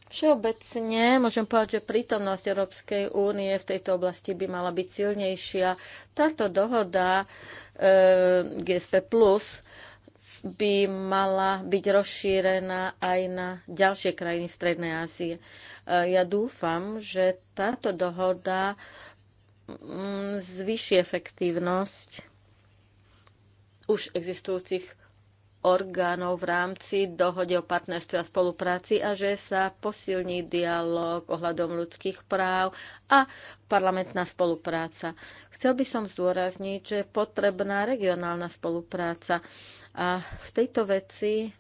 Všeobecne môžem povedať, že prítomnosť Európskej únie v tejto oblasti by mala byť silnejšia. Táto dohoda e, GSP Plus by mala byť rozšírená aj na ďalšie krajiny v Strednej Ázie. Ja dúfam, že táto dohoda mm, zvýši efektívnosť už existujúcich orgánov v rámci dohode o partnerstve a spolupráci a že sa posilní dialog ohľadom ľudských práv a parlamentná spolupráca. Chcel by som zdôrazniť, že je potrebná regionálna spolupráca a v tejto veci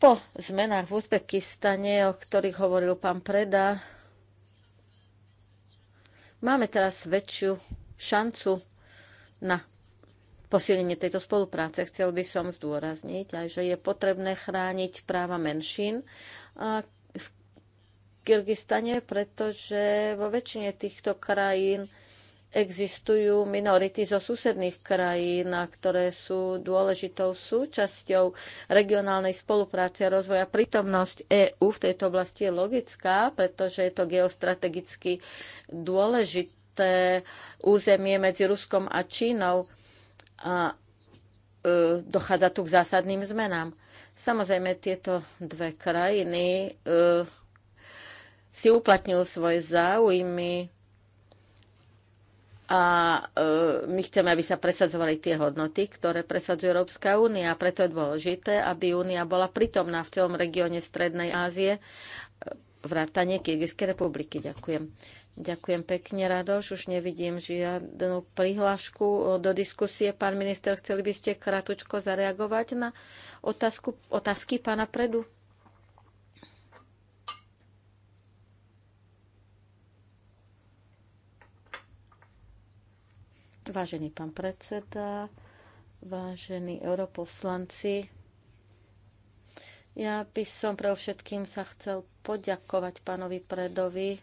po zmenách v Uzbekistane, o ktorých hovoril pán Preda, máme teraz väčšiu šancu na posilnenie tejto spolupráce. Chcel by som zdôrazniť aj, že je potrebné chrániť práva menšín v Kyrgyzstane, pretože vo väčšine týchto krajín existujú minority zo susedných krajín, ktoré sú dôležitou súčasťou regionálnej spolupráce a rozvoja. Prítomnosť EÚ v tejto oblasti je logická, pretože je to geostrategicky dôležité územie medzi Ruskom a Čínou a e, dochádza tu k zásadným zmenám. Samozrejme, tieto dve krajiny e, si uplatňujú svoje záujmy a e, my chceme, aby sa presadzovali tie hodnoty, ktoré presadzuje Európska únia. Preto je dôležité, aby únia bola pritomná v celom regióne Strednej Ázie, e, vrátanie Kyrgyzskej republiky. Ďakujem. Ďakujem pekne, Radoš. Už nevidím žiadnu prihlášku do diskusie. Pán minister, chceli by ste kratučko zareagovať na otázku, otázky pána Predu? Vážený pán predseda, vážení europoslanci, ja by som pre všetkým sa chcel poďakovať pánovi Predovi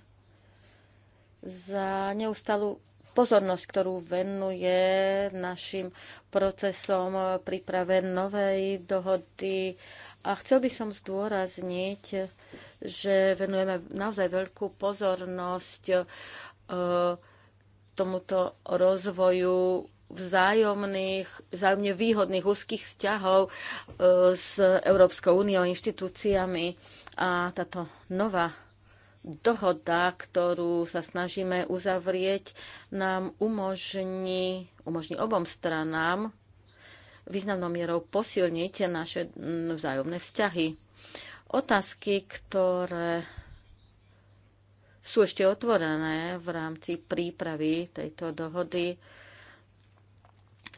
za neustalú pozornosť, ktorú venuje našim procesom príprave novej dohody. A chcel by som zdôrazniť, že venujeme naozaj veľkú pozornosť e, tomuto rozvoju vzájomných, vzájomne výhodných úzkých vzťahov e, s Európskou úniou, inštitúciami a táto nová dohoda, ktorú sa snažíme uzavrieť, nám umožní, umožní obom stranám významnou mierou posilniť naše vzájomné vzťahy. Otázky, ktoré sú ešte otvorené v rámci prípravy tejto dohody.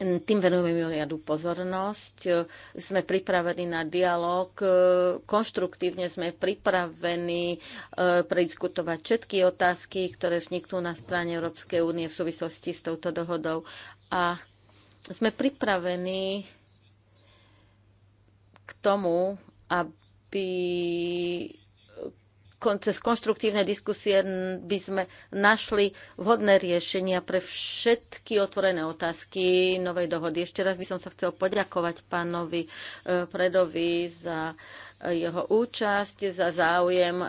Tým venujeme miliardu pozornosť. Sme pripravení na dialog, konštruktívne sme pripravení eh, prediskutovať všetky otázky, ktoré vzniknú na strane Európskej únie v súvislosti s touto dohodou. A sme pripravení k tomu, aby cez konštruktívne diskusie by sme našli vhodné riešenia pre všetky otvorené otázky novej dohody. Ešte raz by som sa chcel poďakovať pánovi e, Predovi za e, jeho účasť, za záujem e,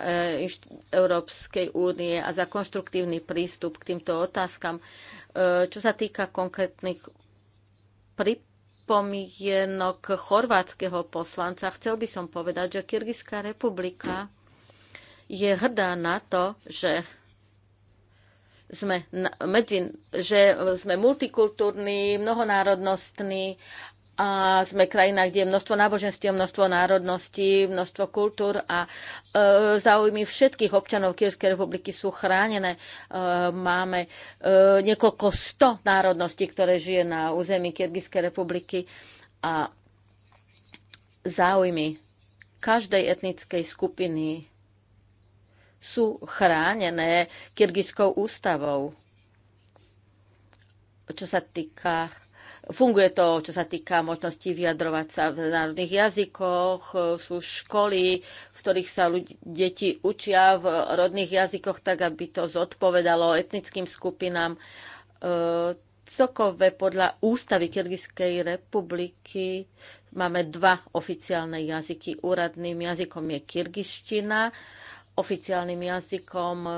Európskej únie a za konštruktívny prístup k týmto otázkam. Čo sa týka konkrétnych prípadov, pripomienok chorvátskeho poslanca, chcel by som povedať, že Kyrgyzská republika je hrdá na to, že sme, medzi, že sme multikultúrni, mnohonárodnostní a sme krajina, kde je množstvo náboženstiev, množstvo národností, množstvo kultúr a e, záujmy všetkých občanov Kyrskej republiky sú chránené. E, máme e, niekoľko sto národností, ktoré žije na území Kyrgyzskej republiky a záujmy každej etnickej skupiny sú chránené Kyrgyzskou ústavou. Čo sa týka Funguje to, čo sa týka možnosti vyjadrovať sa v národných jazykoch, sú školy, v ktorých sa ľudí, deti učia v rodných jazykoch, tak aby to zodpovedalo etnickým skupinám. E, podľa ústavy Kyrgyzskej republiky máme dva oficiálne jazyky. Úradným jazykom je kyrgyzština, oficiálnym jazykom e,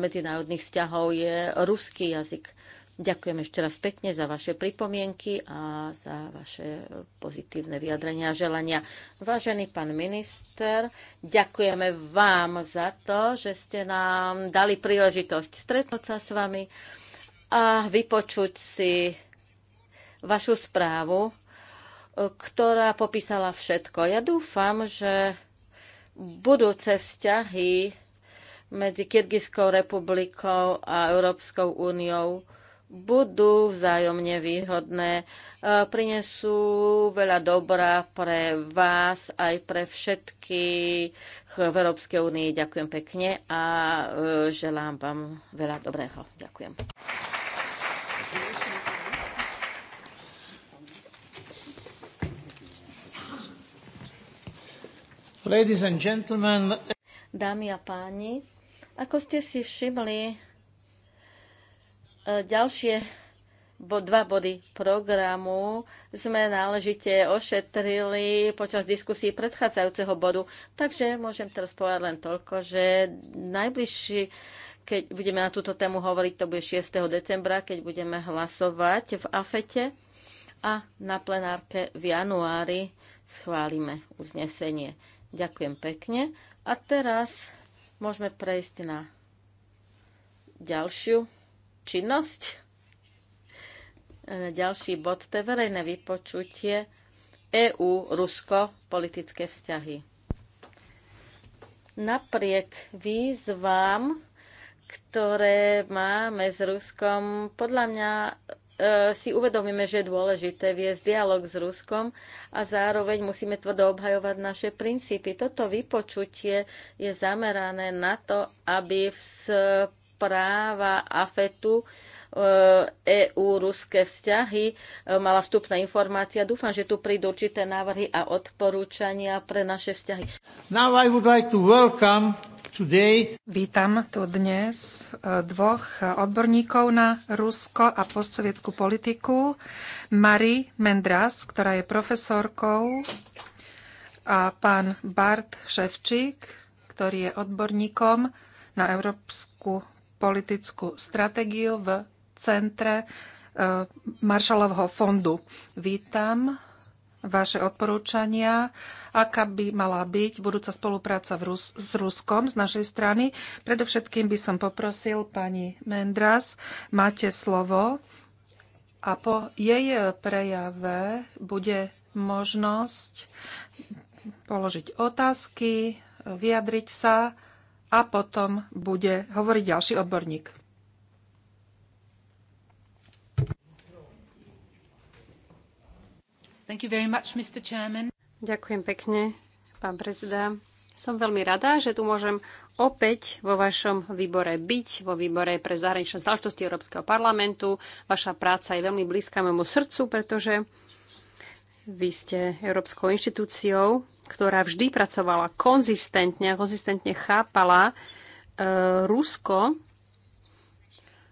medzinárodných vzťahov je ruský jazyk. Ďakujem ešte raz pekne za vaše pripomienky a za vaše pozitívne vyjadrenia a želania. Vážený pán minister, ďakujeme vám za to, že ste nám dali príležitosť stretnúť sa s vami a vypočuť si vašu správu, e, ktorá popísala všetko. Ja dúfam, že budúce vzťahy medzi Kyrgyzskou republikou a Európskou úniou budú vzájomne výhodné, e, prinesú veľa dobra pre vás aj pre všetkých v Európskej únii. Ďakujem pekne a e, želám vám veľa dobrého. Ďakujem. Ladies and gentlemen. Dámy a páni, ako ste si všimli, e, ďalšie dva body programu sme náležite ošetrili počas diskusí predchádzajúceho bodu. Takže môžem teraz povedať len toľko, že najbližší keď budeme na túto tému hovoriť, to bude 6. decembra, keď budeme hlasovať v AFETE a na plenárke v januári schválime uznesenie. Ďakujem pekne. A teraz môžeme prejsť na ďalšiu činnosť. E, ďalší bod, to je verejné vypočutie EU-Rusko politické vzťahy. Napriek výzvám, ktoré máme s Ruskom, podľa mňa E, si uvedomíme, že je dôležité viesť dialog s Ruskom a zároveň musíme tvrdo obhajovať naše princípy. Toto vypočutie je zamerané na to, aby správa AFETu e, EU-ruské vzťahy e, mala vstupná informácia. Dúfam, že tu prídu určité návrhy a odporúčania pre naše vzťahy. Now I would like to welcome Vítam tu dnes e, dvoch odborníkov na Rusko a postsovietskú politiku. Mari Mendras, ktorá je profesorkou, a pán Bart Ševčík, ktorý je odborníkom na európsku politickú stratégiu v centre e, Maršalovho fondu. Vítam vaše odporúčania, aká by mala byť budúca spolupráca v Rus- s Ruskom z našej strany. Predovšetkým by som poprosil pani Mendras, máte slovo a po jej prejave bude možnosť položiť otázky, vyjadriť sa a potom bude hovoriť ďalší odborník. Ďakujem pekne, pán predseda. Som veľmi rada, že tu môžem opäť vo vašom výbore byť, vo výbore pre zahraničné záležitosti Európskeho parlamentu. Vaša práca je veľmi blízka môjmu srdcu, pretože vy ste európskou inštitúciou, ktorá vždy pracovala konzistentne a konzistentne chápala e, Rusko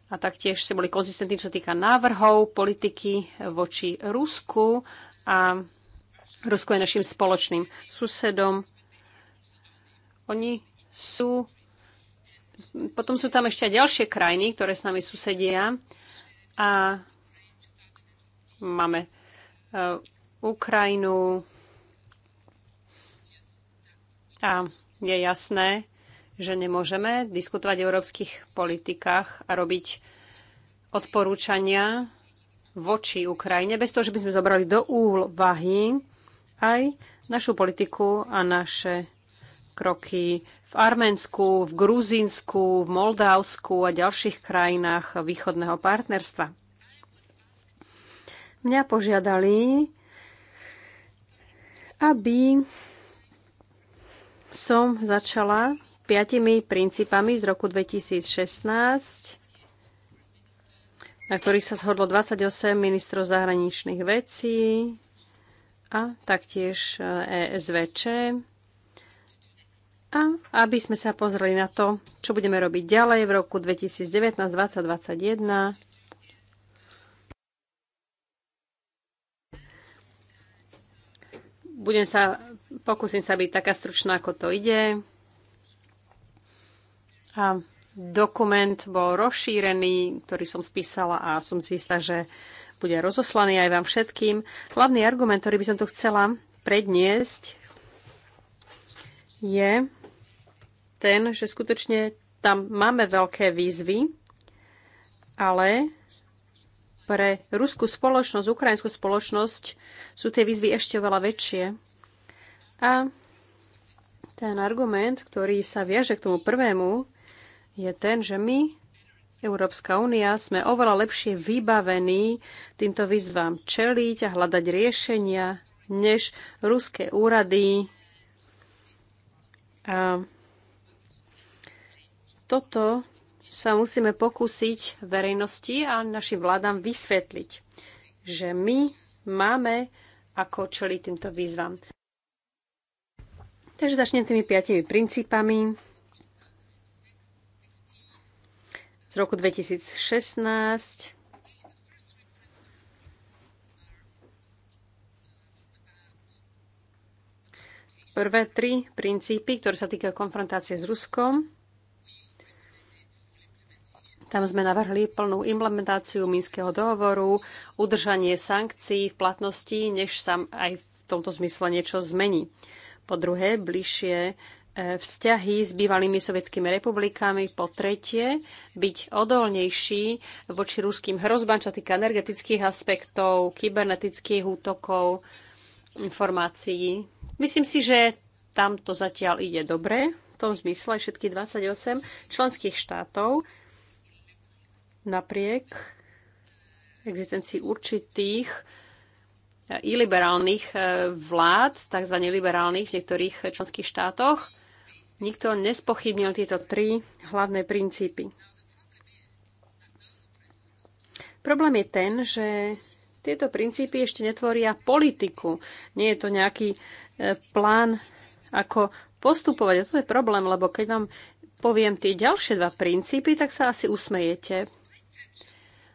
a taktiež ste boli konzistentní, čo sa týka návrhov politiky voči Rusku a Rusko je našim spoločným susedom. Oni sú... Potom sú tam ešte ďalšie krajiny, ktoré s nami susedia. A máme e, Ukrajinu. A je jasné, že nemôžeme diskutovať o európskych politikách a robiť odporúčania voči Ukrajine, bez toho, že by sme zobrali do úvahy aj našu politiku a naše kroky v Arménsku, v Gruzínsku, v Moldavsku a ďalších krajinách východného partnerstva. Mňa požiadali, aby som začala piatimi princípami z roku 2016 na ktorých sa zhodlo 28 ministrov zahraničných vecí a taktiež ESVČ. A aby sme sa pozreli na to, čo budeme robiť ďalej v roku 2019-2021, budem sa, pokúsim sa byť taká stručná, ako to ide. A Dokument bol rozšírený, ktorý som spísala a som si istá, že bude rozoslaný aj vám všetkým. Hlavný argument, ktorý by som tu chcela predniesť, je ten, že skutočne tam máme veľké výzvy, ale pre ruskú spoločnosť, ukrajinskú spoločnosť sú tie výzvy ešte veľa väčšie. A ten argument, ktorý sa viaže k tomu prvému, je ten, že my, Európska únia, sme oveľa lepšie vybavení týmto výzvam čeliť a hľadať riešenia, než ruské úrady. A toto sa musíme pokúsiť verejnosti a našim vládam vysvetliť, že my máme ako čeliť týmto výzvam. Takže začnem tými piatimi princípami. z roku 2016. Prvé tri princípy, ktoré sa týkajú konfrontácie s Ruskom. Tam sme navrhli plnú implementáciu Minského dohovoru, udržanie sankcií v platnosti, než sa aj v tomto zmysle niečo zmení. Po druhé, bližšie E, vzťahy s bývalými sovietskými republikami, po tretie byť odolnejší voči ruským hrozbám, čo týka energetických aspektov, kybernetických útokov, informácií. Myslím si, že tam to zatiaľ ide dobre, v tom zmysle všetky 28 členských štátov napriek existencii určitých e, iliberálnych e, vlád, tzv. liberálnych v niektorých členských štátoch, nikto nespochybnil tieto tri hlavné princípy. Problém je ten, že tieto princípy ešte netvoria politiku. Nie je to nejaký e, plán, ako postupovať. A to je problém, lebo keď vám poviem tie ďalšie dva princípy, tak sa asi usmejete.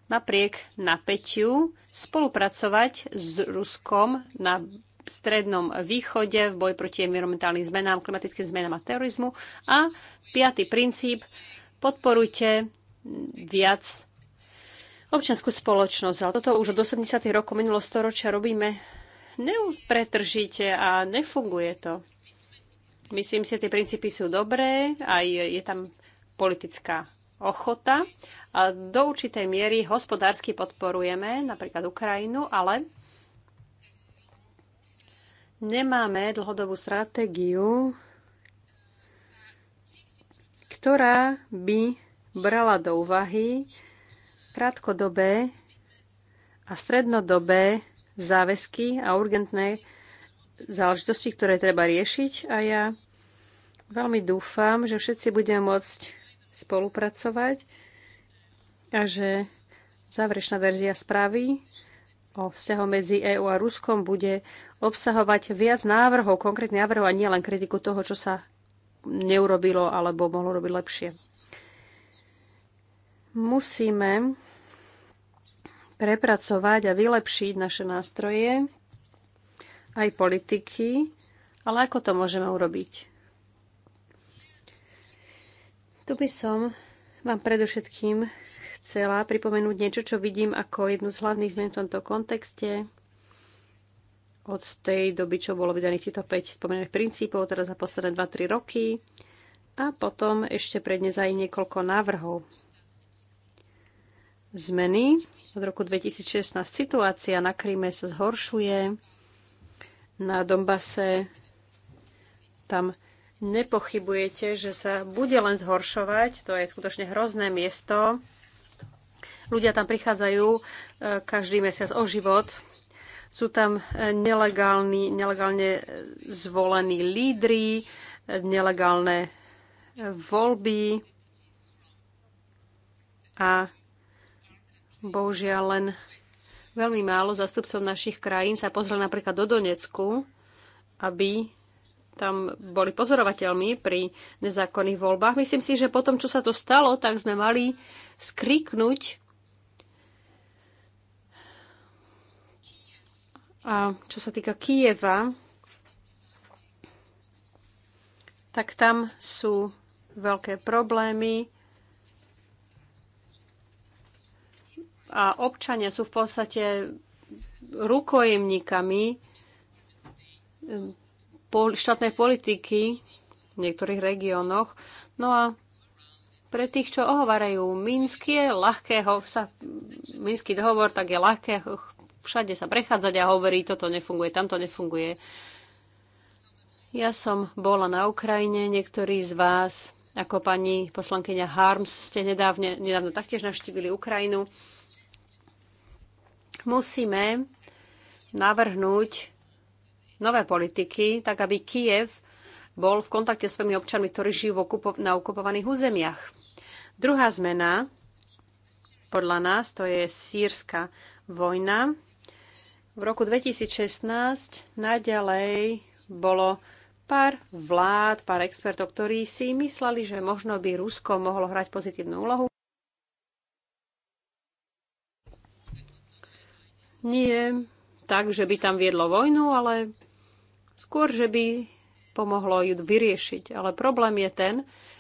Napriek napätiu spolupracovať s Ruskom na v strednom východe v boji proti environmentálnym zmenám, klimatickým zmenám a terorizmu. A piatý princíp, podporujte viac občianskú spoločnosť. Ale toto už od 80. rokov minulého storočia robíme neupretržite a nefunguje to. Myslím si, že tie princípy sú dobré, aj je tam politická ochota. A do určitej miery hospodársky podporujeme napríklad Ukrajinu, ale nemáme dlhodobú stratégiu, ktorá by brala do úvahy krátkodobé a strednodobé záväzky a urgentné záležitosti, ktoré treba riešiť a ja veľmi dúfam, že všetci budeme môcť spolupracovať a že záverečná verzia správy o vzťahu medzi EÚ a Ruskom bude obsahovať viac návrhov, konkrétne návrhov a nielen kritiku toho, čo sa neurobilo alebo mohlo robiť lepšie. Musíme prepracovať a vylepšiť naše nástroje, aj politiky, ale ako to môžeme urobiť? Tu by som vám predovšetkým chcela pripomenúť niečo, čo vidím ako jednu z hlavných zmien v tomto kontexte od tej doby, čo bolo vydaných týchto 5 spomenených princípov, teda za posledné 2-3 roky. A potom ešte prednes aj niekoľko návrhov zmeny. Od roku 2016 situácia na Kríme sa zhoršuje, na Dombase tam nepochybujete, že sa bude len zhoršovať. To je skutočne hrozné miesto. Ľudia tam prichádzajú eh, každý mesiac o život. Sú tam e, nelegálni, nelegálne e, zvolení lídry, e, nelegálne voľby a bohužiaľ len veľmi málo zastupcov našich krajín sa pozrel napríklad do Donecku, aby tam boli pozorovateľmi pri nezákonných voľbách. Myslím si, že potom, čo sa to stalo, tak sme mali skriknúť A čo sa týka Kieva, tak tam sú veľké problémy a občania sú v podstate rukojemníkami ehm, štátnej politiky v niektorých regiónoch. No a pre tých, čo ohovarajú Minsk, je ľahkého, sa, Minský dohovor, tak je ľahké všade sa prechádzať a hovorí, toto nefunguje, tamto nefunguje. Ja som bola na Ukrajine, niektorí z vás, ako pani poslankyňa Harms, ste nedávne, nedávno taktiež navštívili Ukrajinu. Musíme navrhnúť nové politiky, tak aby Kiev bol v kontakte s svojimi občanmi, ktorí žijú na okupovaných územiach. Druhá zmena, podľa nás, to je sírska vojna. V roku 2016 naďalej bolo pár vlád, pár expertov, ktorí si mysleli, že možno by Rusko mohlo hrať pozitívnu úlohu. Nie tak, že by tam viedlo vojnu, ale skôr, že by pomohlo ju vyriešiť. Ale problém je ten,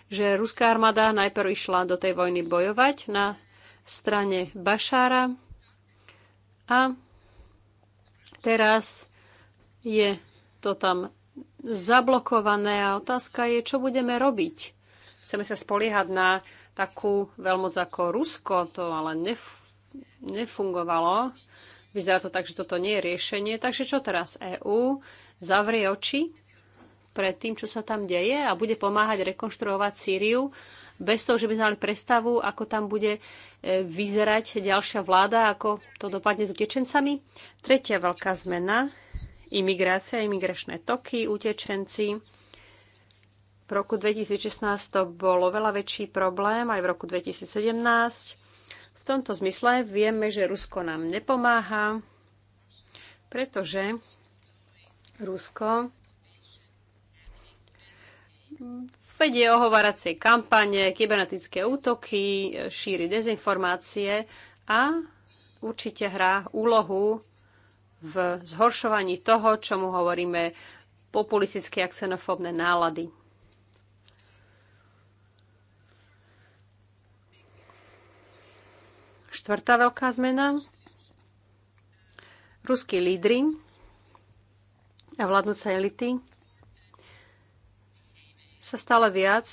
že ruská armáda najprv išla do tej vojny bojovať na strane Bašára a Teraz je to tam zablokované a otázka je, čo budeme robiť. Chceme sa spoliehať na takú veľmoc ako Rusko, to ale nef- nefungovalo. Vyzerá to tak, že toto nie je riešenie. Takže čo teraz? EÚ zavrie oči pred tým, čo sa tam deje a bude pomáhať rekonštruovať Sýriu bez toho, že by znali predstavu, ako tam bude e, vyzerať ďalšia vláda, ako to dopadne s utečencami. Tretia veľká zmena, imigrácia, imigračné toky, utečenci. V roku 2016 to bolo veľa väčší problém, aj v roku 2017. V tomto zmysle vieme, že Rusko nám nepomáha, pretože Rusko vedie ohováracie kampane, kybernetické útoky, šíri dezinformácie a určite hrá úlohu v zhoršovaní toho, čomu hovoríme populistické a xenofóbne nálady. Štvrtá veľká zmena. Ruskí lídry a vládnúce elity sa stále viac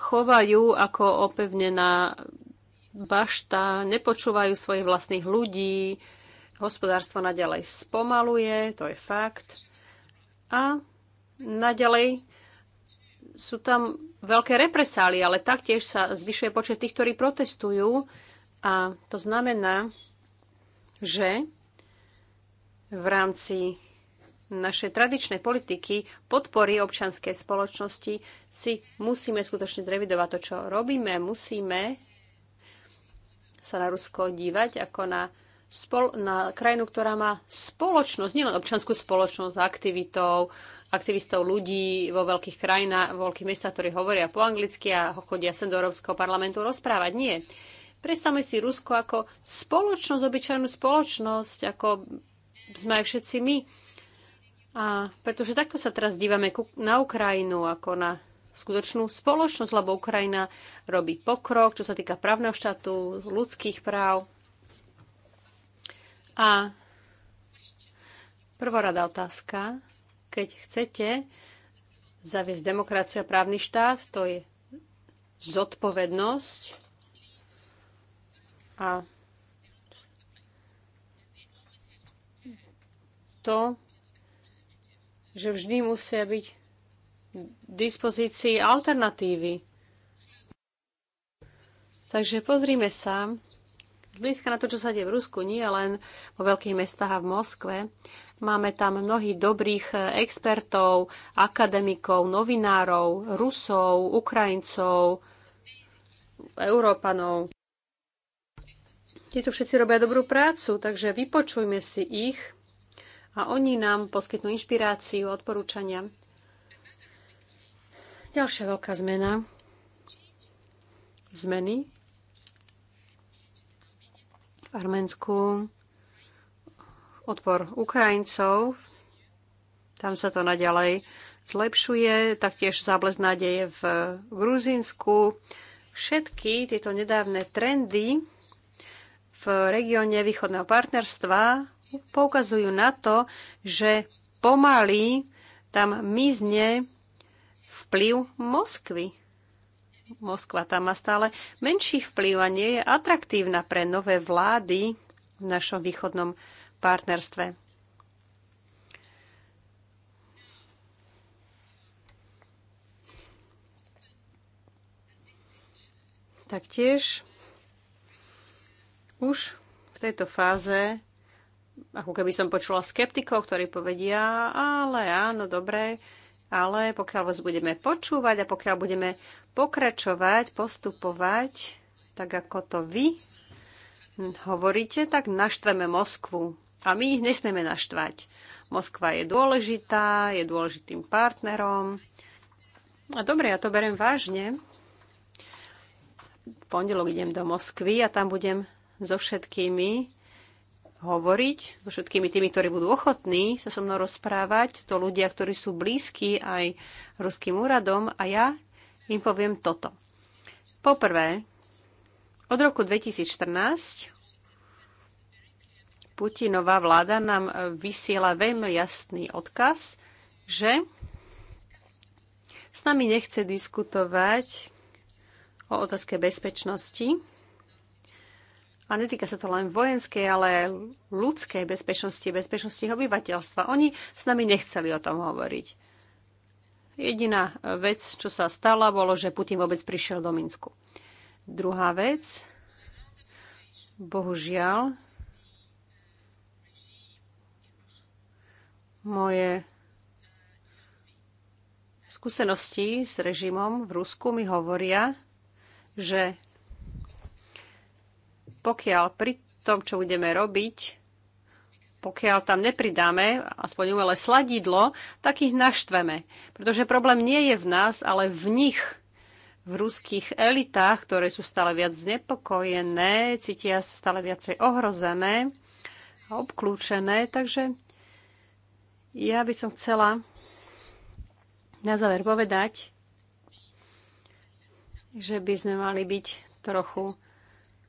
chovajú ako opevnená bašta, nepočúvajú svojich vlastných ľudí, hospodárstvo naďalej spomaluje, to je fakt. A naďalej sú tam veľké represálie, ale taktiež sa zvyšuje počet tých, ktorí protestujú. A to znamená, že v rámci naše tradičné politiky podpory občanskej spoločnosti si musíme skutočne zrevidovať to, čo robíme. Musíme sa na Rusko dívať ako na, spol- na krajinu, ktorá má spoločnosť, nielen občanskú spoločnosť, aktivitou, aktivistov ľudí vo veľkých krajinách, vo veľkých mestách, ktorí hovoria po anglicky a chodia sem do Európskeho parlamentu rozprávať. Nie. Predstavme si Rusko ako spoločnosť, obyčajnú spoločnosť, ako sme aj všetci my a pretože takto sa teraz dívame na Ukrajinu ako na skutočnú spoločnosť, lebo Ukrajina robí pokrok, čo sa týka právneho štátu, ľudských práv. A prvorada otázka, keď chcete zaviesť demokraciu a právny štát, to je zodpovednosť a to že vždy musia byť v dispozícii alternatívy. Takže pozrime sa zblízka na to, čo sa deje v Rusku, nie len vo veľkých mestách a v Moskve. Máme tam mnohých dobrých expertov, akademikov, novinárov, Rusov, Ukrajincov, Európanov. Tieto všetci robia dobrú prácu, takže vypočujme si ich a oni nám poskytnú inšpiráciu, odporúčania. Ďalšia veľká zmena. Zmeny v Arménsku. Odpor Ukrajincov. Tam sa to naďalej zlepšuje. Taktiež záblez nádeje v Gruzínsku. Všetky tieto nedávne trendy v regióne východného partnerstva poukazujú na to, že pomaly tam mizne vplyv Moskvy. Moskva tam má stále menší vplyv a nie je atraktívna pre nové vlády v našom východnom partnerstve. Taktiež už v tejto fáze ako keby som počula skeptikov, ktorí povedia, ale áno, dobre, ale pokiaľ vás budeme počúvať a pokiaľ budeme pokračovať, postupovať, tak ako to vy hovoríte, tak naštveme Moskvu. A my ich nesmieme naštvať. Moskva je dôležitá, je dôležitým partnerom. A dobre, ja to berem vážne. V pondelok idem do Moskvy a tam budem so všetkými hovoriť so všetkými tými, ktorí budú ochotní sa so mnou rozprávať. To ľudia, ktorí sú blízki aj ruským úradom a ja im poviem toto. Poprvé, od roku 2014 Putinová vláda nám vysiela veľmi jasný odkaz, že s nami nechce diskutovať o otázke bezpečnosti, a netýka sa to len vojenskej, ale ľudskej bezpečnosti, bezpečnosti obyvateľstva. Oni s nami nechceli o tom hovoriť. Jediná vec, čo sa stala, bolo, že Putin vôbec prišiel do Minsku. Druhá vec, bohužiaľ, moje skúsenosti s režimom v Rusku mi hovoria, že pokiaľ pri tom, čo budeme robiť, pokiaľ tam nepridáme aspoň umelé sladidlo, tak ich naštveme. Pretože problém nie je v nás, ale v nich, v ruských elitách, ktoré sú stále viac znepokojené, cítia sa stále viacej ohrozené a obklúčené. Takže ja by som chcela na záver povedať, že by sme mali byť trochu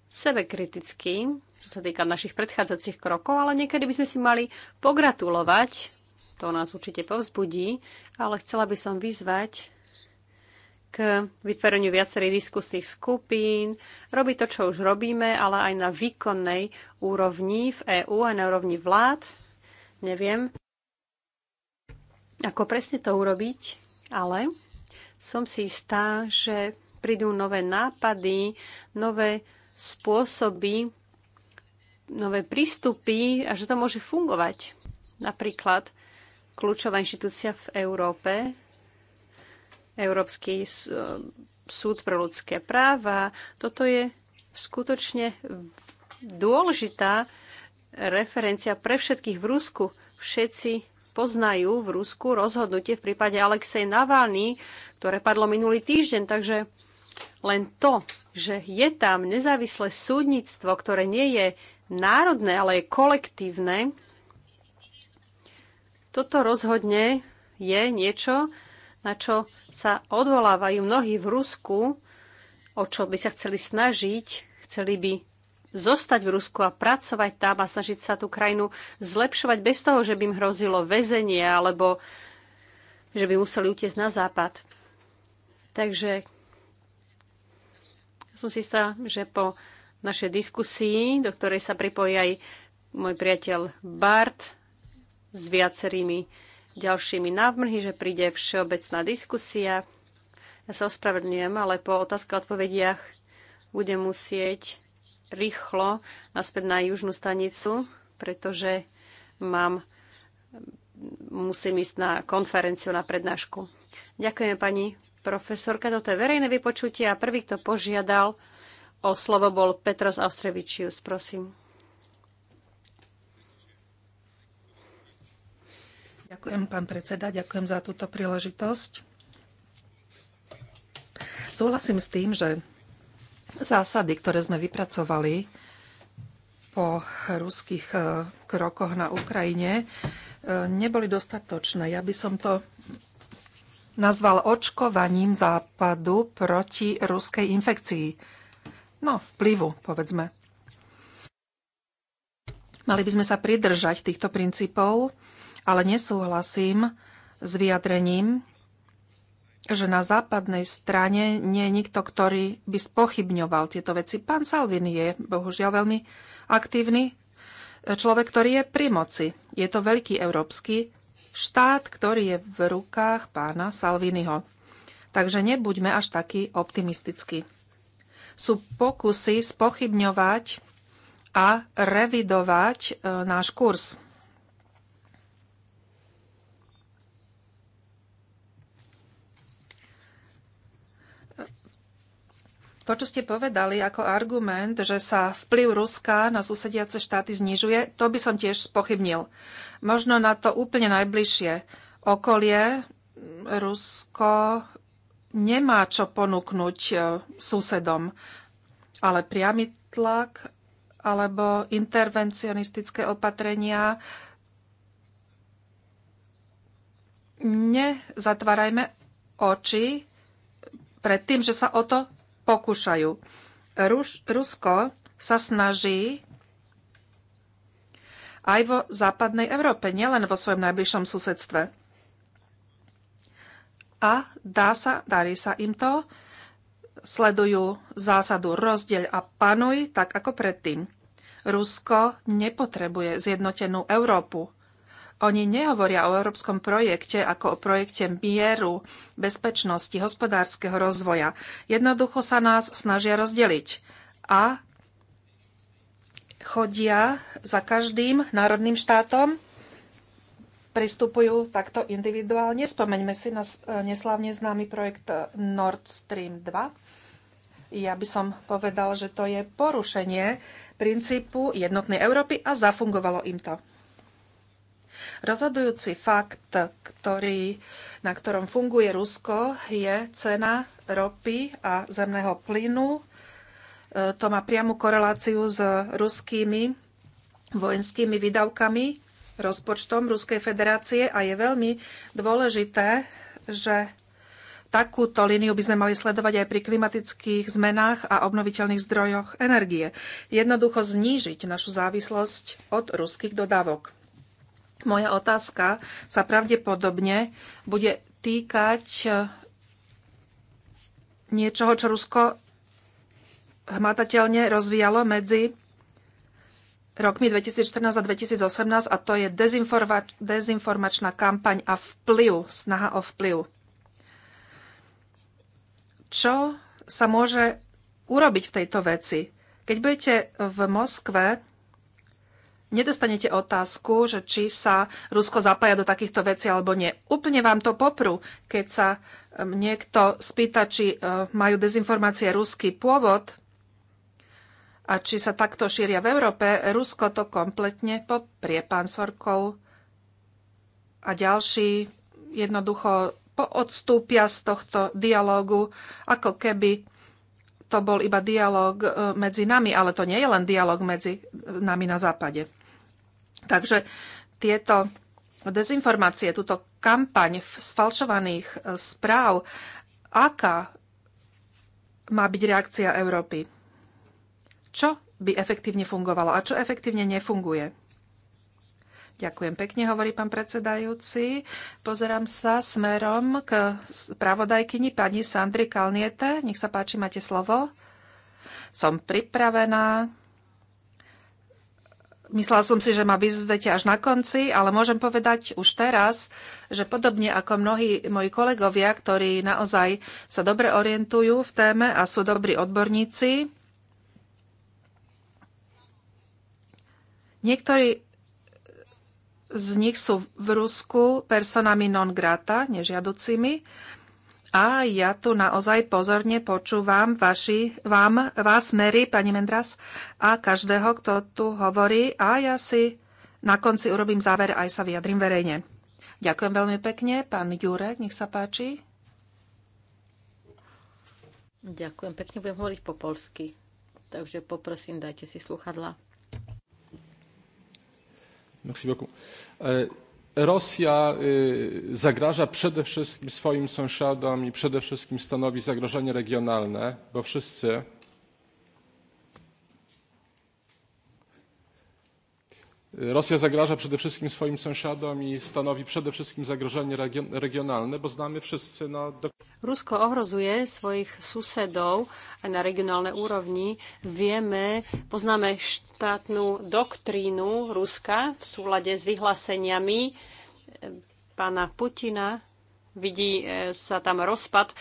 sebekritickí, čo sa týka našich predchádzajúcich krokov, ale niekedy by sme si mali pogratulovať, to nás určite povzbudí, ale chcela by som vyzvať k vytvoreniu viacerých diskusných skupín, robiť to, čo už robíme, ale aj na výkonnej úrovni v EÚ, a na úrovni vlád. Neviem, ako presne to urobiť, ale som si istá, že prídu nové nápady, nové spôsoby, nové prístupy a že to môže fungovať. Napríklad kľúčová inštitúcia v Európe, Európsky e, súd pre ľudské práva. Toto je skutočne dôležitá referencia pre všetkých v Rusku. Všetci poznajú v Rusku rozhodnutie v prípade Alexej Navalny, ktoré padlo minulý týždeň, takže len to, že je tam nezávislé súdnictvo, ktoré nie je národné, ale je kolektívne, toto rozhodne je niečo, na čo sa odvolávajú mnohí v Rusku, o čo by sa chceli snažiť, chceli by zostať v Rusku a pracovať tam a snažiť sa tú krajinu zlepšovať bez toho, že by im hrozilo väzenie alebo že by museli utiecť na západ. Takže ja som si istá, že po našej diskusii, do ktorej sa pripojí aj môj priateľ Bart s viacerými ďalšími návrhy, že príde všeobecná diskusia. Ja sa ospravedlňujem, ale po otázka a odpovediach budem musieť rýchlo naspäť na južnú stanicu, pretože mám, musím ísť na konferenciu, na prednášku. Ďakujem pani profesorka. Toto je verejné vypočutie a prvý, kto požiadal o slovo, bol Petros Austrevičius. Prosím. Ďakujem, pán predseda, ďakujem za túto príležitosť. Súhlasím s tým, že zásady, ktoré sme vypracovali po ruských eh, krokoch na Ukrajine, eh, neboli dostatočné. Ja by som to nazval očkovaním západu proti ruskej infekcii. No, vplyvu, povedzme. Mali by sme sa pridržať týchto princípov, ale nesúhlasím s vyjadrením, že na západnej strane nie je nikto, ktorý by spochybňoval tieto veci. Pán Salvini je bohužiaľ veľmi aktívny človek, ktorý je pri moci. Je to veľký európsky štát, ktorý je v rukách pána Salviniho. Takže nebuďme až takí optimistickí. Sú pokusy spochybňovať a revidovať e, náš kurz. To, čo ste povedali ako argument, že sa vplyv Ruska na susediace štáty znižuje, to by som tiež spochybnil. Možno na to úplne najbližšie okolie Rusko nemá čo ponúknuť e, susedom, ale priamy tlak alebo intervencionistické opatrenia nezatvárajme oči pred tým, že sa o to pokúšajú. Ruš, Rusko sa snaží aj vo západnej Európe, nielen vo svojom najbližšom susedstve. A dá sa, darí sa im to, sledujú zásadu rozdeľ a panuj, tak ako predtým. Rusko nepotrebuje zjednotenú Európu. Oni nehovoria o európskom projekte ako o projekte mieru, bezpečnosti, hospodárskeho rozvoja. Jednoducho sa nás snažia rozdeliť a chodia za každým národným štátom, pristupujú takto individuálne. Spomeňme si na neslávne známy projekt eh, Nord Stream 2. Ja by som povedal, že to je porušenie princípu jednotnej Európy a zafungovalo im to. Rozhodujúci fakt, ktorý, na ktorom funguje Rusko, je cena ropy a zemného plynu. E, to má priamu koreláciu s ruskými vojenskými výdavkami, rozpočtom Ruskej federácie a je veľmi dôležité, že Takúto líniu by sme mali sledovať aj pri klimatických zmenách a obnoviteľných zdrojoch energie. Jednoducho znížiť našu závislosť od ruských dodávok. Moja otázka sa pravdepodobne bude týkať eh, niečoho, čo Rusko hmatateľne rozvíjalo medzi rokmi 2014 a 2018 a to je dezinforma- dezinformačná kampaň a vplyv, snaha o vplyv. Čo sa môže urobiť v tejto veci? Keď budete v Moskve, nedostanete otázku, že či sa Rusko zapája do takýchto vecí alebo nie. Úplne vám to poprú, keď sa um, niekto spýta, či uh, majú dezinformácie ruský pôvod a či sa takto šíria v Európe. Rusko to kompletne poprie pán Sorkov a ďalší jednoducho odstúpia z tohto dialógu, ako keby to bol iba dialog uh, medzi nami, ale to nie je len dialog medzi uh, nami na západe. Takže tieto dezinformácie, túto kampaň sfalšovaných e, správ, aká má byť reakcia Európy? Čo by efektívne fungovalo a čo efektívne nefunguje? Ďakujem pekne, hovorí pán predsedajúci. Pozerám sa smerom k spravodajkyni pani Sandry Kalniete. Nech sa páči, máte slovo. Som pripravená Myslela som si, že ma vyzvete až na konci, ale môžem povedať už teraz, že podobne ako mnohí moji kolegovia, ktorí naozaj sa dobre orientujú v téme a sú dobrí odborníci, niektorí z nich sú v Rusku personami non grata, nežiaducimi, a ja tu naozaj pozorne počúvam vaši, vám, vás, Mary, pani Mendras, a každého, kto tu hovorí. A ja si na konci urobím záver aj sa vyjadrím verejne. Ďakujem veľmi pekne. Pán Jurek, nech sa páči. Ďakujem pekne, budem hovoriť po polsky. Takže poprosím, dajte si sluchadla. Merci beaucoup. Uh... Rosja zagraża przede wszystkim swoim sąsiadom i przede wszystkim stanowi zagrożenie regionalne, bo wszyscy Rosja zagraża przede wszystkim swoim sąsiadom i stanowi przede wszystkim zagrożenie regionalne, bo znamy wszyscy na... Rusko ohrozuje svojich susedov na regionálnej úrovni. Vieme, poznáme štátnu doktrínu Ruska v súlade s vyhláseniami e, pana Putina. Vidí e, sa tam rozpad e,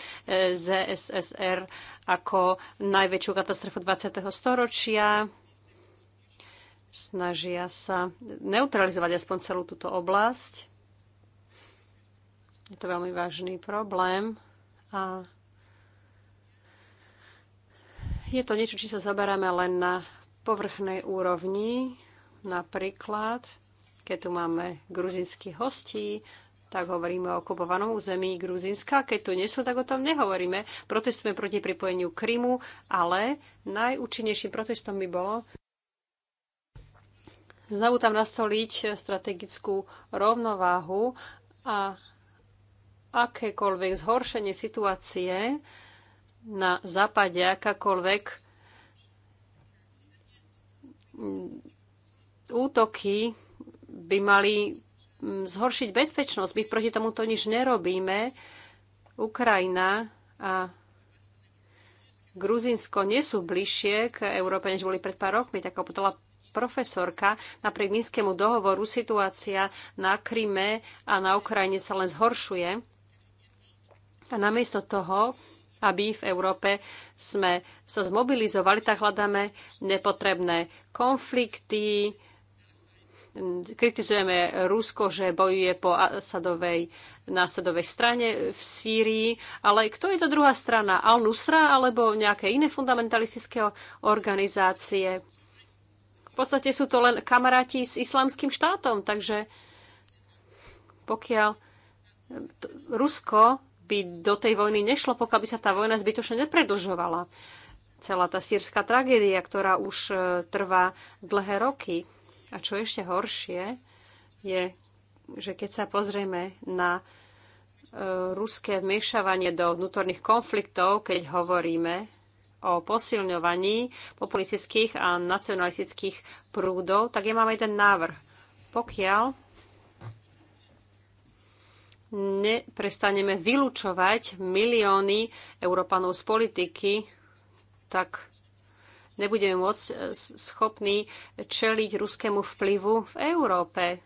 ZSSR ako najväčšiu katastrofu 20. storočia snažia sa neutralizovať aspoň celú túto oblasť. Je to veľmi vážny problém a je to niečo, či sa zaberáme len na povrchnej úrovni. Napríklad, keď tu máme gruzinských hostí, tak hovoríme o okupovanom území Gruzinska. Keď tu nie sú, tak o tom nehovoríme. Protestujeme proti pripojeniu Krymu, ale najúčinnejším protestom by bolo, znovu tam nastoliť strategickú rovnováhu a akékoľvek zhoršenie situácie na západe, akákoľvek mm, útoky by mali mm, zhoršiť bezpečnosť. My proti tomuto nič nerobíme. Ukrajina a Gruzinsko nie sú bližšie k Európe, než boli pred pár rokmi. ako podľa profesorka. Napriek Minskému dohovoru situácia na Kryme a na Ukrajine sa len zhoršuje. A namiesto toho, aby v Európe sme sa zmobilizovali, tak hľadáme nepotrebné konflikty, kritizujeme Rusko, že bojuje po Asadovej následovej strane v Sýrii, ale kto je to druhá strana? Al-Nusra alebo nejaké iné fundamentalistické organizácie? podstate sú to len kamaráti s islamským štátom, takže pokiaľ Rusko by do tej vojny nešlo, pokiaľ by sa tá vojna zbytočne nepredlžovala. Celá tá sírska tragédia, ktorá už e, trvá dlhé roky. A čo ešte horšie, je, že keď sa pozrieme na e, ruské vmiešavanie do vnútorných konfliktov, keď hovoríme o posilňovaní populistických a nacionalistických prúdov, tak ja mám aj ten návrh. Pokiaľ neprestaneme vylúčovať milióny Európanov z politiky, tak nebudeme môcť e, schopní čeliť ruskému vplyvu v Európe.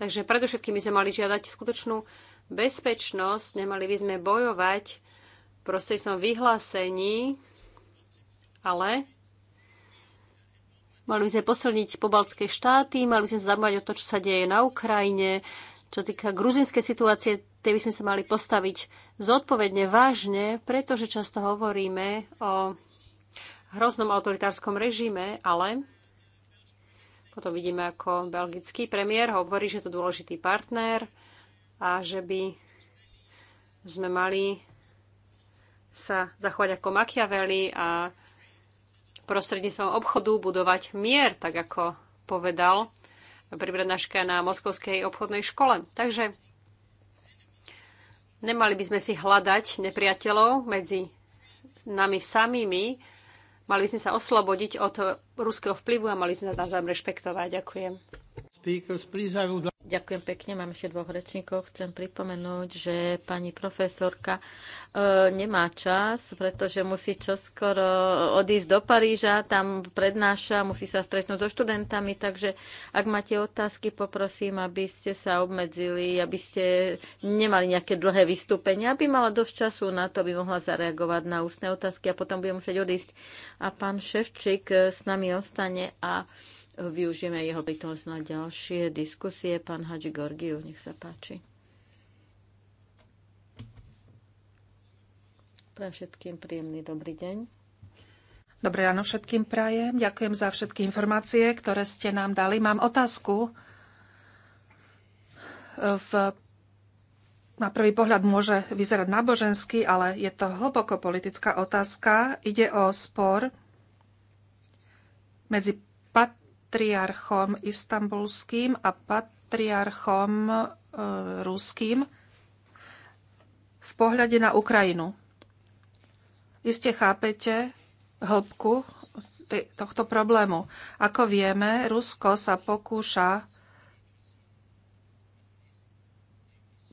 Takže predovšetkým by sme mali žiadať skutočnú bezpečnosť, nemali by sme bojovať prostredstvom vyhlásení ale mali by sme posilniť pobaltské štáty, mali by sme zaujímať o to, čo sa deje na Ukrajine, čo týka gruzinskej situácie, tej by sme sa mali postaviť zodpovedne, vážne, pretože často hovoríme o hroznom autoritárskom režime, ale potom vidíme, ako belgický premiér hovorí, že je to dôležitý partner a že by sme mali sa zachovať ako Machiavelli a prostredníctvom obchodu budovať mier, tak ako povedal pri na Moskovskej obchodnej škole. Takže nemali by sme si hľadať nepriateľov medzi nami samými, mali by sme sa oslobodiť od ruského vplyvu a mali by sme sa navzájom rešpektovať. Ďakujem. Ďakujem pekne, mám ešte dvoch rečníkov. Chcem pripomenúť, že pani profesorka e, nemá čas, pretože musí čoskoro odísť do Paríža, tam prednáša, musí sa stretnúť so študentami, takže ak máte otázky, poprosím, aby ste sa obmedzili, aby ste nemali nejaké dlhé vystúpenia, aby mala dosť času na to, aby mohla zareagovať na ústne otázky a potom bude musieť odísť. A pán Ševčík s nami ostane a využijeme jeho prítomnosť na ďalšie diskusie. Pán Hadži Gorgiu, nech sa páči. Pre všetkým príjemný dobrý deň. Dobré ráno všetkým prajem. Ďakujem za všetky informácie, ktoré ste nám dali. Mám otázku. V, na prvý pohľad môže vyzerať náboženský, ale je to hlboko politická otázka. Ide o spor medzi patriarchom istambulským a patriarchom e, ruským v pohľade na Ukrajinu. Iste chápete hĺbku tohto problému. Ako vieme, Rusko sa pokúša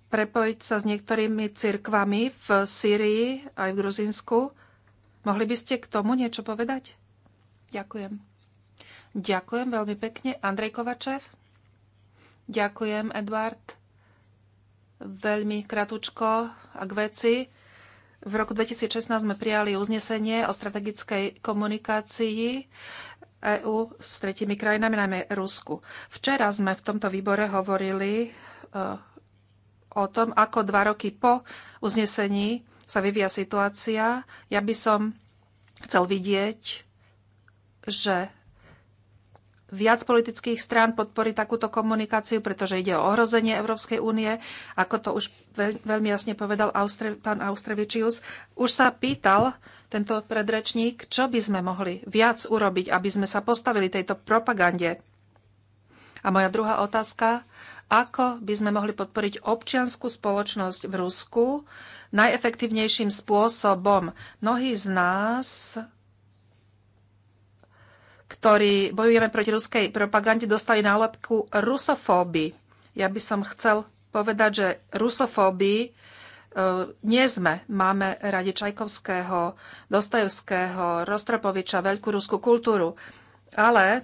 prepojiť sa s niektorými cirkvami v Sýrii aj v Gruzinsku. Mohli by ste k tomu niečo povedať? Ďakujem. Ďakujem veľmi pekne. Andrej Kovačev. Ďakujem, Eduard. Veľmi kratučko a k veci. V roku 2016 sme prijali uznesenie o strategickej komunikácii EÚ s tretimi krajinami, najmä Rusku. Včera sme v tomto výbore hovorili e, o tom, ako dva roky po uznesení sa vyvíja situácia. Ja by som chcel vidieť, že viac politických strán podporí takúto komunikáciu, pretože ide o ohrozenie Európskej únie, ako to už veľ, veľmi jasne povedal Austre, pán Austrevičius. Už sa pýtal tento predrečník, čo by sme mohli viac urobiť, aby sme sa postavili tejto propagande. A moja druhá otázka, ako by sme mohli podporiť občianskú spoločnosť v Rusku najefektívnejším spôsobom. Mnohí z nás ktorí bojujeme proti ruskej propagande, dostali nálepku rusofóby. Ja by som chcel povedať, že rusofóbii e, nie sme. Máme radi Čajkovského, Dostojevského, Rostropoviča, veľkú ruskú kultúru. Ale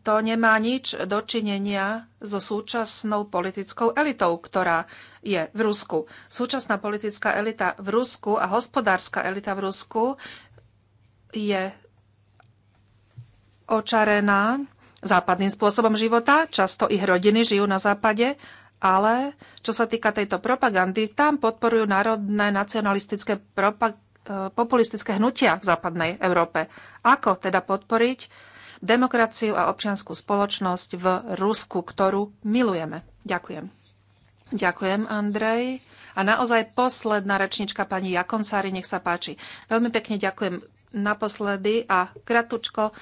to nemá nič dočinenia so súčasnou politickou elitou, ktorá je v Rusku. Súčasná politická elita v Rusku a hospodárska elita v Rusku je očarená západným spôsobom života. Často ich rodiny žijú na západe, ale čo sa týka tejto propagandy, tam podporujú národné nacionalistické propag- eh, populistické hnutia v západnej Európe. Ako teda podporiť demokraciu a občianskú spoločnosť v Rusku, ktorú milujeme? Ďakujem. Ďakujem, Andrej. A naozaj posledná rečnička pani Jakonsári, nech sa páči. Veľmi pekne ďakujem naposledy a kratučko.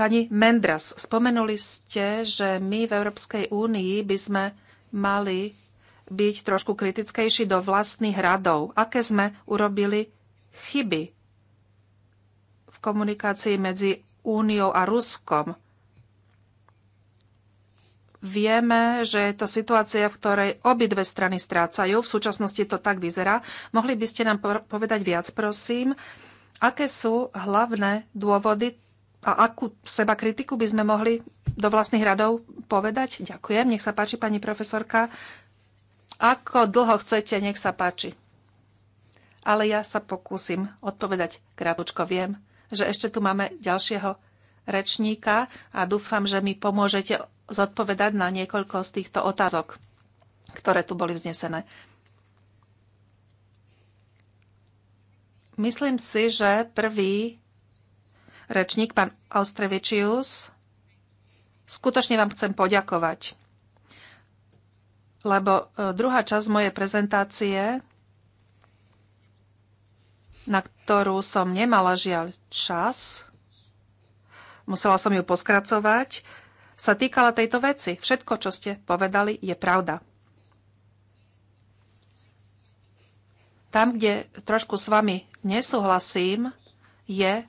Pani Mendras, spomenuli ste, že my v Európskej únii by sme mali byť trošku kritickejší do vlastných radov. Aké sme urobili chyby v komunikácii medzi Úniou a Ruskom? Vieme, že je to situácia, v ktorej obidve strany strácajú. V súčasnosti to tak vyzerá. Mohli by ste nám povedať viac, prosím, aké sú hlavné dôvody a akú seba kritiku by sme mohli do vlastných radov povedať? Ďakujem. Nech sa páči, pani profesorka. Ako dlho chcete, nech sa páči. Ale ja sa pokúsim odpovedať krátko. Viem, že ešte tu máme ďalšieho rečníka a dúfam, že mi pomôžete zodpovedať na niekoľko z týchto otázok, ktoré tu boli vznesené. Myslím si, že prvý rečník, pán Austrevičius. Skutočne vám chcem poďakovať, lebo e, druhá časť mojej prezentácie, na ktorú som nemala žiaľ čas, musela som ju poskracovať, sa týkala tejto veci. Všetko, čo ste povedali, je pravda. Tam, kde trošku s vami nesúhlasím, je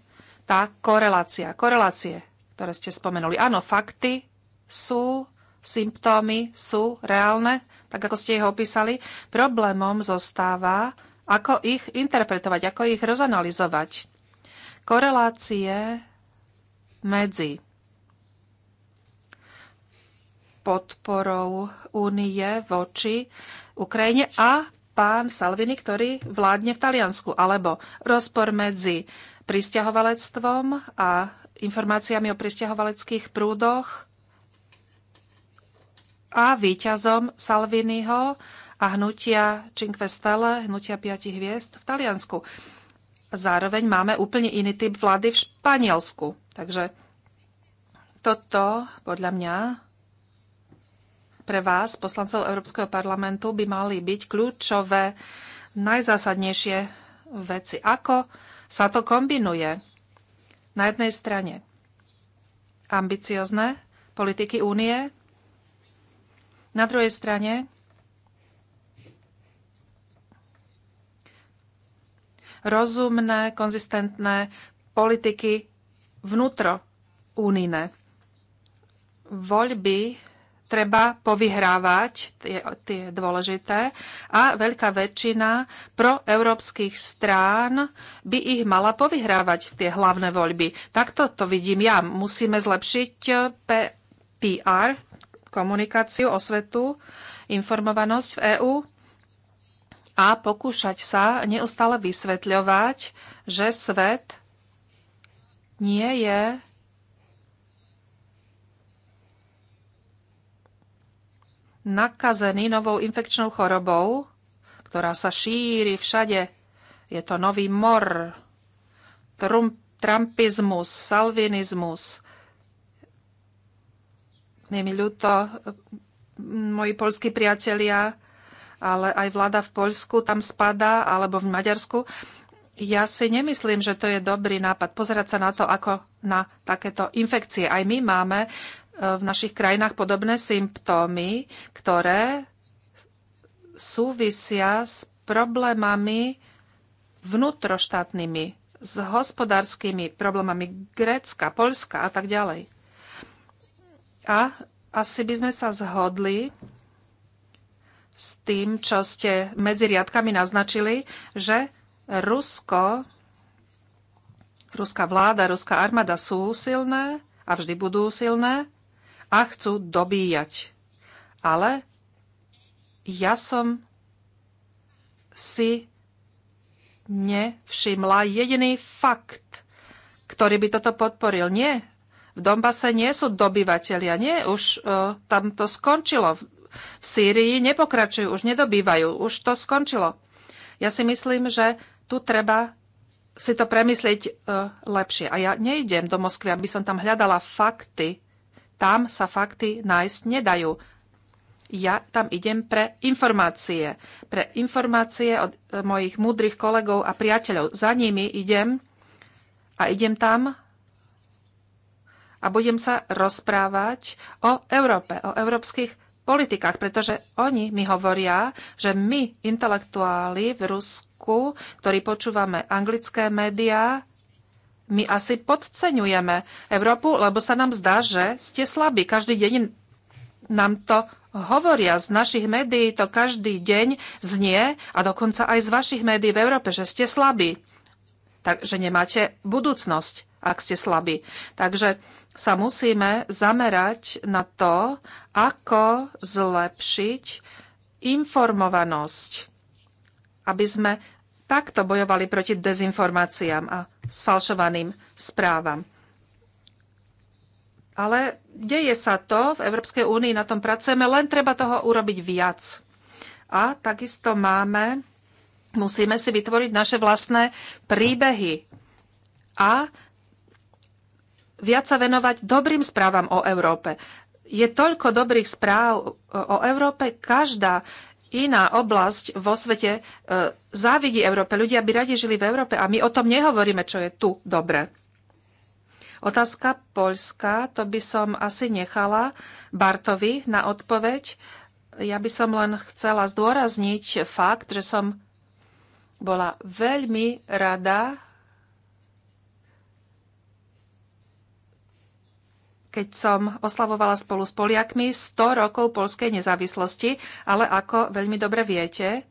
tá korelácia, korelácie, ktoré ste spomenuli. Áno, fakty sú, symptómy sú reálne, tak ako ste ich opísali. Problémom zostáva, ako ich interpretovať, ako ich rozanalizovať. Korelácie medzi podporou únie voči Ukrajine a pán Salvini, ktorý vládne v Taliansku, alebo rozpor medzi pristahovalectvom a informáciami o pristahovaleckých prúdoch a výťazom Salviniho a hnutia Cinque Stelle, hnutia piatich hviezd v Taliansku. Zároveň máme úplne iný typ vlády v Španielsku. Takže toto podľa mňa pre vás, poslancov Európskeho parlamentu, by mali byť kľúčové, najzásadnejšie veci. Ako sa to kombinuje. Na jednej strane ambiciozne politiky únie, na druhej strane rozumné, konzistentné politiky vnútro únine. Voľby treba povyhrávať, tie, tie dôležité, a veľká väčšina proeurópskych strán by ich mala povyhrávať tie hlavné voľby. Takto to vidím ja. Musíme zlepšiť eh, PR, komunikáciu, osvetu, informovanosť v EÚ a pokúšať sa neustále vysvetľovať, že svet nie je nakazený novou infekčnou chorobou, ktorá sa šíri všade. Je to nový mor, trump, trumpizmus, salvinizmus. Je mi ľúto, moji polskí priatelia, ale aj vláda v Poľsku tam spadá, alebo v Maďarsku. Ja si nemyslím, že to je dobrý nápad pozerať sa na to ako na takéto infekcie. Aj my máme v našich krajinách podobné symptómy, ktoré súvisia s problémami vnútroštátnymi, s hospodárskymi problémami Grécka, Polska a tak ďalej. A asi by sme sa zhodli s tým, čo ste medzi riadkami naznačili, že Rusko, ruská vláda, ruská armáda sú silné a vždy budú silné a chcú dobíjať. Ale ja som si nevšimla jediný fakt, ktorý by toto podporil. Nie, v Dombase nie sú dobyvateľia. Nie, už uh, tam to skončilo. V Sýrii nepokračujú, už nedobývajú, už to skončilo. Ja si myslím, že tu treba si to premyslieť uh, e, lepšie. A ja nejdem do Moskvy, aby som tam hľadala fakty, tam sa fakty nájsť nedajú. Ja tam idem pre informácie. Pre informácie od e, mojich múdrych kolegov a priateľov. Za nimi idem a idem tam a budem sa rozprávať o Európe, o európskych politikách, pretože oni mi hovoria, že my, intelektuáli v Rusku, ktorí počúvame anglické médiá, my asi podceňujeme Európu, lebo sa nám zdá, že ste slabí. Každý deň nám to hovoria z našich médií, to každý deň znie a dokonca aj z vašich médií v Európe, že ste slabí. Takže nemáte budúcnosť, ak ste slabí. Takže sa musíme zamerať na to, ako zlepšiť informovanosť, aby sme takto bojovali proti dezinformáciám a sfalšovaným správam. Ale deje sa to, v Európskej únii na tom pracujeme, len treba toho urobiť viac. A takisto máme, musíme si vytvoriť naše vlastné príbehy a viac sa venovať dobrým správam o Európe. Je toľko dobrých správ o Európe, každá iná oblasť vo svete e, závidí Európe. Ľudia by radi žili v Európe a my o tom nehovoríme, čo je tu dobre. Otázka Poľska, to by som asi nechala Bartovi na odpoveď. Ja by som len chcela zdôrazniť fakt, že som bola veľmi rada, keď som oslavovala spolu s Poliakmi 100 rokov polskej nezávislosti, ale ako veľmi dobre viete,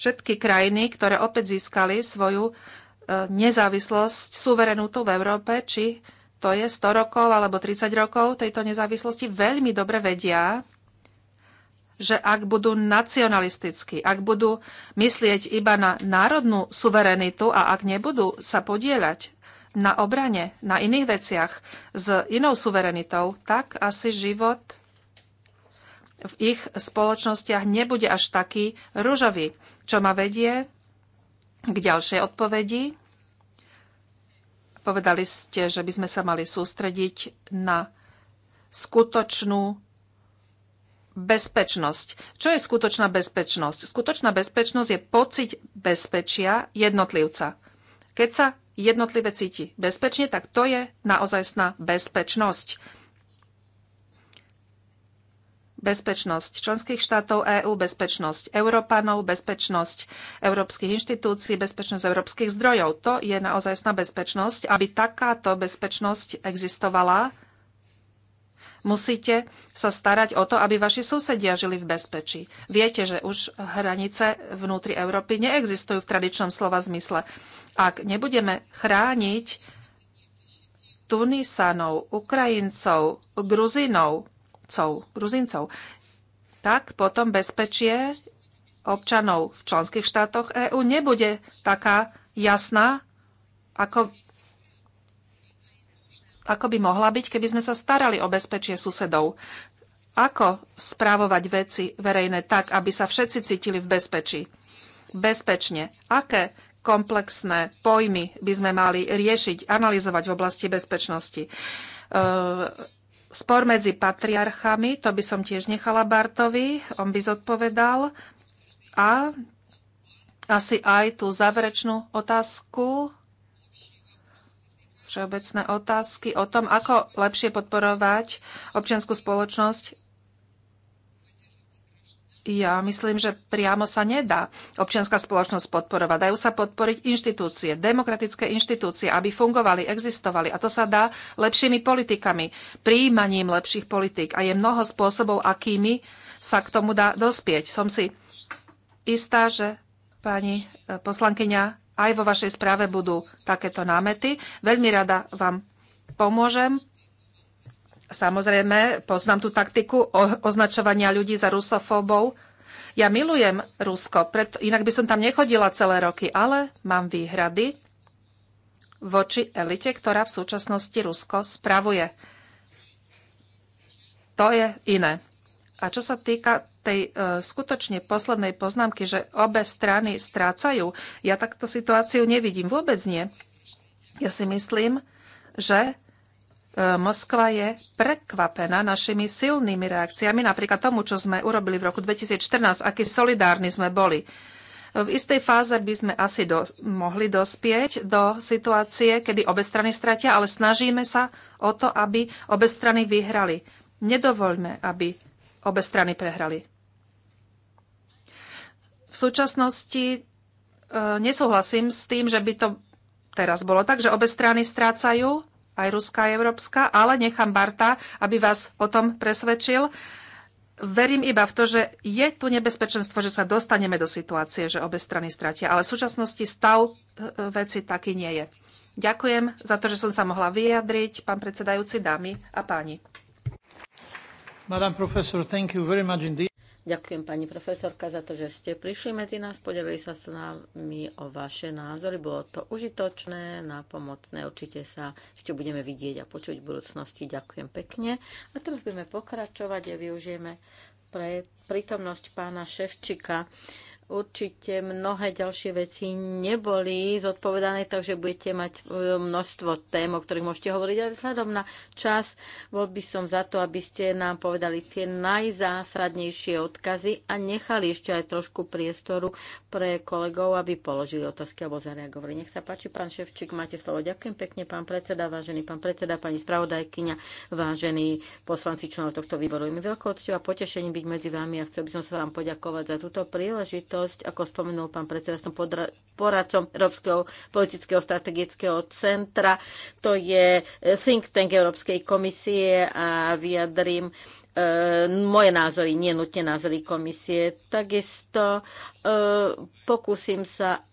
všetky krajiny, ktoré opäť získali svoju e, nezávislosť, suverenútu v Európe, či to je 100 rokov alebo 30 rokov tejto nezávislosti, veľmi dobre vedia, že ak budú nacionalistickí, ak budú myslieť iba na národnú suverenitu a ak nebudú sa podieľať na obrane, na iných veciach, s inou suverenitou, tak asi život v ich spoločnostiach nebude až taký rúžový, čo ma vedie k ďalšej odpovedi. Povedali ste, že by sme sa mali sústrediť na skutočnú bezpečnosť. Čo je skutočná bezpečnosť? Skutočná bezpečnosť je pocit bezpečia jednotlivca. Keď sa jednotlivé cíti bezpečne, tak to je naozajstná bezpečnosť. Bezpečnosť členských štátov EÚ, bezpečnosť Európanov, bezpečnosť európskych inštitúcií, bezpečnosť európskych zdrojov. To je naozajstná bezpečnosť. Aby takáto bezpečnosť existovala, musíte sa starať o to, aby vaši susedia žili v bezpečí. Viete, že už hranice vnútri Európy neexistujú v tradičnom slova zmysle. Ak nebudeme chrániť Tunisanov, Ukrajincov, Gruzinov, Gruzincov, tak potom bezpečie občanov v členských štátoch EÚ nebude taká jasná, ako, ako by mohla byť, keby sme sa starali o bezpečie susedov. Ako správovať veci verejné tak, aby sa všetci cítili v bezpečí? Bezpečne. Aké komplexné pojmy by sme mali riešiť, analyzovať v oblasti bezpečnosti. E, spor medzi patriarchami, to by som tiež nechala Bartovi, on by zodpovedal. A asi aj tú záverečnú otázku, všeobecné otázky o tom, ako lepšie podporovať občianskú spoločnosť ja myslím, že priamo sa nedá občianská spoločnosť podporovať. Dajú sa podporiť inštitúcie, demokratické inštitúcie, aby fungovali, existovali. A to sa dá lepšími politikami, príjmaním lepších politik. A je mnoho spôsobov, akými sa k tomu dá dospieť. Som si istá, že pani e, poslankyňa aj vo vašej správe budú takéto námety. Veľmi rada vám pomôžem Samozrejme, poznám tú taktiku označovania ľudí za rusofóbov. Ja milujem Rusko, preto, inak by som tam nechodila celé roky, ale mám výhrady voči elite, ktorá v súčasnosti Rusko spravuje. To je iné. A čo sa týka tej e, skutočne poslednej poznámky, že obe strany strácajú, ja takto situáciu nevidím. Vôbec nie. Ja si myslím, že E, Moskva je prekvapená našimi silnými reakciami, napríklad tomu, čo sme urobili v roku 2014, aký solidárni sme boli. V istej fáze by sme asi do, mohli dospieť do situácie, kedy obe strany stratia, ale snažíme sa o to, aby obe strany vyhrali. Nedovoľme, aby obe strany prehrali. V súčasnosti e, nesúhlasím s tým, že by to teraz bolo tak, že obe strany strácajú aj ruská, aj európska, ale nechám Barta, aby vás o tom presvedčil. Verím iba v to, že je tu nebezpečenstvo, že sa dostaneme do situácie, že obe strany stratia, ale v súčasnosti stav e, veci taký nie je. Ďakujem za to, že som sa mohla vyjadriť, pán predsedajúci, dámy a páni. Madam profesor, thank you very much indeed. Ďakujem pani profesorka za to, že ste prišli medzi nás, podelili sa s nami o vaše názory, bolo to užitočné, pomocné, určite sa ešte budeme vidieť a počuť v budúcnosti. Ďakujem pekne. A teraz budeme pokračovať a využijeme pre prítomnosť pána Ševčika Určite mnohé ďalšie veci neboli zodpovedané, takže budete mať e, množstvo tém, o ktorých môžete hovoriť. aj vzhľadom na čas bol by som za to, aby ste nám povedali tie najzásadnejšie odkazy a nechali ešte aj trošku priestoru pre kolegov, aby položili otázky alebo zareagovali. Nech sa páči, pán Ševčík, máte slovo. Ďakujem pekne, pán predseda, vážený pán predseda, pani spravodajkyňa, vážení poslanci členov tohto výboru. Je mi veľkou a potešením byť medzi vami a chcel by som sa vám poďakovať za túto príležitosť príležitosť, ako spomenul pán predseda, som poradcom Európskeho politického strategického centra. To je eh, think tank Európskej komisie a vyjadrím eh, moje názory, nie nutne názory komisie. Takisto eh, pokúsim sa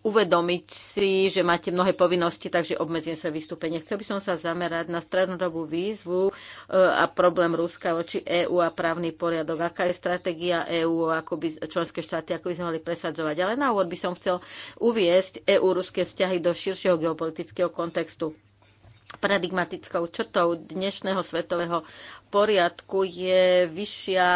uvedomiť si, že máte mnohé povinnosti, takže obmedzím svoje vystúpenie. Chcel by som sa zamerať na strednodobú výzvu e, a problém Ruska voči EÚ a právny poriadok. Aká je stratégia EÚ, ako by členské štáty, ako by sme mali presadzovať. Ale na úvod by som chcel uviesť EÚ-ruské vzťahy do širšieho geopolitického kontextu paradigmatickou črtou dnešného svetového poriadku je vyššia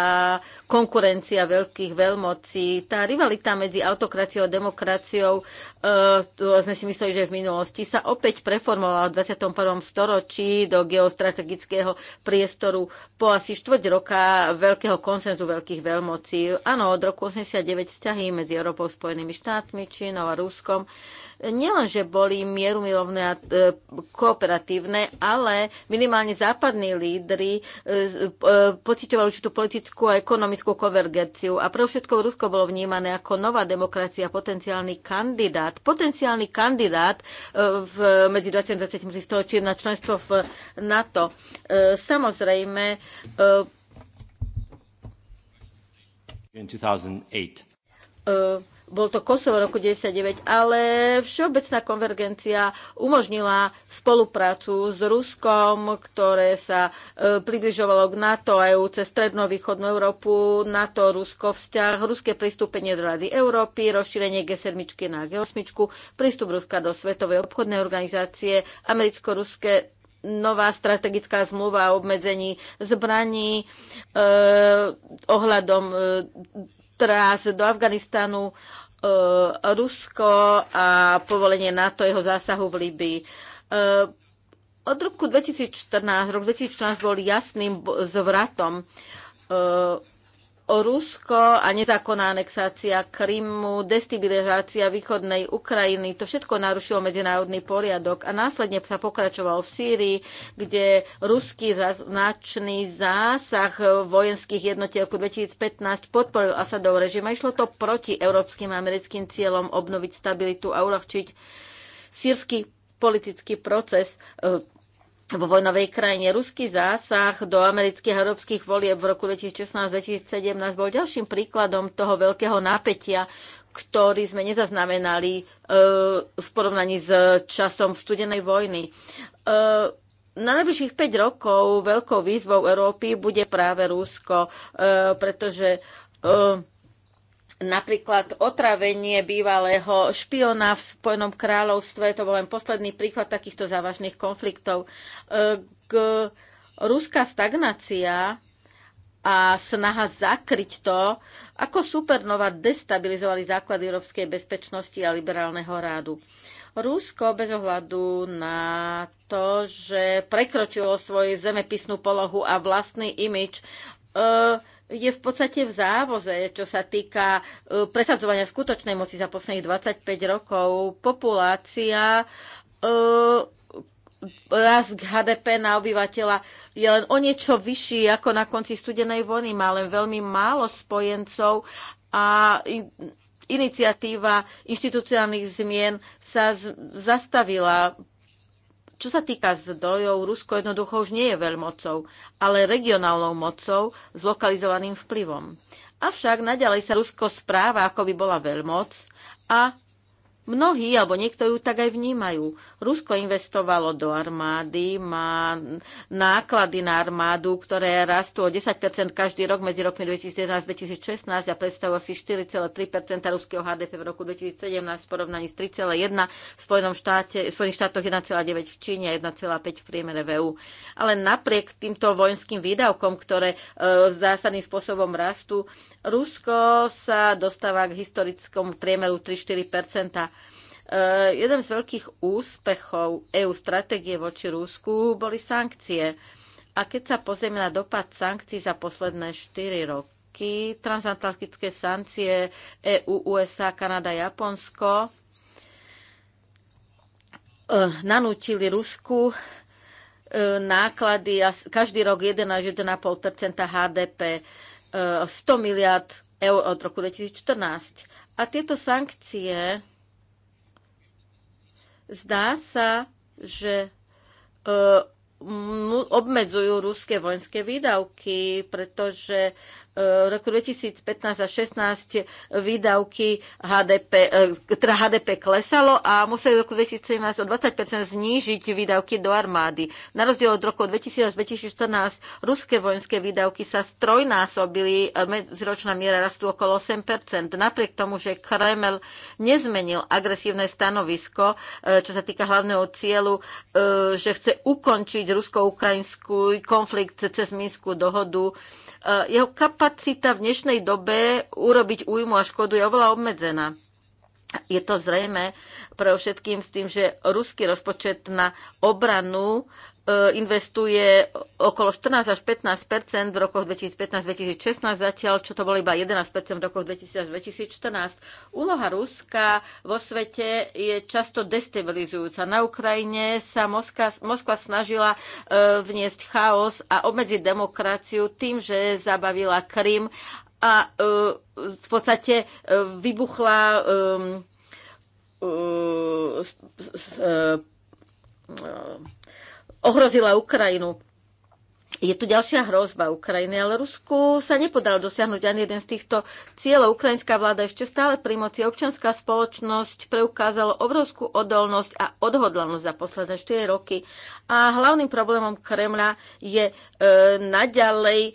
konkurencia veľkých veľmocí. Tá rivalita medzi autokraciou a demokraciou, eh, tu sme si mysleli, že v minulosti, sa opäť preformovala v 21. storočí do geostrategického priestoru po asi štvrť roka veľkého konsenzu veľkých veľmocí. Áno, od roku 89 vzťahy medzi Európou, Spojenými štátmi, Čínou a Ruskom nielenže boli mierumilovné a e, kooperatívne, ale minimálne západní lídry pociťovali určitú politickú a ekonomickú konvergenciu. A pre všetko Rusko bolo vnímané ako nová demokracia, potenciálny kandidát, potenciálny kandidát e, v, medzi 20. a 20. storočím na členstvo v NATO. E, samozrejme, e, in 2008. Uh, bol to Kosovo roku 1999, ale všeobecná konvergencia umožnila spoluprácu s Ruskom, ktoré sa e, približovalo k NATO a EU cez strednovýchodnú Európu, NATO, Rusko, vzťah, ruské pristúpenie do Rady Európy, rozšírenie G7 na G8, prístup Ruska do Svetovej obchodnej organizácie, americko-ruské nová strategická zmluva o obmedzení zbraní eh, ohľadom eh, trás do Afganistanu, eh, E, Rusko a povolenie NATO jeho zásahu v Líbii. E, od roku 2014, rok 2014 bol jasným zvratom e, Rusko a nezákonná anexácia Krymu, destabilizácia východnej Ukrajiny, to všetko narušilo medzinárodný poriadok a následne sa pokračovalo v Sýrii, kde ruský značný zásah vojenských jednotiek roku 2015 podporil Asadov režim a išlo to proti európskym a americkým cieľom obnoviť stabilitu a uľahčiť sírsky politický proces vo vojnovej krajine. Ruský zásah do amerických a európskych volieb v roku 2016-2017 bol ďalším príkladom toho veľkého napätia, ktorý sme nezaznamenali e, v porovnaní s časom studenej vojny. E, na najbližších 5 rokov veľkou výzvou Európy bude práve Rusko, e, pretože Napríklad otravenie bývalého špiona v Spojenom kráľovstve, to bol len posledný príklad takýchto závažných konfliktov. E, k ruská stagnácia a snaha zakryť to, ako supernova destabilizovali základy európskej bezpečnosti a liberálneho rádu. Rusko bez ohľadu na to, že prekročilo svoju zemepisnú polohu a vlastný imič, e, je v podstate v závoze, čo sa týka e, presadzovania skutočnej moci za posledných 25 rokov. Populácia k e, HDP na obyvateľa je len o niečo vyšší ako na konci studenej vojny. Má len veľmi málo spojencov a iniciatíva inštitucionálnych zmien sa zastavila. Čo sa týka zdrojov, Rusko jednoducho už nie je veľmocou, ale regionálnou mocou s lokalizovaným vplyvom. Avšak naďalej sa Rusko správa, ako by bola veľmoc a Mnohí, alebo niektorí ju tak aj vnímajú. Rusko investovalo do armády, má náklady na armádu, ktoré rastú o 10% každý rok medzi rokmi 2011-2016 a predstavujú asi 4,3% ruského HDP v roku 2017 v porovnaní s 3,1% v Spojenom štáte, v Spojených štátoch 1,9% v Číne a 1,5% v priemere v EU. Ale napriek týmto vojenským výdavkom, ktoré e, zásadným spôsobom rastú, Rusko sa dostáva k historickom priemeru 3-4% Eh, jeden z veľkých úspechov EU stratégie voči Rúsku boli sankcie. A keď sa pozrieme na dopad sankcií za posledné 4 roky, transatlantické sankcie EU, USA, Kanada, Japonsko eh, nanútili Rusku eh, náklady a každý rok 1 až 1,5 HDP, 100 miliard eur od roku 2014. A tieto sankcie Zdá sa, že e, obmedzujú ruské vojenské výdavky, pretože v eh, roku 2015 a 16 výdavky HDP, eh, teda HDP klesalo a museli v roku 2017 o 20 znížiť výdavky do armády. Na rozdiel od roku 2000-2014 ruské vojenské výdavky sa strojnásobili, eh, medziročná miera rastú okolo 8 Napriek tomu, že Kreml nezmenil agresívne stanovisko, čo sa týka hlavného cieľu, že chce ukončiť rusko ukrajinský konflikt cez Minskú dohodu, jeho kapacita kapacita v dnešnej dobe urobiť újmu a škodu je oveľa obmedzená. Je to zrejme pre všetkým s tým, že ruský rozpočet na obranu E, investuje okolo 14 až 15 v rokoch 2015-2016, zatiaľ čo to bolo iba 11 v rokoch 2000 až 2014. Úloha Ruska vo svete je často destabilizujúca. Na Ukrajine sa Moskva, Moskva snažila e, vniesť chaos a obmedziť demokraciu tým, že zabavila Krym a e, v podstate vybuchla ohrozila Ukrajinu. Je tu ďalšia hrozba Ukrajiny, ale Rusku sa nepodal dosiahnuť ani jeden z týchto cieľov. Ukrajinská vláda ešte stále pri moci. Občianská spoločnosť preukázala obrovskú odolnosť a odhodlanosť za posledné 4 roky. A hlavným problémom Kremľa je e, naďalej e,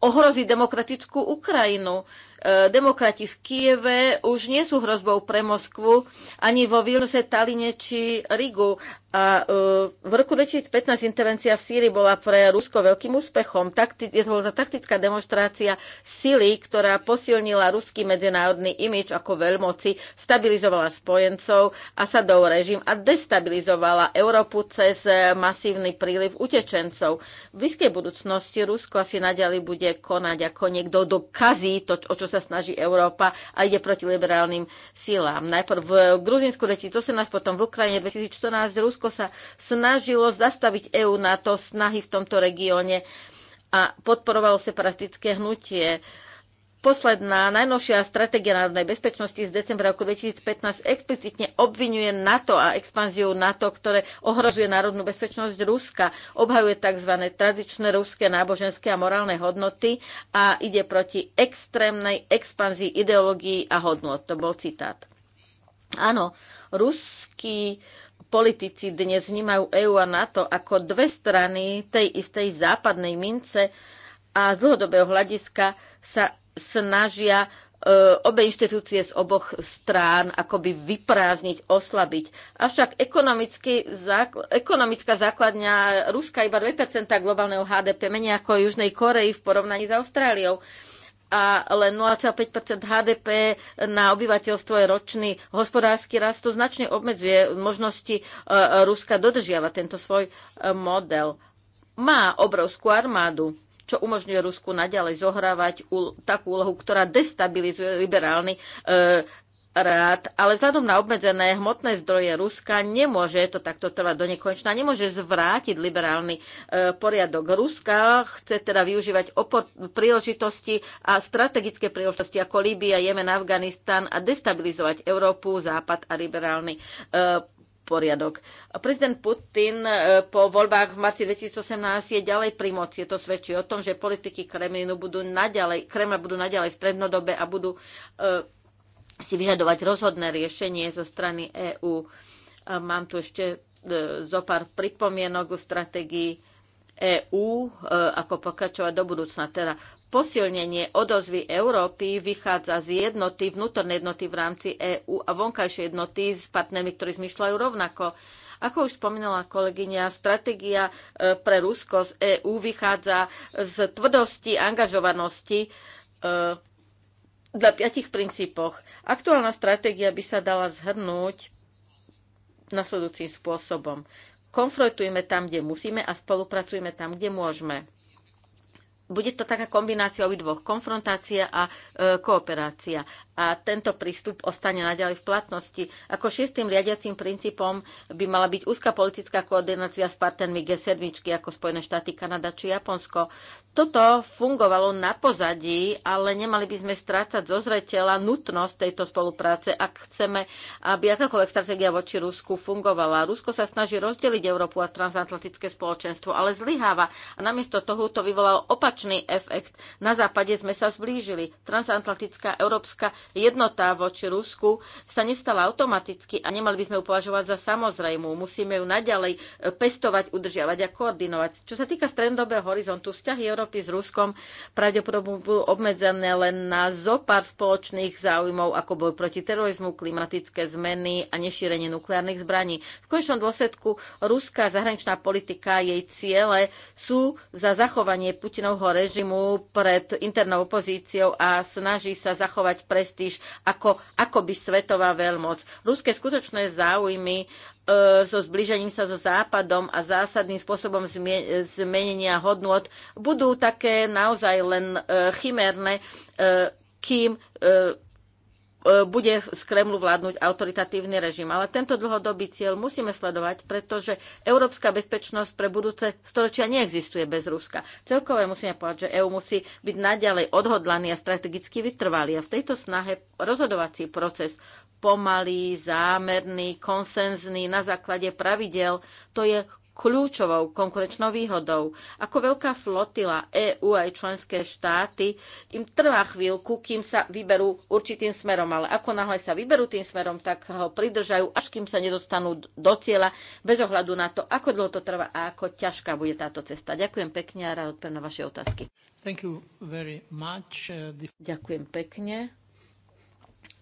ohroziť demokratickú Ukrajinu. E, E, demokrati v Kieve už nie sú hrozbou pre Moskvu ani vo Vilnuse, Taline či Rigu. A e, v roku 2015 intervencia v Sýrii bola pre Rusko veľkým úspechom. je to bola taktická demonstrácia sily, ktorá posilnila ruský medzinárodný imič ako veľmoci, stabilizovala spojencov, Asadov režim a destabilizovala Európu cez e, masívny príliv utečencov. V blízkej budúcnosti Rusko asi naďalej bude konať ako niekto, dokazí, to, o čo sa snaží Európa a ide proti liberálnym sílám. Najprv v Gruzinsku 2018, potom v Ukrajine 2014 Rusko sa snažilo zastaviť EÚ na to snahy v tomto regióne a podporovalo separastické hnutie. Posledná, najnovšia stratégia národnej bezpečnosti z decembra roku 2015 explicitne obvinuje NATO a expanziu NATO, ktoré ohrozuje národnú bezpečnosť Ruska, obhajuje tzv. tradičné ruské náboženské a morálne hodnoty a ide proti extrémnej expanzii ideológií a hodnot. To bol citát. Áno, ruský politici dnes vnímajú EÚ a NATO ako dve strany tej istej západnej mince a z dlhodobého hľadiska sa snažia e, obe inštitúcie z oboch strán akoby vyprázdniť, oslabiť. Avšak zákl ekonomická základňa Ruska iba 2% globálneho HDP, menej ako Južnej Koreji v porovnaní s Austráliou a len 0,5 HDP na obyvateľstvo je ročný hospodársky rast. To značne obmedzuje možnosti e, Ruska dodržiavať tento svoj e, model. Má obrovskú armádu čo umožňuje Rusku naďalej zohrávať takú úlohu, ktorá destabilizuje liberálny e, rád, ale vzhľadom na obmedzené hmotné zdroje Ruska nemôže to takto trvať do nekonečna, nemôže zvrátiť liberálny e, poriadok Ruska, chce teda využívať opor- príležitosti a strategické príležitosti ako Líbia, Jemen, Afganistan a destabilizovať Európu, Západ a liberálny e, poriadok. Prezident Putin e, po voľbách v marci 2018 je ďalej pri moci. To svedčí o tom, že politiky Kremlinu budú naďalej, Kremla budú naďalej v strednodobe a budú e, si vyžadovať rozhodné riešenie zo strany EÚ. E, mám tu ešte zo pár pripomienok o stratégii EÚ e, ako pokračovať do budúcna. Teda posilnenie odozvy Európy vychádza z jednoty, vnútornej jednoty v rámci EÚ a vonkajšej jednoty s partnermi, ktorí zmyšľajú rovnako. Ako už spomínala kolegyňa, stratégia e, pre Rusko z EÚ vychádza z tvrdosti, angažovanosti e, na piatich princípoch. Aktuálna stratégia by sa dala zhrnúť nasledujúcim spôsobom konfrontujme tam, kde musíme a spolupracujme tam, kde môžeme. Bude to taká kombinácia obidvoch, konfrontácia a e, kooperácia a tento prístup ostane naďalej v platnosti. Ako šiestým riadiacím princípom by mala byť úzka politická koordinácia s partnermi G7, ako Spojené štáty, Kanada či Japonsko. Toto fungovalo na pozadí, ale nemali by sme strácať zo zreteľa nutnosť tejto spolupráce, ak chceme, aby akákoľvek stratégia voči Rusku fungovala. Rusko sa snaží rozdeliť Európu a transatlantické spoločenstvo, ale zlyháva a namiesto toho to vyvolalo opačný efekt. Na západe sme sa zblížili. Transatlantická európska jednota voči Rusku sa nestala automaticky a nemali by sme ju považovať za samozrejmú. Musíme ju naďalej e, pestovať, udržiavať a koordinovať. Čo sa týka strednodobého horizontu, vzťahy Európy s Ruskom pravdepodobne budú obmedzené len na zopár spoločných záujmov, ako boj proti terorizmu, klimatické zmeny a nešírenie nukleárnych zbraní. V konečnom dôsledku ruská zahraničná politika a jej ciele sú za zachovanie Putinovho režimu pred internou opozíciou a snaží sa zachovať prestíž prestíž ako, ako by svetová veľmoc. Ruské skutočné záujmy e, so zbližením sa so západom a zásadným spôsobom zmenenia hodnot budú také naozaj len e, chimerné, e, kým E, bude z Kremlu vládnuť autoritatívny režim. Ale tento dlhodobý cieľ musíme sledovať, pretože európska bezpečnosť pre budúce storočia neexistuje bez Ruska. Celkové musíme povedať, že EÚ musí byť naďalej odhodlaný a strategicky vytrvalý. A v tejto snahe rozhodovací proces pomalý, zámerný, konsenzný, na základe pravidel, to je kľúčovou konkurenčnou výhodou. Ako veľká flotila EÚ aj členské štáty, im trvá chvíľku, kým sa vyberú určitým smerom, ale ako náhle sa vyberú tým smerom, tak ho pridržajú, až kým sa nedostanú do cieľa, bez ohľadu na to, ako dlho to trvá a ako ťažká bude táto cesta. Ďakujem pekne a rád na vaše otázky. Thank you very much. Uh, Ďakujem pekne.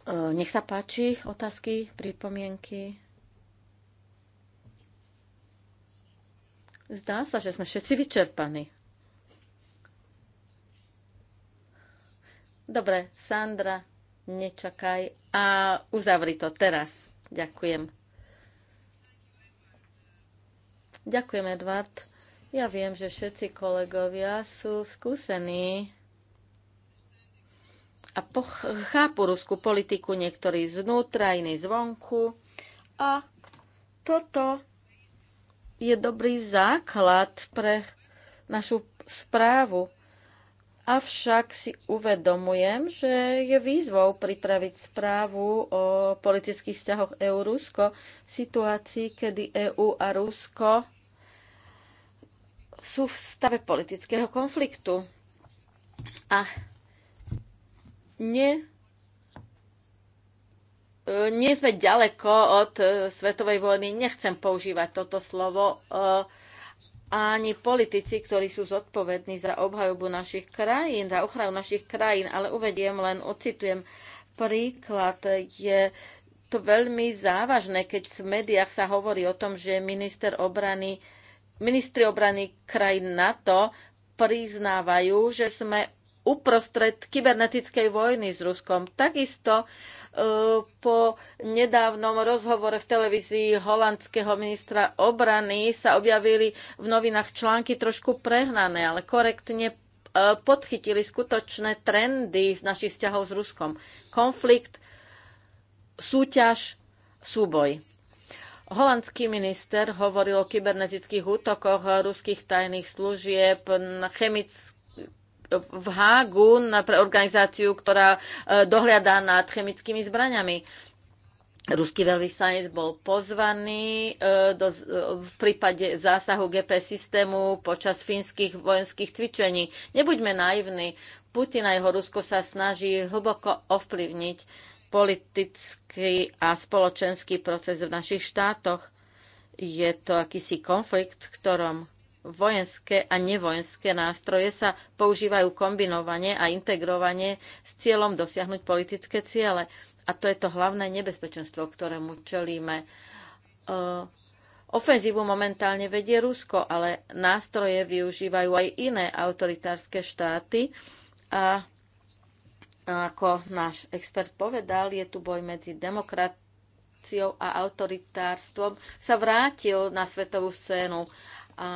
Uh, nech sa páči otázky, pripomienky. Zdá sa, že sme všetci vyčerpaní. Dobre, Sandra, nečakaj a uzavri to teraz. Ďakujem. Ďakujem, Edvard. Ja viem, že všetci kolegovia sú skúsení a chápu ruskú politiku, niektorí znútra, iní zvonku. A toto je dobrý základ pre našu správu. Avšak si uvedomujem, že je výzvou pripraviť správu o politických vzťahoch EU-Rusko v situácii, kedy EU a Rusko sú v stave politického konfliktu. A nie E, nie sme ďaleko od e, svetovej vojny, nechcem používať toto slovo, e, ani politici, ktorí sú zodpovední za obhajobu našich krajín, za ochranu našich krajín, ale uvediem len, ocitujem príklad, je to veľmi závažné, keď v médiách sa hovorí o tom, že minister obrany, ministri obrany krajín NATO priznávajú, že sme uprostred kybernetickej vojny s Ruskom. Takisto e, po nedávnom rozhovore v televízii holandského ministra obrany sa objavili v novinách články trošku prehnané, ale korektne e, podchytili skutočné trendy v našich vzťahov s Ruskom. Konflikt, súťaž, súboj. Holandský minister hovoril o kybernetických útokoch ruských tajných služieb chemických v Hágu na pre organizáciu, ktorá e, dohľadá nad chemickými zbraniami. Ruský veľvyslanec bol pozvaný e, do, v prípade zásahu GP systému počas fínskych vojenských cvičení. Nebuďme naivní. Putin a jeho Rusko sa snaží hlboko ovplyvniť politický a spoločenský proces v našich štátoch. Je to akýsi konflikt, v ktorom vojenské a nevojenské nástroje sa používajú kombinovane a integrovane s cieľom dosiahnuť politické ciele. A to je to hlavné nebezpečenstvo, ktorému čelíme. E, ofenzívu momentálne vedie Rusko, ale nástroje využívajú aj iné autoritárske štáty. A ako náš expert povedal, je tu boj medzi demokraciou a autoritárstvom sa vrátil na svetovú scénu a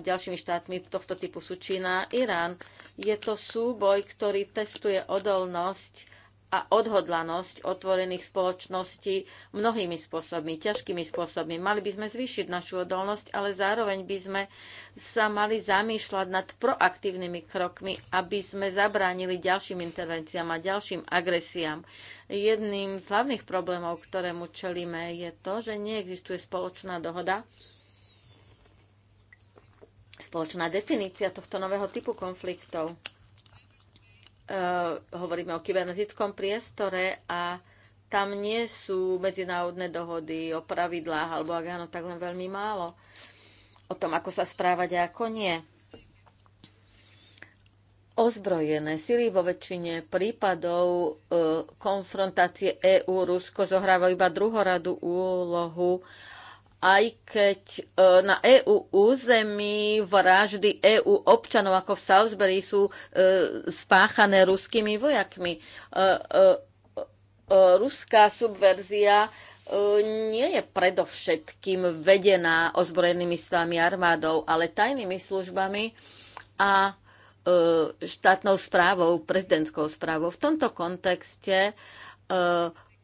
ďalšími štátmi tohto typu sú Čína a Irán. Je to súboj, ktorý testuje odolnosť a odhodlanosť otvorených spoločností mnohými spôsobmi, ťažkými spôsobmi. Mali by sme zvýšiť našu odolnosť, ale zároveň by sme sa mali zamýšľať nad proaktívnymi krokmi, aby sme zabránili ďalším intervenciám a ďalším agresiám. Jedným z hlavných problémov, ktorému čelíme, je to, že neexistuje spoločná dohoda spoločná definícia tohto nového typu konfliktov. Uh, hovoríme o kybernetickom priestore a tam nie sú medzinárodné dohody o pravidlách, alebo ak áno, tak len veľmi málo o tom, ako sa správať a ako nie. Ozbrojené sily vo väčšine prípadov e, konfrontácie EU-Rusko zohrávajú iba druhoradú úlohu aj keď e, na EU území vraždy EU občanov ako v Salisbury sú e, spáchané ruskými vojakmi. E, ruská subverzia nie je predovšetkým vedená ozbrojenými silami armádou, ale tajnými službami a štátnou správou, prezidentskou správou. V tomto kontexte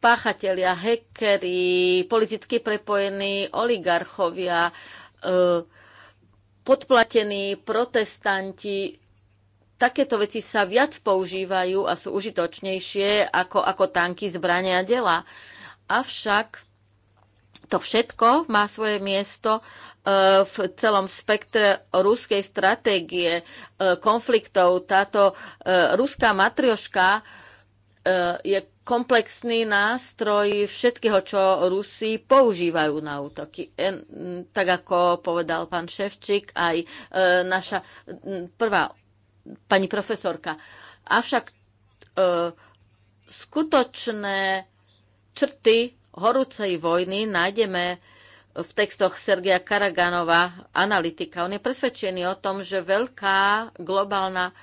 páchatelia, hekery, politicky prepojení oligarchovia, e, podplatení protestanti, takéto veci sa viac používajú a sú užitočnejšie ako, ako tanky, zbrania a dela. Avšak to všetko má svoje miesto e, v celom spektre ruskej stratégie, e, konfliktov. Táto ruská matrioška Eh, je komplexný nástroj všetkého, čo Rusi používajú na útoky. Eh, tak ako povedal pán Ševčík, aj eh, naša prvá pani profesorka. Avšak skutočné črty horúcej vojny nájdeme v textoch Sergeja Karaganova, analytika. On je presvedčený o tom, že veľká globálna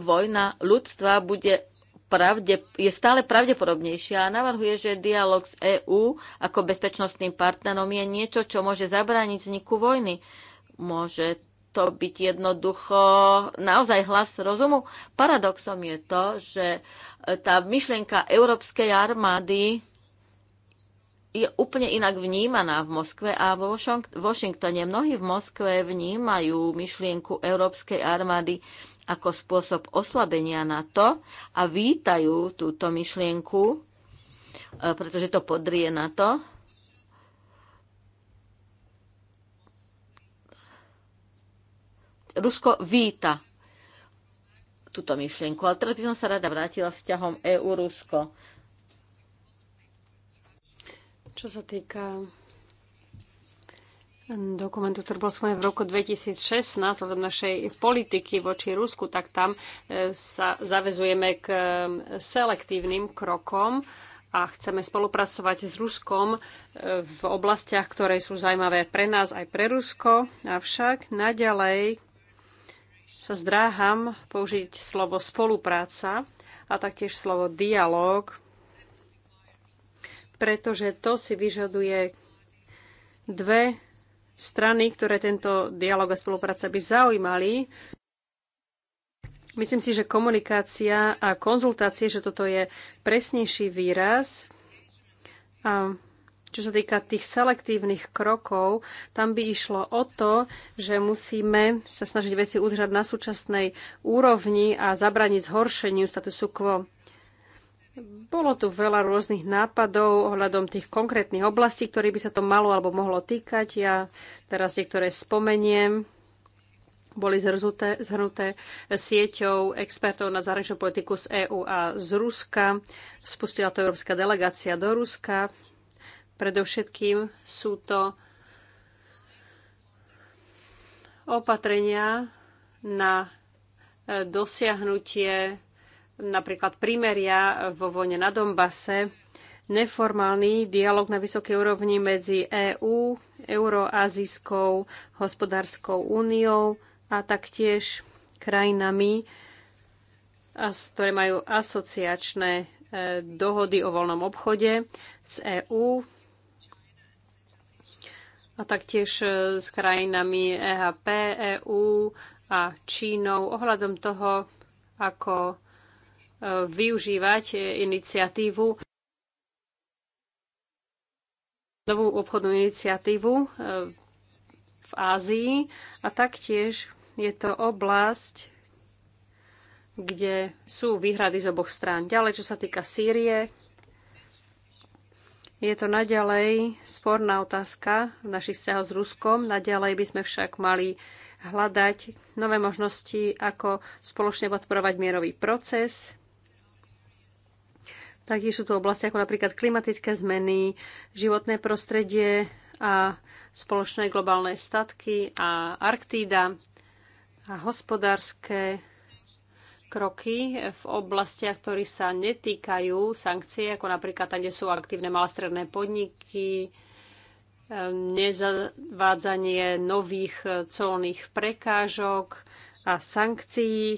vojna ľudstva bude pravde, je stále pravdepodobnejšia a navrhuje, že dialog s EÚ ako bezpečnostným partnerom je niečo, čo môže zabrániť vzniku vojny. Môže to byť jednoducho naozaj hlas rozumu. Paradoxom je to, že e, tá myšlienka európskej armády je úplne inak vnímaná v Moskve a vo Washingtone. Mnohí v Moskve vnímajú myšlienku európskej armády ako spôsob oslabenia na to a vítajú túto myšlienku, e, pretože to podrie to. Rusko víta túto myšlienku. Ale teraz by som sa rada vrátila vzťahom EU-Rusko. Čo sa týka Dokument, ktorý bol schválený v roku 2016 vzhľadom našej politiky voči Rusku, tak tam e, sa zavezujeme k e, selektívnym krokom a chceme spolupracovať s Ruskom e, v oblastiach, ktoré sú zaujímavé pre nás aj pre Rusko. Avšak naďalej sa zdráham použiť slovo spolupráca a taktiež slovo dialog, pretože to si vyžaduje dve strany, ktoré tento dialog a spolupráca by zaujímali. Myslím si, že komunikácia a konzultácie, že toto je presnejší výraz. A čo sa týka tých selektívnych krokov, tam by išlo o to, že musíme sa snažiť veci udržať na súčasnej úrovni a zabraniť zhoršeniu statusu quo. Bolo tu veľa rôznych nápadov ohľadom tých konkrétnych oblastí, ktorých by sa to malo alebo mohlo týkať. Ja teraz niektoré spomeniem. Boli zhrnuté, zhrnuté sieťou expertov na zahraničnú politiku z EÚ a z Ruska. Spustila to európska delegácia do Ruska. Predovšetkým sú to opatrenia na dosiahnutie napríklad primeria vo vojne na Dombase, neformálny dialog na vysokej úrovni medzi EÚ, Euroazijskou hospodárskou úniou a taktiež krajinami, ktoré majú asociačné e, dohody o voľnom obchode z EÚ a taktiež e, s krajinami EHP, EÚ a Čínou ohľadom toho, ako využívať e, iniciatívu, novú obchodnú iniciatívu e, v Ázii a taktiež je to oblasť, kde sú výhrady z oboch strán. Ďalej, čo sa týka Sýrie, je to naďalej sporná otázka v našich vzťahoch s Ruskom. Naďalej by sme však mali hľadať nové možnosti, ako spoločne podporovať mierový proces. Taktiež sú to oblasti ako napríklad klimatické zmeny, životné prostredie a spoločné globálne statky a Arktída a hospodárske kroky v oblastiach, ktoré sa netýkajú sankcie, ako napríklad tam, kde sú aktívne malostredné podniky, ehm, nezavádzanie nových colných prekážok a sankcií,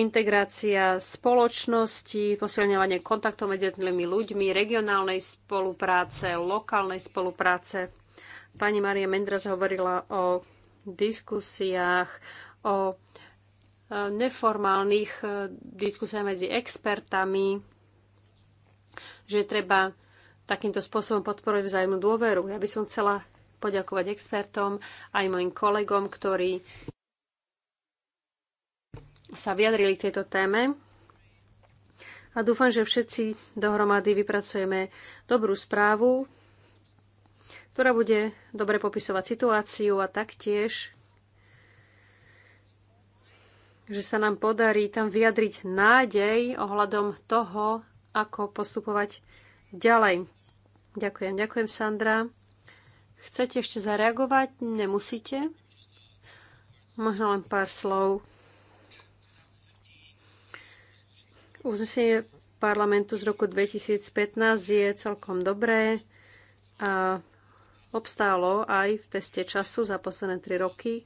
integrácia spoločnosti, posilňovanie kontaktov medzi jednotlivými ľuďmi, regionálnej spolupráce, lokálnej spolupráce. Pani Maria Mendras hovorila o diskusiách, o e, neformálnych e, diskusiách medzi expertami, že treba takýmto spôsobom podporovať vzájomnú dôveru. Ja by som chcela poďakovať expertom aj mojim kolegom, ktorí sa vyjadrili k tejto téme. A dúfam, že všetci dohromady vypracujeme dobrú správu, ktorá bude dobre popisovať situáciu a taktiež, že sa nám podarí tam vyjadriť nádej ohľadom toho, ako postupovať ďalej. Ďakujem, ďakujem, Sandra. Chcete ešte zareagovať? Nemusíte. Možno len pár slov. Uznesenie parlamentu z roku 2015 je celkom dobré a obstálo aj v teste času za posledné 3 roky.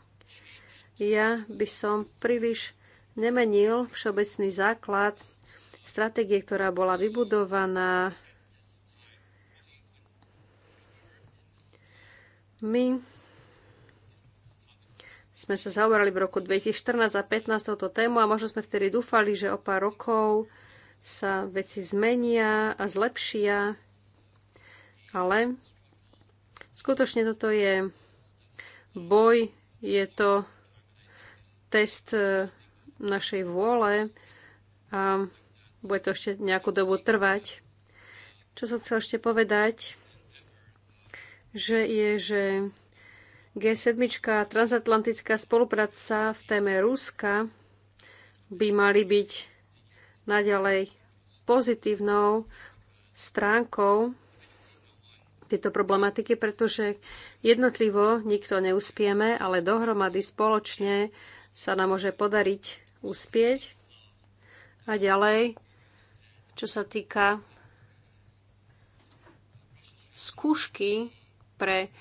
Ja by som príliš nemenil všeobecný základ stratégie, ktorá bola vybudovaná. My sme sa zaoberali v roku 2014 a 2015 touto tému a možno sme vtedy dúfali, že o pár rokov sa veci zmenia a zlepšia, ale skutočne toto je boj, je to test e, našej vôle a bude to ešte nejakú dobu trvať. Čo som chcel ešte povedať, že je, že G7, transatlantická spolupráca v téme Ruska by mali byť naďalej pozitívnou stránkou tejto problematiky, pretože jednotlivo nikto neuspieme, ale dohromady spoločne sa nám môže podariť uspieť. A ďalej, čo sa týka skúšky pre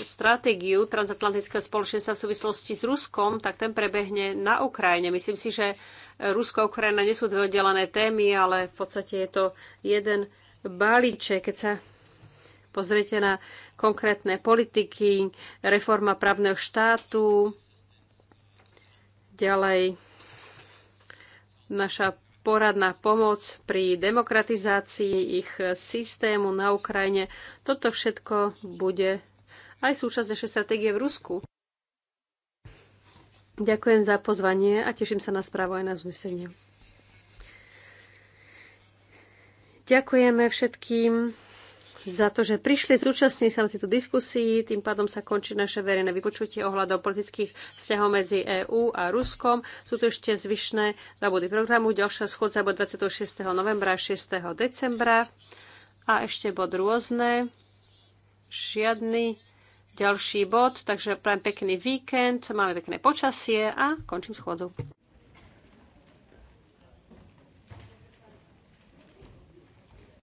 stratégiu transatlantického spoločenstva v súvislosti s Ruskom, tak ten prebehne na Ukrajine. Myslím si, že Rusko a Ukrajina nie sú dve oddelené témy, ale v podstate je to jeden balíček, keď sa pozriete na konkrétne politiky, reforma právneho štátu, ďalej naša poradná pomoc pri demokratizácii ich systému na Ukrajine. Toto všetko bude aj súčasť našej stratégie v Rusku. Ďakujem za pozvanie a teším sa na správu aj na znesenie. Ďakujeme všetkým za to, že prišli, Zúčastní sa na tieto diskusii. Tým pádom sa končí naše verejné vypočutie ohľadom politických vzťahov medzi EÚ a Ruskom. Sú to ešte zvyšné dva body programu. Ďalšia schodza bude 26. novembra a 6. decembra. A ešte bod rôzne. Žiadny ďalší bod, takže prajem pekný víkend, máme pekné počasie a končím schôdzu.